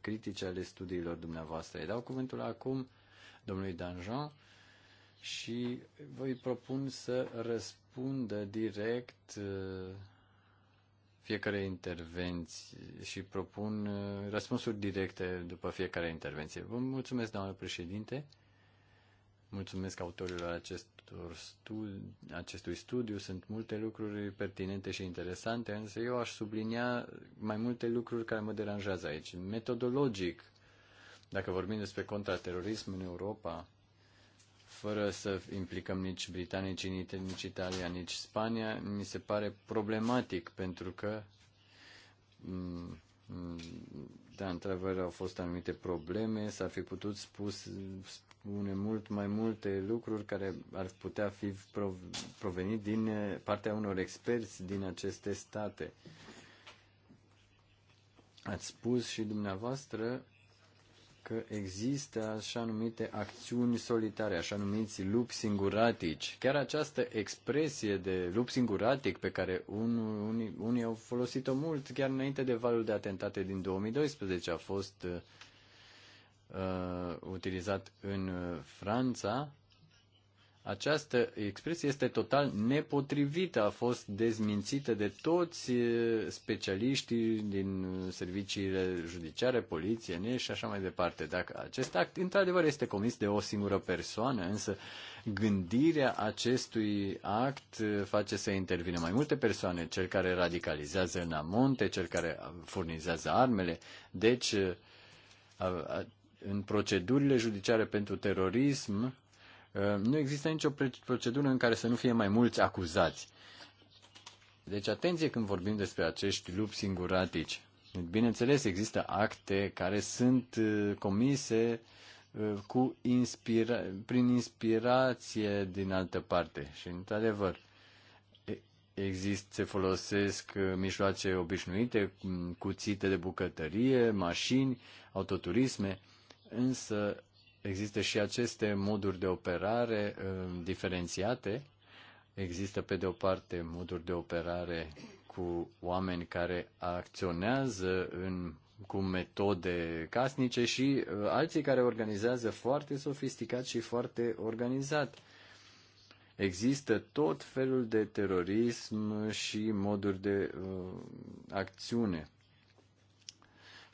critice ale studiilor dumneavoastră. Îi dau cuvântul acum domnului Danjean și voi propun să răspund răspundă direct uh, fiecare intervenție și propun uh, răspunsuri directe după fiecare intervenție. Vă mulțumesc, doamnă președinte. Mulțumesc autorilor acestor studi- acestui studiu. Sunt multe lucruri pertinente și interesante, însă eu aș sublinia mai multe lucruri care mă deranjează aici. Metodologic, dacă vorbim despre contraterorism în Europa, fără să implicăm nici britanicii, nici nici Italia, nici Spania, mi se pare problematic pentru că mm, mm, da, într-adevăr au fost anumite probleme, s-ar fi putut spus, spune mult mai multe lucruri care ar putea fi provenit din partea unor experți din aceste state. Ați spus și dumneavoastră că există așa numite acțiuni solitare, așa numiți lupi singuratici. Chiar această expresie de lup singuratic pe care unul, unii, unii au folosit-o mult chiar înainte de valul de atentate din 2012 a fost uh, uh utilizat în uh, Franța această expresie este total nepotrivită, a fost dezmințită de toți specialiștii din serviciile judiciare, poliție, și așa mai departe. Dacă acest act într-adevăr este comis de o singură persoană, însă gândirea acestui act face să intervină mai multe persoane, cel care radicalizează în amonte, cel care furnizează armele. Deci, în procedurile judiciare pentru terorism, Uh, nu există nicio procedură în care să nu fie mai mulți acuzați. Deci atenție când vorbim despre acești lupi singuratici. Bineînțeles, există acte care sunt uh, comise uh, cu inspira- prin inspirație din altă parte. Și, într-adevăr, exist, se folosesc mijloace obișnuite, mm, cuțite de bucătărie, mașini, autoturisme, însă există și aceste moduri de operare uh, diferențiate. Există, pe de o parte, moduri de operare cu oameni care acționează în, cu metode casnice și uh, alții care organizează foarte sofisticat și foarte organizat. Există tot felul de terorism și moduri de uh, acțiune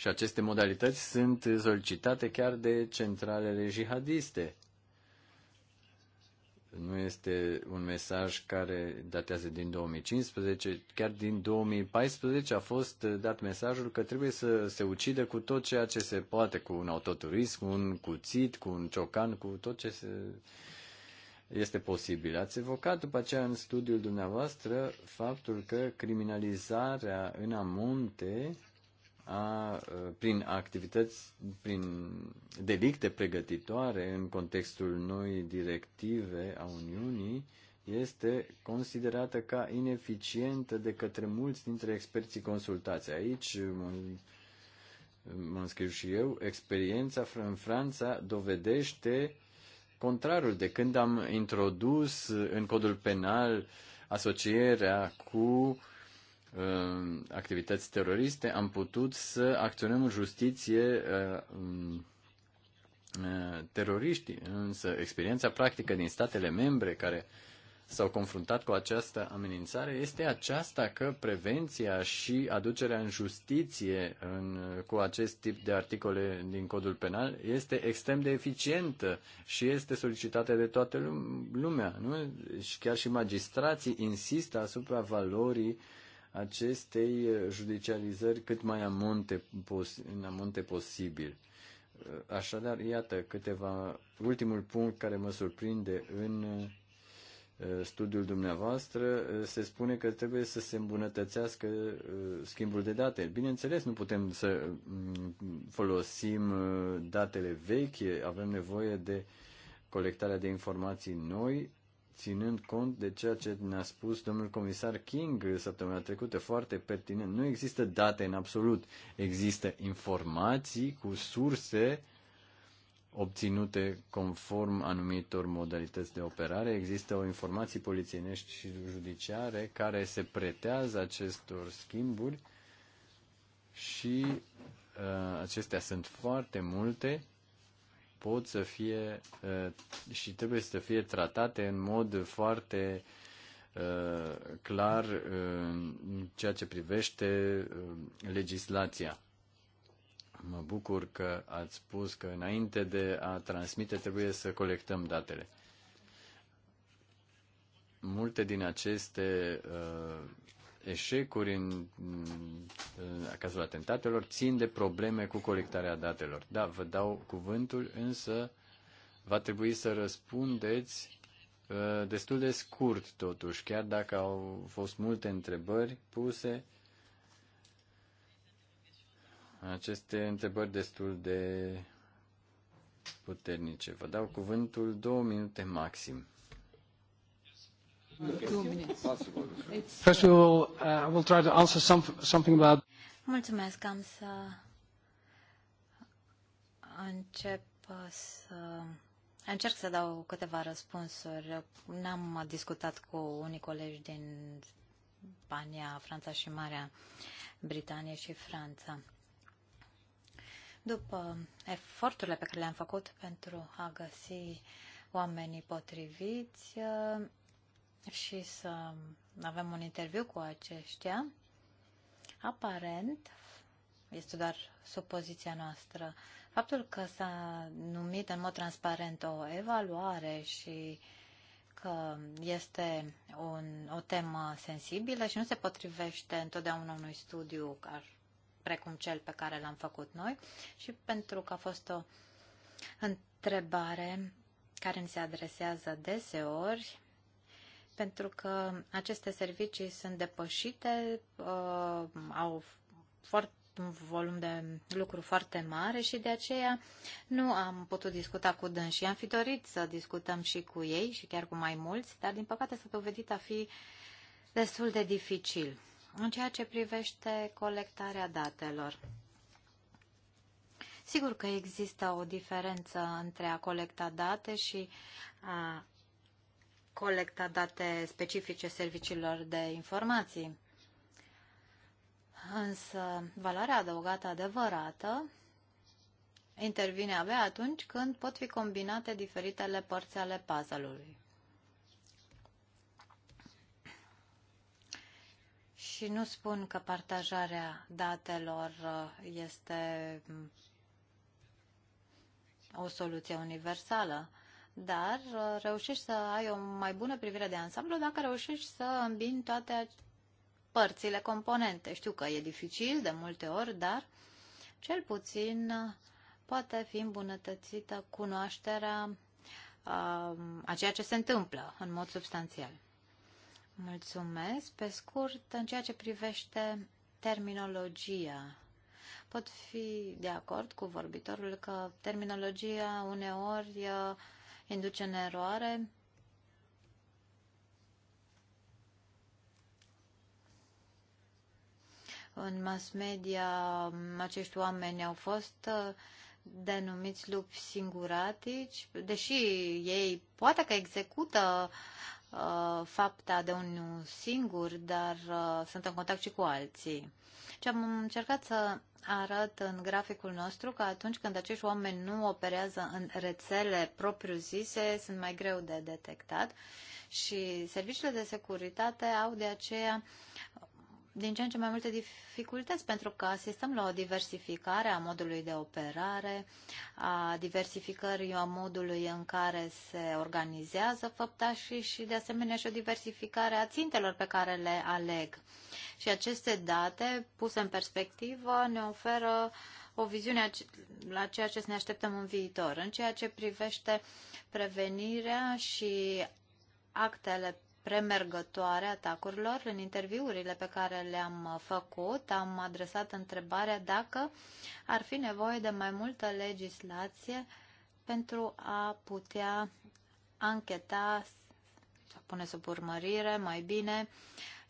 și aceste modalități sunt solicitate chiar de centralele jihadiste. Nu este un mesaj care datează din 2015, chiar din 2014 a fost dat mesajul că trebuie să se ucidă cu tot ceea ce se poate, cu un autoturism, cu un cuțit, cu un ciocan, cu tot ce se, este posibil. Ați evocat după aceea în studiul dumneavoastră faptul că criminalizarea în amonte a, prin activități, prin delicte pregătitoare în contextul noii directive a Uniunii, este considerată ca ineficientă de către mulți dintre experții consultați. Aici mă înscriu și eu, experiența în Franța dovedește contrarul. De când am introdus în codul penal asocierea cu Uh, activități teroriste, am putut să acționăm în justiție uh, um, uh, teroriști, însă experiența practică din statele membre care s-au confruntat cu această amenințare este aceasta că prevenția și aducerea în justiție în, cu acest tip de articole din codul penal este extrem de eficientă și este solicitată de toată lumea. Nu? Și chiar și magistrații insistă asupra valorii uh, acestei uh, judicializări cât mai amonte, în amonte posibil. Uh, așadar, iată câteva, ultimul punct care mă surprinde în uh, studiul dumneavoastră, se spune că trebuie să se îmbunătățească schimbul de date. Bineînțeles, nu putem să mm, folosim datele vechi, avem nevoie de colectarea de informații noi, ținând cont de ceea ce ne-a spus domnul comisar King săptămâna trecută, foarte pertinent. Nu există date în absolut, există informații cu surse obținute conform anumitor modalități de operare. Există o informații polițienești și judiciare care se pretează acestor schimburi și uh, acestea sunt foarte multe pot să fie uh, și trebuie să fie tratate în mod foarte uh, clar uh, în ceea ce privește legislația. Mă bucur că ați spus că înainte de a transmite trebuie să colectăm datele. Multe din aceste uh, eșecuri în, în cazul atentatelor țin de probleme cu colectarea datelor. Da, vă dau cuvântul, însă va trebui să răspundeți uh, destul de scurt totuși, chiar dacă au fost multe întrebări puse. Aceste întrebări destul de puternice. Vă dau cuvântul două minute maxim. First of all, uh, I will try to answer some, something about... Mulțumesc, am să încep uh, să... Încerc să dau câteva răspunsuri. N-am discutat cu unii colegi din Spania, Franța și Marea Britanie și Franța. După eforturile pe care le-am făcut pentru a găsi oamenii potriviți, uh, și să avem un interviu cu aceștia, aparent, este doar supoziția noastră, faptul că s-a numit în mod transparent o evaluare și că este un, o temă sensibilă și nu se potrivește întotdeauna unui studiu ca, precum cel pe care l-am făcut noi și pentru că a fost o întrebare care mi se adresează deseori pentru că aceste servicii sunt depășite, uh, au foarte un volum de lucru foarte mare și de aceea nu am putut discuta cu dâns am fi dorit să discutăm și cu ei și chiar cu mai mulți, dar din păcate s-a dovedit a fi destul de dificil în ceea ce privește colectarea datelor. Sigur că există o diferență între a colecta date și a colecta date specifice serviciilor de informații. Însă valoarea adăugată adevărată intervine abia atunci când pot fi combinate diferitele părți ale puzzle-ului. Și nu spun că partajarea datelor uh, este mm, o soluție universală dar uh, reușești să ai o mai bună privire de ansamblu dacă reușești să îmbini toate părțile componente. Știu că e dificil de multe ori, dar cel puțin uh, poate fi îmbunătățită cunoașterea um, a ceea ce se întâmplă în mod substanțial. Mulțumesc. Pe scurt, în ceea ce privește terminologia, pot fi de acord cu vorbitorul că terminologia uneori uh, induce în eroare. În mass media acești oameni au fost uh, denumiți lupi singuratici, deși ei poate că execută uh, fapta de un singur, dar uh, sunt în contact și cu alții. Ce am încercat să arăt în graficul nostru că atunci când acești oameni nu operează în rețele propriu-zise, sunt mai greu de detectat și serviciile de securitate au de aceea uh, din ce în ce mai multe dificultăți, pentru că asistăm la o diversificare a modului de operare, a diversificării a modului în care se organizează făptașii și, de asemenea, și o diversificare a țintelor pe care le aleg. Și aceste date, puse în perspectivă, ne oferă o viziune la ceea ce ne așteptăm în viitor. În ceea ce privește prevenirea și actele premergătoare atacurilor. În interviurile pe care le-am făcut, am adresat întrebarea dacă ar fi nevoie de mai multă legislație pentru a putea ancheta, să pune sub urmărire mai bine,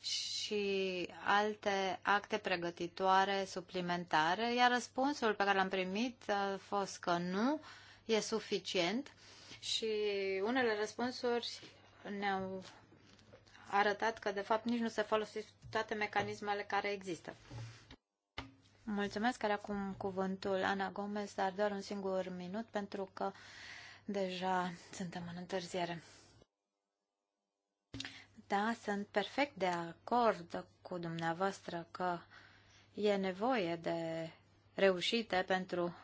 și alte acte pregătitoare suplimentare, iar răspunsul pe care l-am primit a fost că nu e suficient și unele răspunsuri ne-au arătat că, de fapt, nici nu se folosesc toate mecanismele care există. Mulțumesc, care acum cuvântul Ana Gomez, dar doar un singur minut, pentru că deja suntem în întârziere. Da, sunt perfect de acord cu dumneavoastră că e nevoie de reușite pentru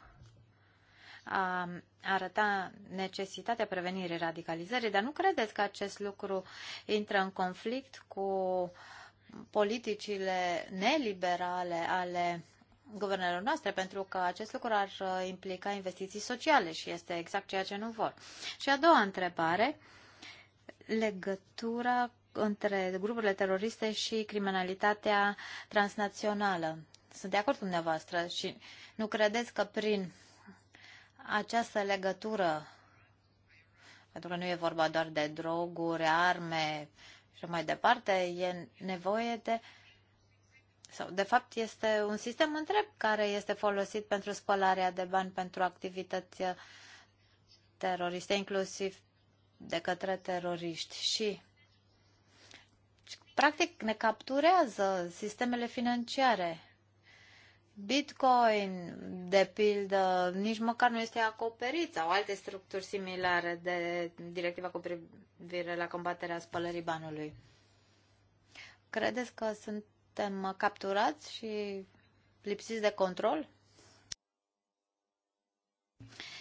a arăta necesitatea prevenirii radicalizării, dar nu credeți că acest lucru intră în conflict cu politicile neliberale ale guvernelor noastre, pentru că acest lucru ar uh, implica investiții sociale și este exact ceea ce nu vor. Și a doua întrebare, legătura între grupurile teroriste și criminalitatea transnațională. Sunt de acord cu dumneavoastră și nu credeți că prin această legătură, pentru că nu e vorba doar de droguri, arme și mai departe, e nevoie de sau, de fapt, este un sistem întreg care este folosit pentru spălarea de bani, pentru activități teroriste, inclusiv de către teroriști. Și, practic, ne capturează sistemele financiare. Bitcoin, de pildă, nici măcar nu este acoperit sau alte structuri similare de directiva cu privire la combaterea spălării banului. Credeți că suntem capturați și lipsiți de control?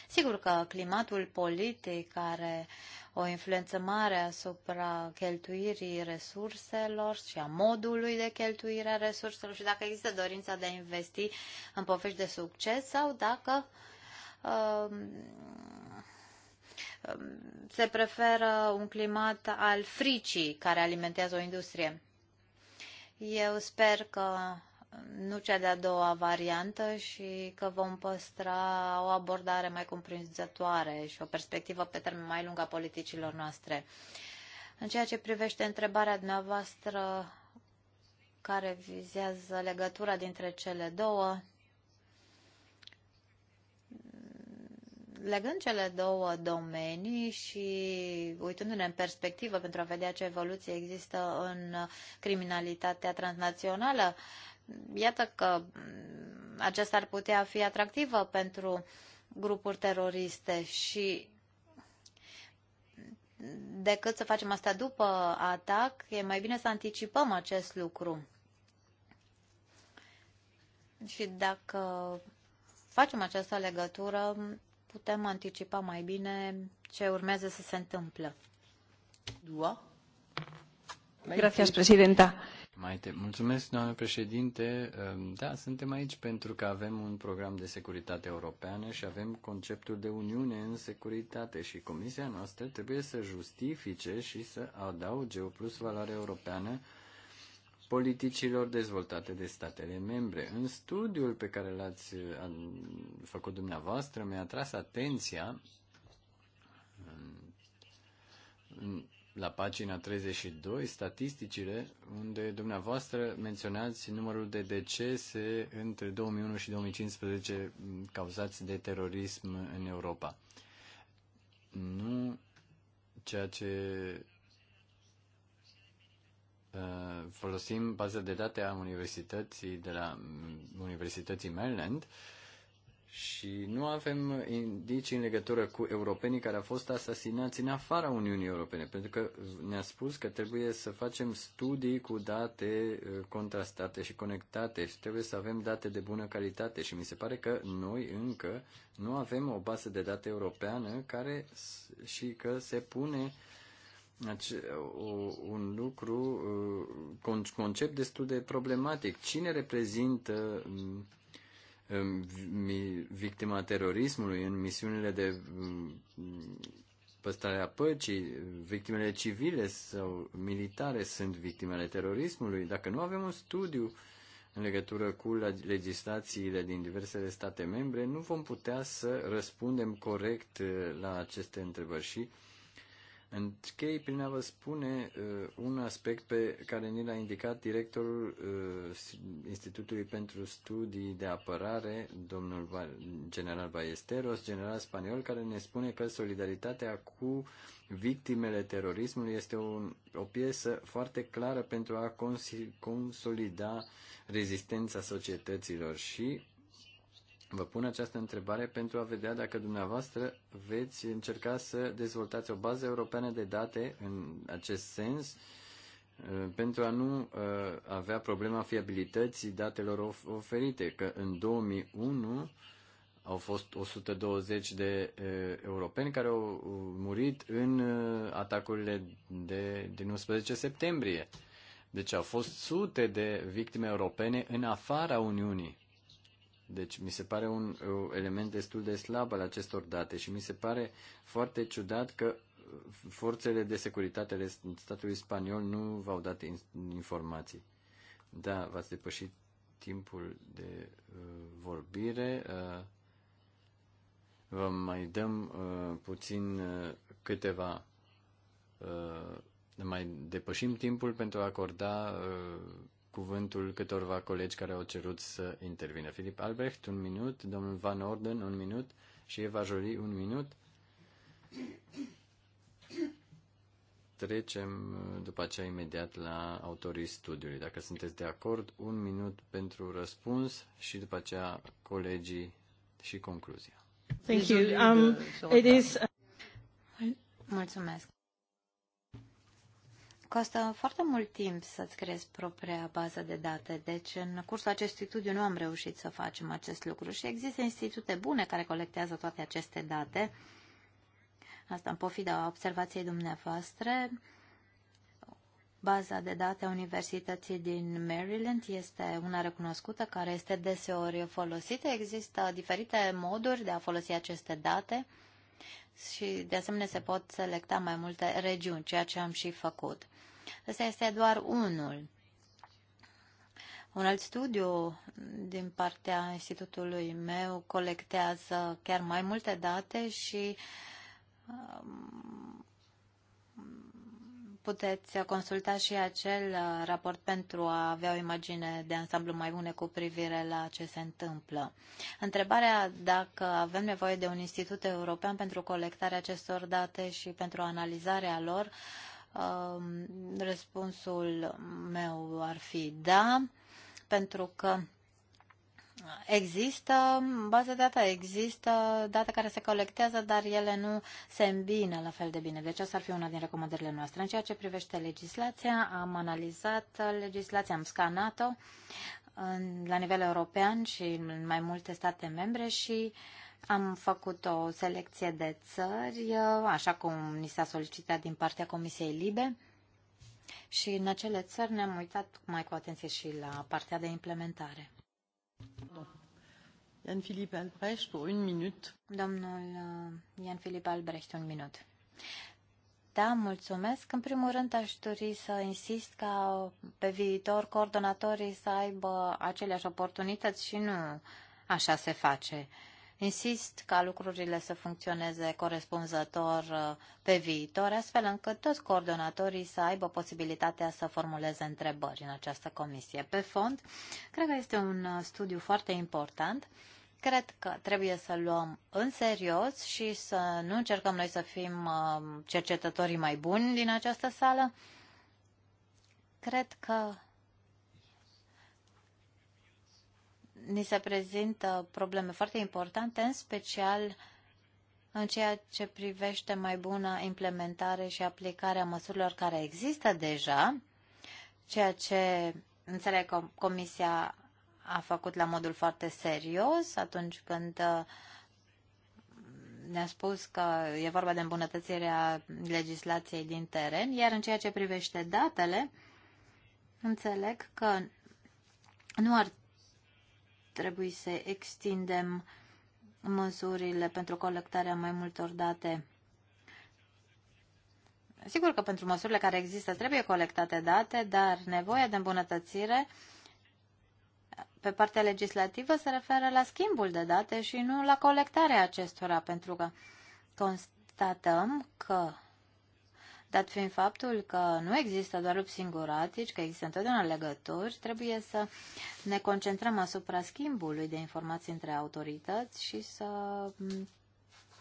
Sigur că climatul politic are o influență mare asupra cheltuirii resurselor și a modului de cheltuire a resurselor și dacă există dorința de a investi în povești de succes sau dacă um, um se preferă un climat al fricii care alimentează o industrie. Eu sper că nu cea de-a doua variantă și că vom păstra o abordare mai cuprinzătoare și o perspectivă pe termen mai lung a politicilor noastre. În ceea ce privește întrebarea dumneavoastră care vizează legătura dintre cele două, legând cele două domenii și uitându-ne în perspectivă pentru a vedea ce evoluție există în criminalitatea transnațională, Iată că mm, aceasta ar putea fi atractivă pentru grupuri teroriste și decât să facem asta după atac, e mai bine să anticipăm acest lucru. Și dacă facem această legătură, putem anticipa mai bine ce urmează să se întâmplă. Dua. Gracias, presidenta te... mulțumesc, doamne președinte. Ehm, da, suntem aici pentru că avem un program de securitate europeană și avem conceptul de Uniune în securitate și Comisia noastră trebuie să justifice și să adauge o plus valoare europeană politicilor dezvoltate de statele membre. În studiul pe care l-ați făcut dumneavoastră mi-a tras atenția la pagina 32 statisticile unde dumneavoastră menționați numărul de decese între 2001 și 2015 cauzați de terorism în Europa. Nu ceea ce uh, folosim baza de date a universității de la mm, Universității Maryland și nu avem indicii în legătură cu europenii care au fost asasinați în afara Uniunii Europene, pentru că ne-a spus că trebuie să facem studii cu date uh, contrastate și conectate și trebuie să avem date de bună calitate și mi se pare că noi încă nu avem o bază de date europeană care și că se pune un lucru, uh, concept destul de problematic. Cine reprezintă mm, victima terorismului, în misiunile de păstrarea păcii, victimele civile sau militare sunt victimele terorismului. Dacă nu avem un studiu în legătură cu legislațiile din diversele state membre, nu vom putea să răspundem corect eh, la aceste întrebări și uh, Închei prin a vă spune uh, un aspect pe care ni l-a indicat directorul uh, Institutului pentru Studii de Apărare, domnul general Ballesteros, general spaniol, care ne spune că solidaritatea cu victimele terorismului este un, o piesă foarte clară pentru a consolida rezistența societăților și Vă pun această întrebare pentru a vedea dacă dumneavoastră veți încerca să dezvoltați o bază europeană de date în acest sens uh, pentru a nu uh, avea problema fiabilității datelor oferite, că în 2001 au fost 120 de uh, europeni care au murit în atacurile de, din 11 septembrie. Deci au fost sute de victime europene în afara Uniunii deci mi se pare un element destul de slab al acestor date și mi se pare foarte ciudat că forțele de securitate ale statului spaniol nu v-au dat informații. Da, v-ați depășit timpul de uh, vorbire. Uh, vă mai dăm uh, puțin uh, câteva. Uh, mai depășim timpul pentru a acorda uh, cuvântul câtorva colegi care au cerut să intervină. Filip Albrecht, un minut, domnul Van Orden, un minut și Eva Jolie, un minut. Trecem uh, după aceea imediat la autorii studiului. Dacă sunteți de acord, un minut pentru răspuns și după aceea colegii și concluzia. Thank you. Um, it is... Uh, Mulțumesc costă foarte mult timp să-ți creezi propria bază de date, deci în cursul acestui studiu nu am reușit să facem acest lucru și există institute bune care colectează toate aceste date. Asta în pofida observației dumneavoastră. Baza de date a Universității din Maryland este una recunoscută care este deseori folosită. Există diferite moduri de a folosi aceste date și de asemenea se pot selecta mai multe regiuni, ceea ce am și făcut. Ăsta este doar unul. Un alt studiu din partea institutului meu colectează chiar mai multe date și um, puteți consulta și acel raport pentru a avea o imagine de ansamblu mai bună cu privire la ce se întâmplă. Întrebarea dacă avem nevoie de un institut european pentru colectarea acestor date și pentru analizarea lor Um, răspunsul meu ar fi da, pentru că Există bază de date, există date care se colectează, dar ele nu se îmbină la fel de bine. Deci asta ar fi una din recomandările noastre. În ceea ce privește legislația, am analizat legislația, am scanat-o la nivel european și în mai multe state membre și uh, am făcut o selecție de țări, uh, așa cum ni s-a solicitat din partea Comisiei Libe. Și în acele țări ne-am uitat mai cu atenție și la partea de implementare. Ian Filip Albrecht, pour un minut. Domnul Ian uh, Filip Albrecht, un minut. Da, mulțumesc. În primul rând aș dori să insist ca pe viitor coordonatorii să aibă aceleași oportunități și nu așa se face. Uh, Insist ca lucrurile să funcționeze corespunzător uh, pe viitor, astfel încât toți coordonatorii să aibă posibilitatea să formuleze întrebări în această comisie. Pe fond, cred că este un uh, studiu foarte important cred că trebuie să luăm în serios și să nu încercăm noi să fim uh, cercetătorii mai buni din această sală. Cred că ni se prezintă probleme foarte importante, în special în ceea ce privește mai bună implementare și aplicarea măsurilor care există deja, ceea ce înțeleg că Comisia a făcut la modul foarte serios atunci când uh, ne-a spus că e vorba de îmbunătățirea legislației din teren, iar în ceea ce privește datele, înțeleg că nu ar trebui să extindem măsurile pentru colectarea mai multor date. Sigur că pentru măsurile care există trebuie colectate date, dar nevoia de îmbunătățire pe partea legislativă se referă la schimbul de date și nu la colectarea acestora, pentru că constatăm că dat fiind faptul că nu există doar lupi singuratici, că există întotdeauna legături, trebuie să ne concentrăm asupra schimbului de informații între autorități și să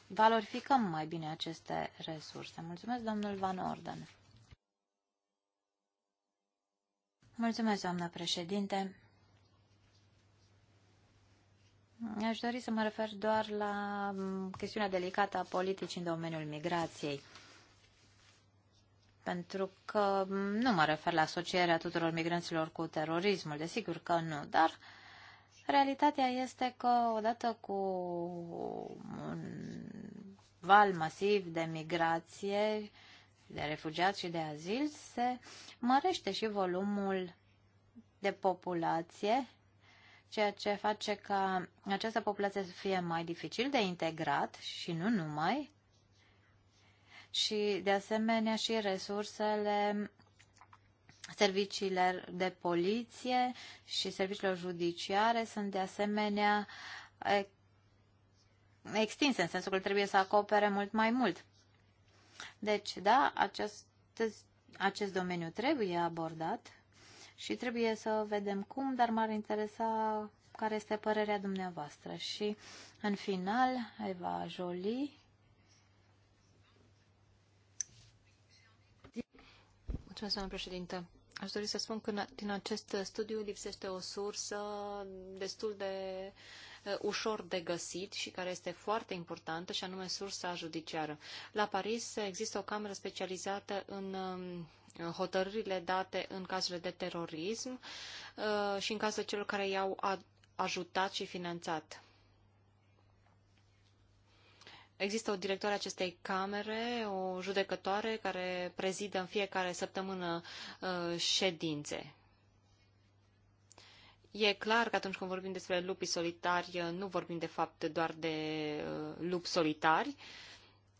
valorificăm mai bine aceste resurse. Mulțumesc, domnul Van Orden. Mulțumesc, doamnă președinte. Aș dori să mă refer doar la chestiunea delicată a politicii în domeniul migrației pentru că nu mă refer la asocierea tuturor migranților cu terorismul, desigur că nu, dar realitatea este că odată cu un val masiv de migrație, de refugiați și de azil, se mărește și volumul de populație, ceea ce face ca această populație să fie mai dificil de integrat și nu numai, și, de asemenea, și resursele serviciile de poliție și serviciilor judiciare sunt de asemenea extinse, în sensul că trebuie să acopere mult mai mult. Deci, da, acest, acest domeniu trebuie abordat și trebuie să vedem cum, dar m-ar interesa care este părerea dumneavoastră. Și, în final, Eva Jolie Mulțumesc, doamnă președinte. Aș dori să spun că din acest studiu lipsește o sursă destul de ușor de găsit și care este foarte importantă, și anume sursa judiciară. La Paris există o cameră specializată în hotărârile date în cazurile de terorism și în cazul celor care i-au ajutat și finanțat. Există o directoare acestei camere, o judecătoare care prezidă în fiecare săptămână uh, ședințe. E clar că atunci când vorbim despre lupi solitari, uh, nu vorbim de fapt doar de uh, lupi solitari.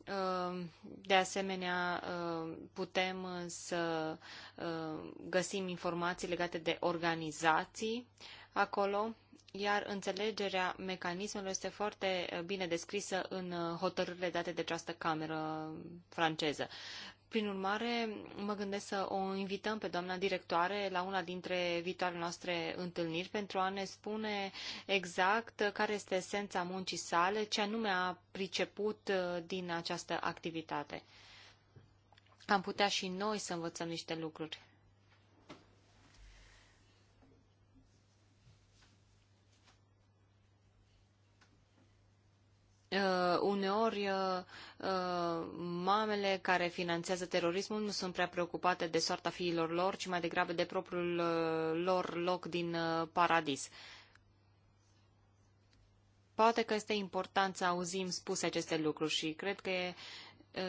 Uh, de asemenea, uh, putem să uh, găsim informații legate de organizații acolo iar înțelegerea mecanismelor este foarte eh, bine descrisă în eh, hotărârile date de această cameră franceză. Prin urmare, mă gândesc să o invităm pe doamna directoare la una dintre viitoarele noastre întâlniri pentru a ne spune exact care este esența muncii sale, ce anume a priceput eh, din această activitate. Am putea și noi să învățăm niște lucruri. Uh, uneori, uh, uh, mamele care finanțează terorismul nu sunt prea preocupate de soarta fiilor lor, ci mai degrabă de propriul uh, lor loc din uh, paradis. Poate că este important să auzim spuse aceste lucruri și cred că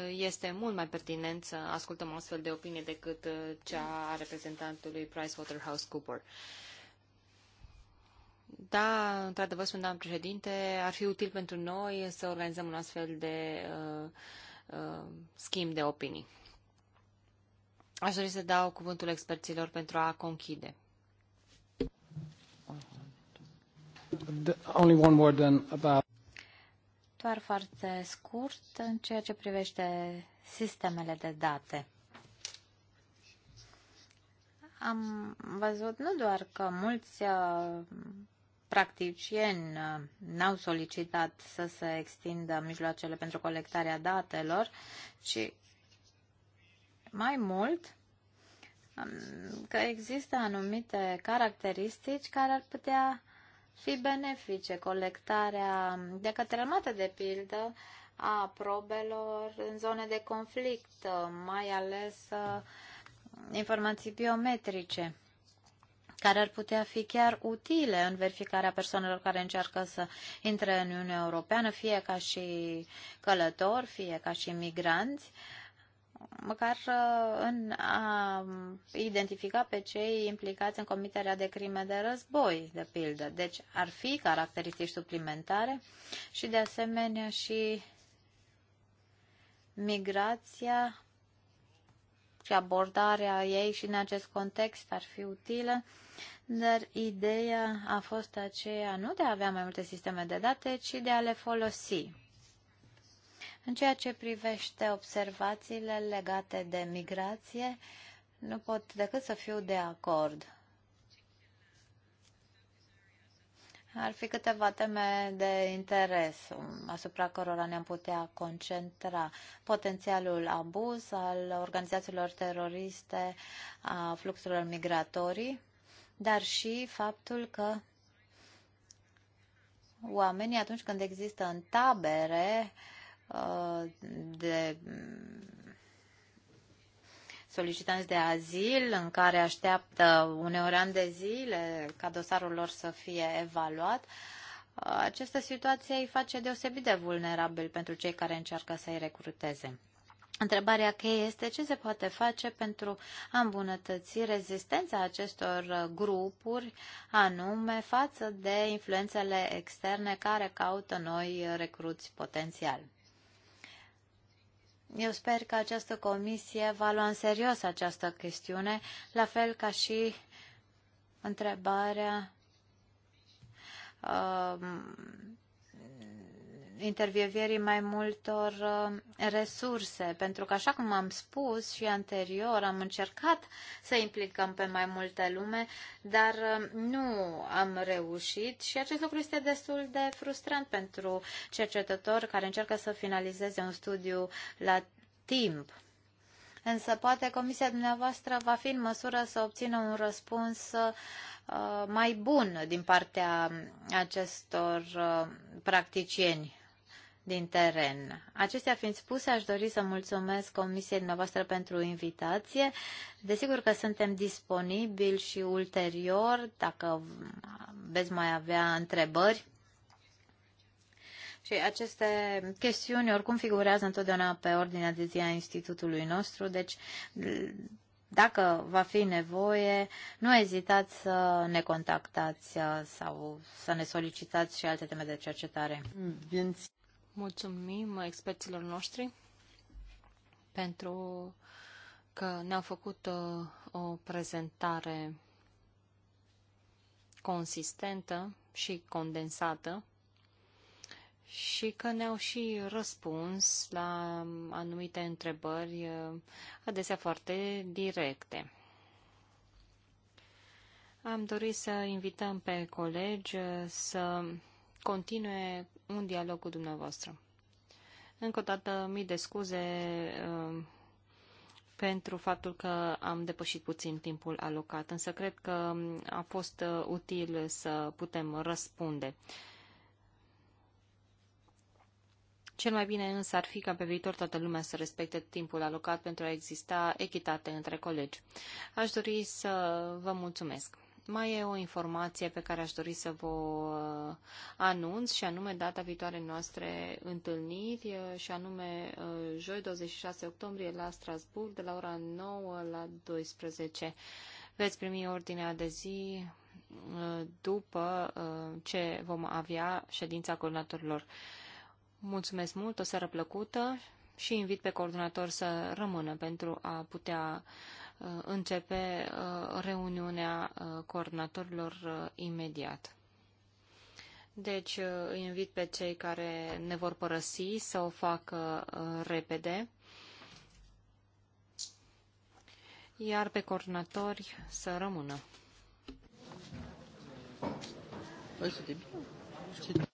este mult mai pertinent să ascultăm astfel de opinie decât cea a reprezentantului PricewaterhouseCoopers. Uh, da, într-adevăr, sunt doamnă președinte, ar fi util pentru noi să organizăm un astfel de uh, uh, schimb de opinii. Aș dori să dau cuvântul experților pentru a conchide. The only one word then about... Doar foarte scurt în ceea ce privește sistemele de date. Am văzut nu doar că mulți uh, practicieni uh, n-au solicitat să se extindă mijloacele pentru colectarea datelor, ci mai mult um, că există anumite caracteristici care ar putea fi benefice. Colectarea de către armate de pildă, a probelor în zone de conflict, uh, mai ales uh, informații biometrice care ar putea fi chiar utile în verificarea persoanelor care încearcă să intre în Uniunea Europeană, fie ca și călători, fie ca și migranți, măcar uh, în a identifica pe cei implicați în comiterea de crime de război, de pildă. Deci ar fi caracteristici suplimentare și de asemenea și migrația și abordarea ei și în acest context ar fi utilă dar ideea a fost aceea nu de a avea mai multe sisteme de date, ci de a le folosi. În ceea ce privește observațiile legate de migrație, nu pot decât să fiu de acord. Ar fi câteva teme de interes asupra cărora ne-am putea concentra. Potențialul abuz al organizațiilor teroriste, a fluxurilor migratorii, dar și faptul că oamenii atunci când există în tabere uh, de mm, solicitanți de azil în care așteaptă uneori ani de zile ca dosarul lor să fie evaluat, uh, această situație îi face deosebit de vulnerabil pentru cei care încearcă să-i recruteze. Întrebarea cheie este ce se poate face pentru a îmbunătăți rezistența acestor grupuri anume față de influențele externe care caută noi recruți potențial. Eu sper că această comisie va lua în serios această chestiune, la fel ca și întrebarea uh, intervievierii mai multor uh, resurse, pentru că, așa cum am spus și anterior, am încercat să implicăm pe mai multe lume, dar uh, nu am reușit și acest lucru este destul de frustrant pentru cercetători care încearcă să finalizeze un studiu la timp. Însă poate comisia dumneavoastră va fi în măsură să obțină un răspuns uh, mai bun din partea acestor practicieni din teren. Acestea fiind spuse, aș dori să mulțumesc Comisiei noastre pentru invitație. Desigur că suntem disponibili și ulterior, dacă veți mai avea întrebări. Și aceste chestiuni oricum figurează întotdeauna pe ordinea de zi a institutului nostru, deci dacă va fi nevoie, nu ezitați să ne contactați sau să ne solicitați și alte teme de cercetare. Mulțumim experților noștri pentru că ne-au făcut uh, o prezentare consistentă și condensată și că ne-au și răspuns la anumite întrebări, uh, adesea foarte directe. Am dorit să invităm pe colegi uh, să continue un dialog cu dumneavoastră. Încă o dată, mii de scuze uh, pentru faptul că am depășit puțin timpul alocat, însă cred că a fost uh, util să putem răspunde. Cel mai bine însă ar fi ca pe viitor toată lumea să respecte timpul alocat pentru a exista echitate între colegi. Aș dori să vă mulțumesc. Mai e o informație pe care aș dori să vă uh, anunț și anume data viitoare noastre întâlniri uh, și anume uh, joi 26 octombrie la Strasburg de la ora 9 la 12. Veți primi ordinea de zi după ce vom avea ședința coordonatorilor. Mulțumesc mult, o seară plăcută și invit pe coordonator să rămână pentru a putea Uh, începe uh, reuniunea uh, coordonatorilor imediat. Deci îi invit pe cei care ne vor părăsi să o facă repede, iar pe coordonatori să rămână. Păi,